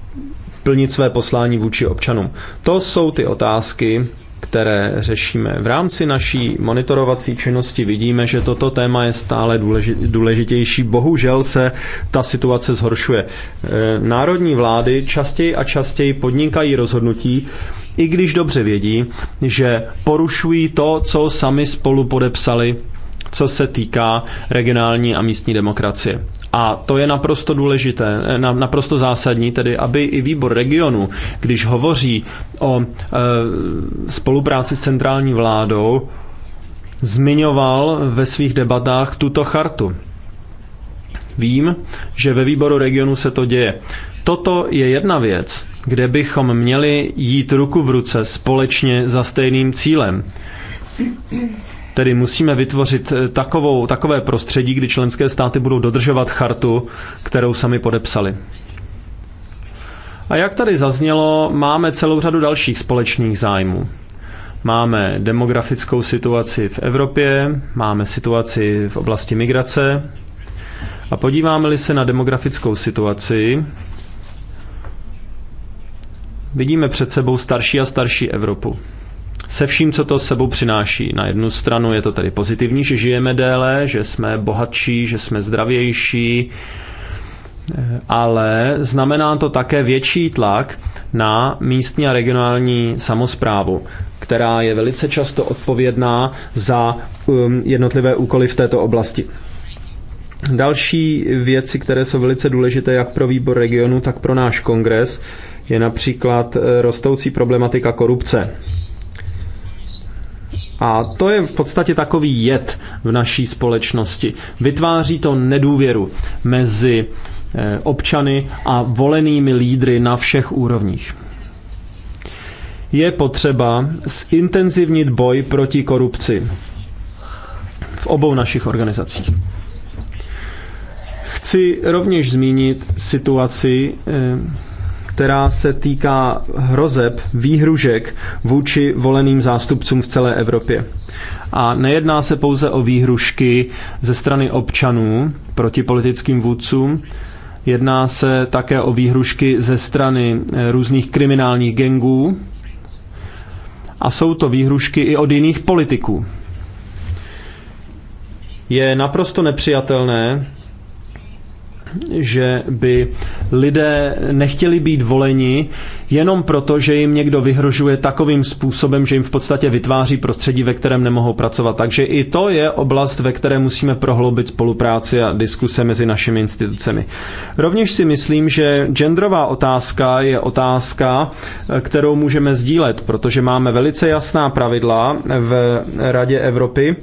plnit své poslání vůči občanům. To jsou ty otázky, které řešíme. V rámci naší monitorovací činnosti vidíme, že toto téma je stále důležitější. Bohužel se ta situace zhoršuje. E, národní vlády častěji a častěji podnikají rozhodnutí, i když dobře vědí, že porušují to, co sami spolu podepsali, co se týká regionální a místní demokracie. A to je naprosto důležité, eh, naprosto zásadní, tedy aby i výbor regionu, když hovoří o eh, spolupráci s centrální vládou, zmiňoval ve svých debatách tuto chartu. Vím, že ve výboru regionu se to děje. Toto je jedna věc, kde bychom měli jít ruku v ruce společně za stejným cílem. Tedy musíme vytvořit eh, takovou, takové prostředí, kdy členské státy budou dodržovat chartu, kterou sami podepsali. A jak tady zaznělo, máme celou řadu dalších společných zájmů. Máme demografickou situaci v Evropě, máme situaci v oblasti migrace. A podíváme-li se na demografickou situaci, vidíme před sebou starší a starší Evropu se vším, co to sebou přináší. Na jednu stranu je to tady pozitivní, že žijeme déle, že jsme bohatší, že jsme zdravější, ale znamená to také větší tlak na místní a regionální samozprávu, která je velice často odpovědná za um, jednotlivé úkoly v této oblasti. Další věci, které jsou velice důležité jak pro výbor regionu, tak pro náš kongres, je například eh, rostoucí problematika korupce. A to je v podstatě takový jed v naší společnosti. Vytváří to nedůvěru mezi eh, občany a volenými lídry na všech úrovních. Je potřeba zintenzivnit boj proti korupci v obou našich organizacích. Chci rovněž zmínit situaci eh, která se týká hrozeb, výhružek vůči voleným zástupcům v celé Evropě. A nejedná se pouze o výhrušky ze strany občanů proti politickým vůdcům, jedná se také o výhrušky ze strany eh, různých kriminálních gengů a jsou to výhrušky i od jiných politiků. Je naprosto nepřijatelné, že by lidé nechtěli být voleni jenom proto, že jim někdo vyhrožuje takovým způsobem, že jim v podstatě vytváří prostředí, ve kterém nemohou pracovat. Takže i to je oblast, ve které musíme prohloubit spolupráci a diskuse mezi našimi institucemi. Rovněž si myslím, že genderová otázka je otázka, kterou můžeme sdílet, protože máme velice jasná pravidla v Radě Evropy,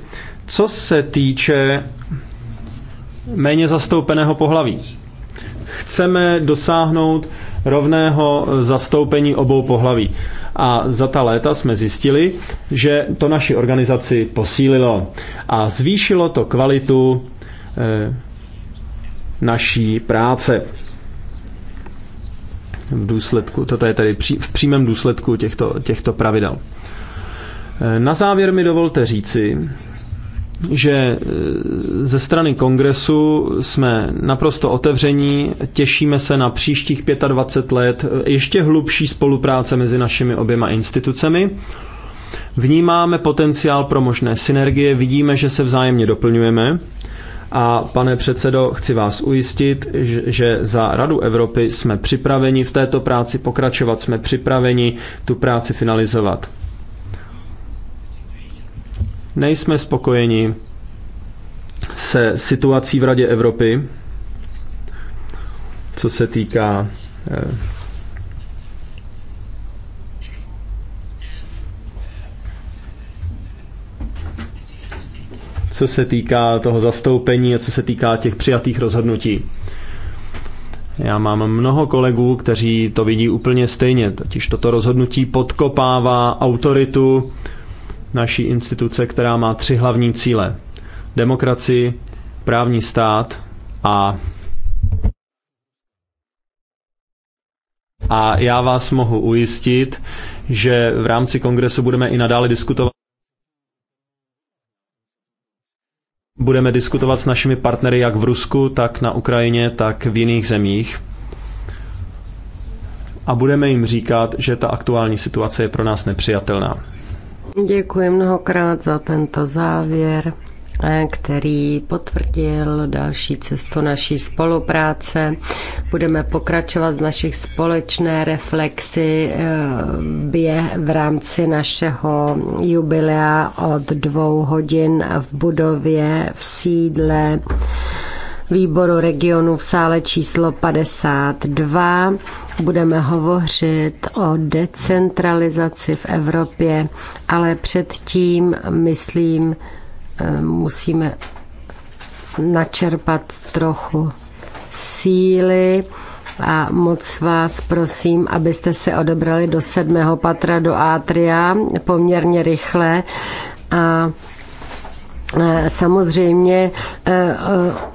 co se týče méně zastoupeného pohlaví. Chceme dosáhnout rovného zastoupení obou pohlaví. A za ta léta jsme zjistili, že to naši organizaci posílilo a zvýšilo to kvalitu e, naší práce. V důsledku, toto je tedy pří, v přímém důsledku těchto, těchto pravidel. E, na závěr mi dovolte říci, že e, ze strany kongresu jsme naprosto otevření, těšíme se na příštích 25 let e, ještě hlubší spolupráce mezi našimi oběma institucemi. Vnímáme potenciál pro možné synergie, vidíme, že se vzájemně doplňujeme. A pane předsedo, chci vás ujistit, že za Radu Evropy jsme připraveni v této práci pokračovat, jsme připraveni tu práci finalizovat. Nejsme spokojeni se situací v Radě Evropy, co se týká eh, co se týká toho zastoupení a co se týká těch přijatých rozhodnutí. Já mám mnoho kolegů, kteří to vidí úplně stejně, totiž toto rozhodnutí podkopává autoritu naší instituce, která má tři hlavní cíle. Demokracii, právní stát a A já vás mohu ujistit, že v rámci kongresu budeme i nadále diskutovat budeme diskutovat s našimi partnery jak v Rusku, tak na Ukrajině, tak v jiných zemích. A budeme jim říkat, že ta aktuální situace je pro nás nepřijatelná. Děkuji mnohokrát za tento závěr, eh, který potvrdil další cestu naší spolupráce. Budeme pokračovat z našich společné reflexy eh, v rámci našeho jubilea od dvou hodin v budově v sídle výboru regionu v sále číslo 52. Budeme hovořit o decentralizaci v Evropě, ale předtím, myslím, eh, musíme načerpat trochu síly a moc vás prosím, abyste se odebrali do sedmého patra do Atria poměrně rychle a Samozřejmě e, e,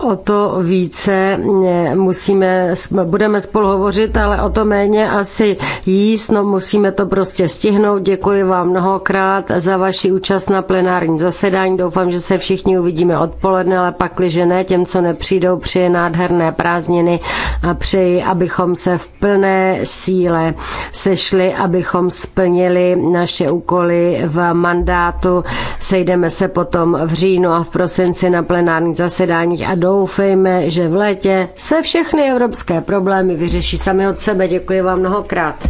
o to více e, musíme, budeme spolu hovořit, ale o to méně asi jíst, no musíme to prostě stihnout. Děkuji vám mnohokrát za vaši účast na plenární zasedání. Doufám, že se všichni uvidíme odpoledne, ale pakli, že ne, těm, co nepřijdou, přeji nádherné prázdniny a přeji, abychom se v plné síle sešli, abychom splnili naše úkoly v mandátu. Sejdeme se potom v říjnu říjnu a v prosinci na plenárních zasedáních a doufejme, že v létě se všechny evropské problémy vyřeší sami od sebe. Děkuji vám mnohokrát.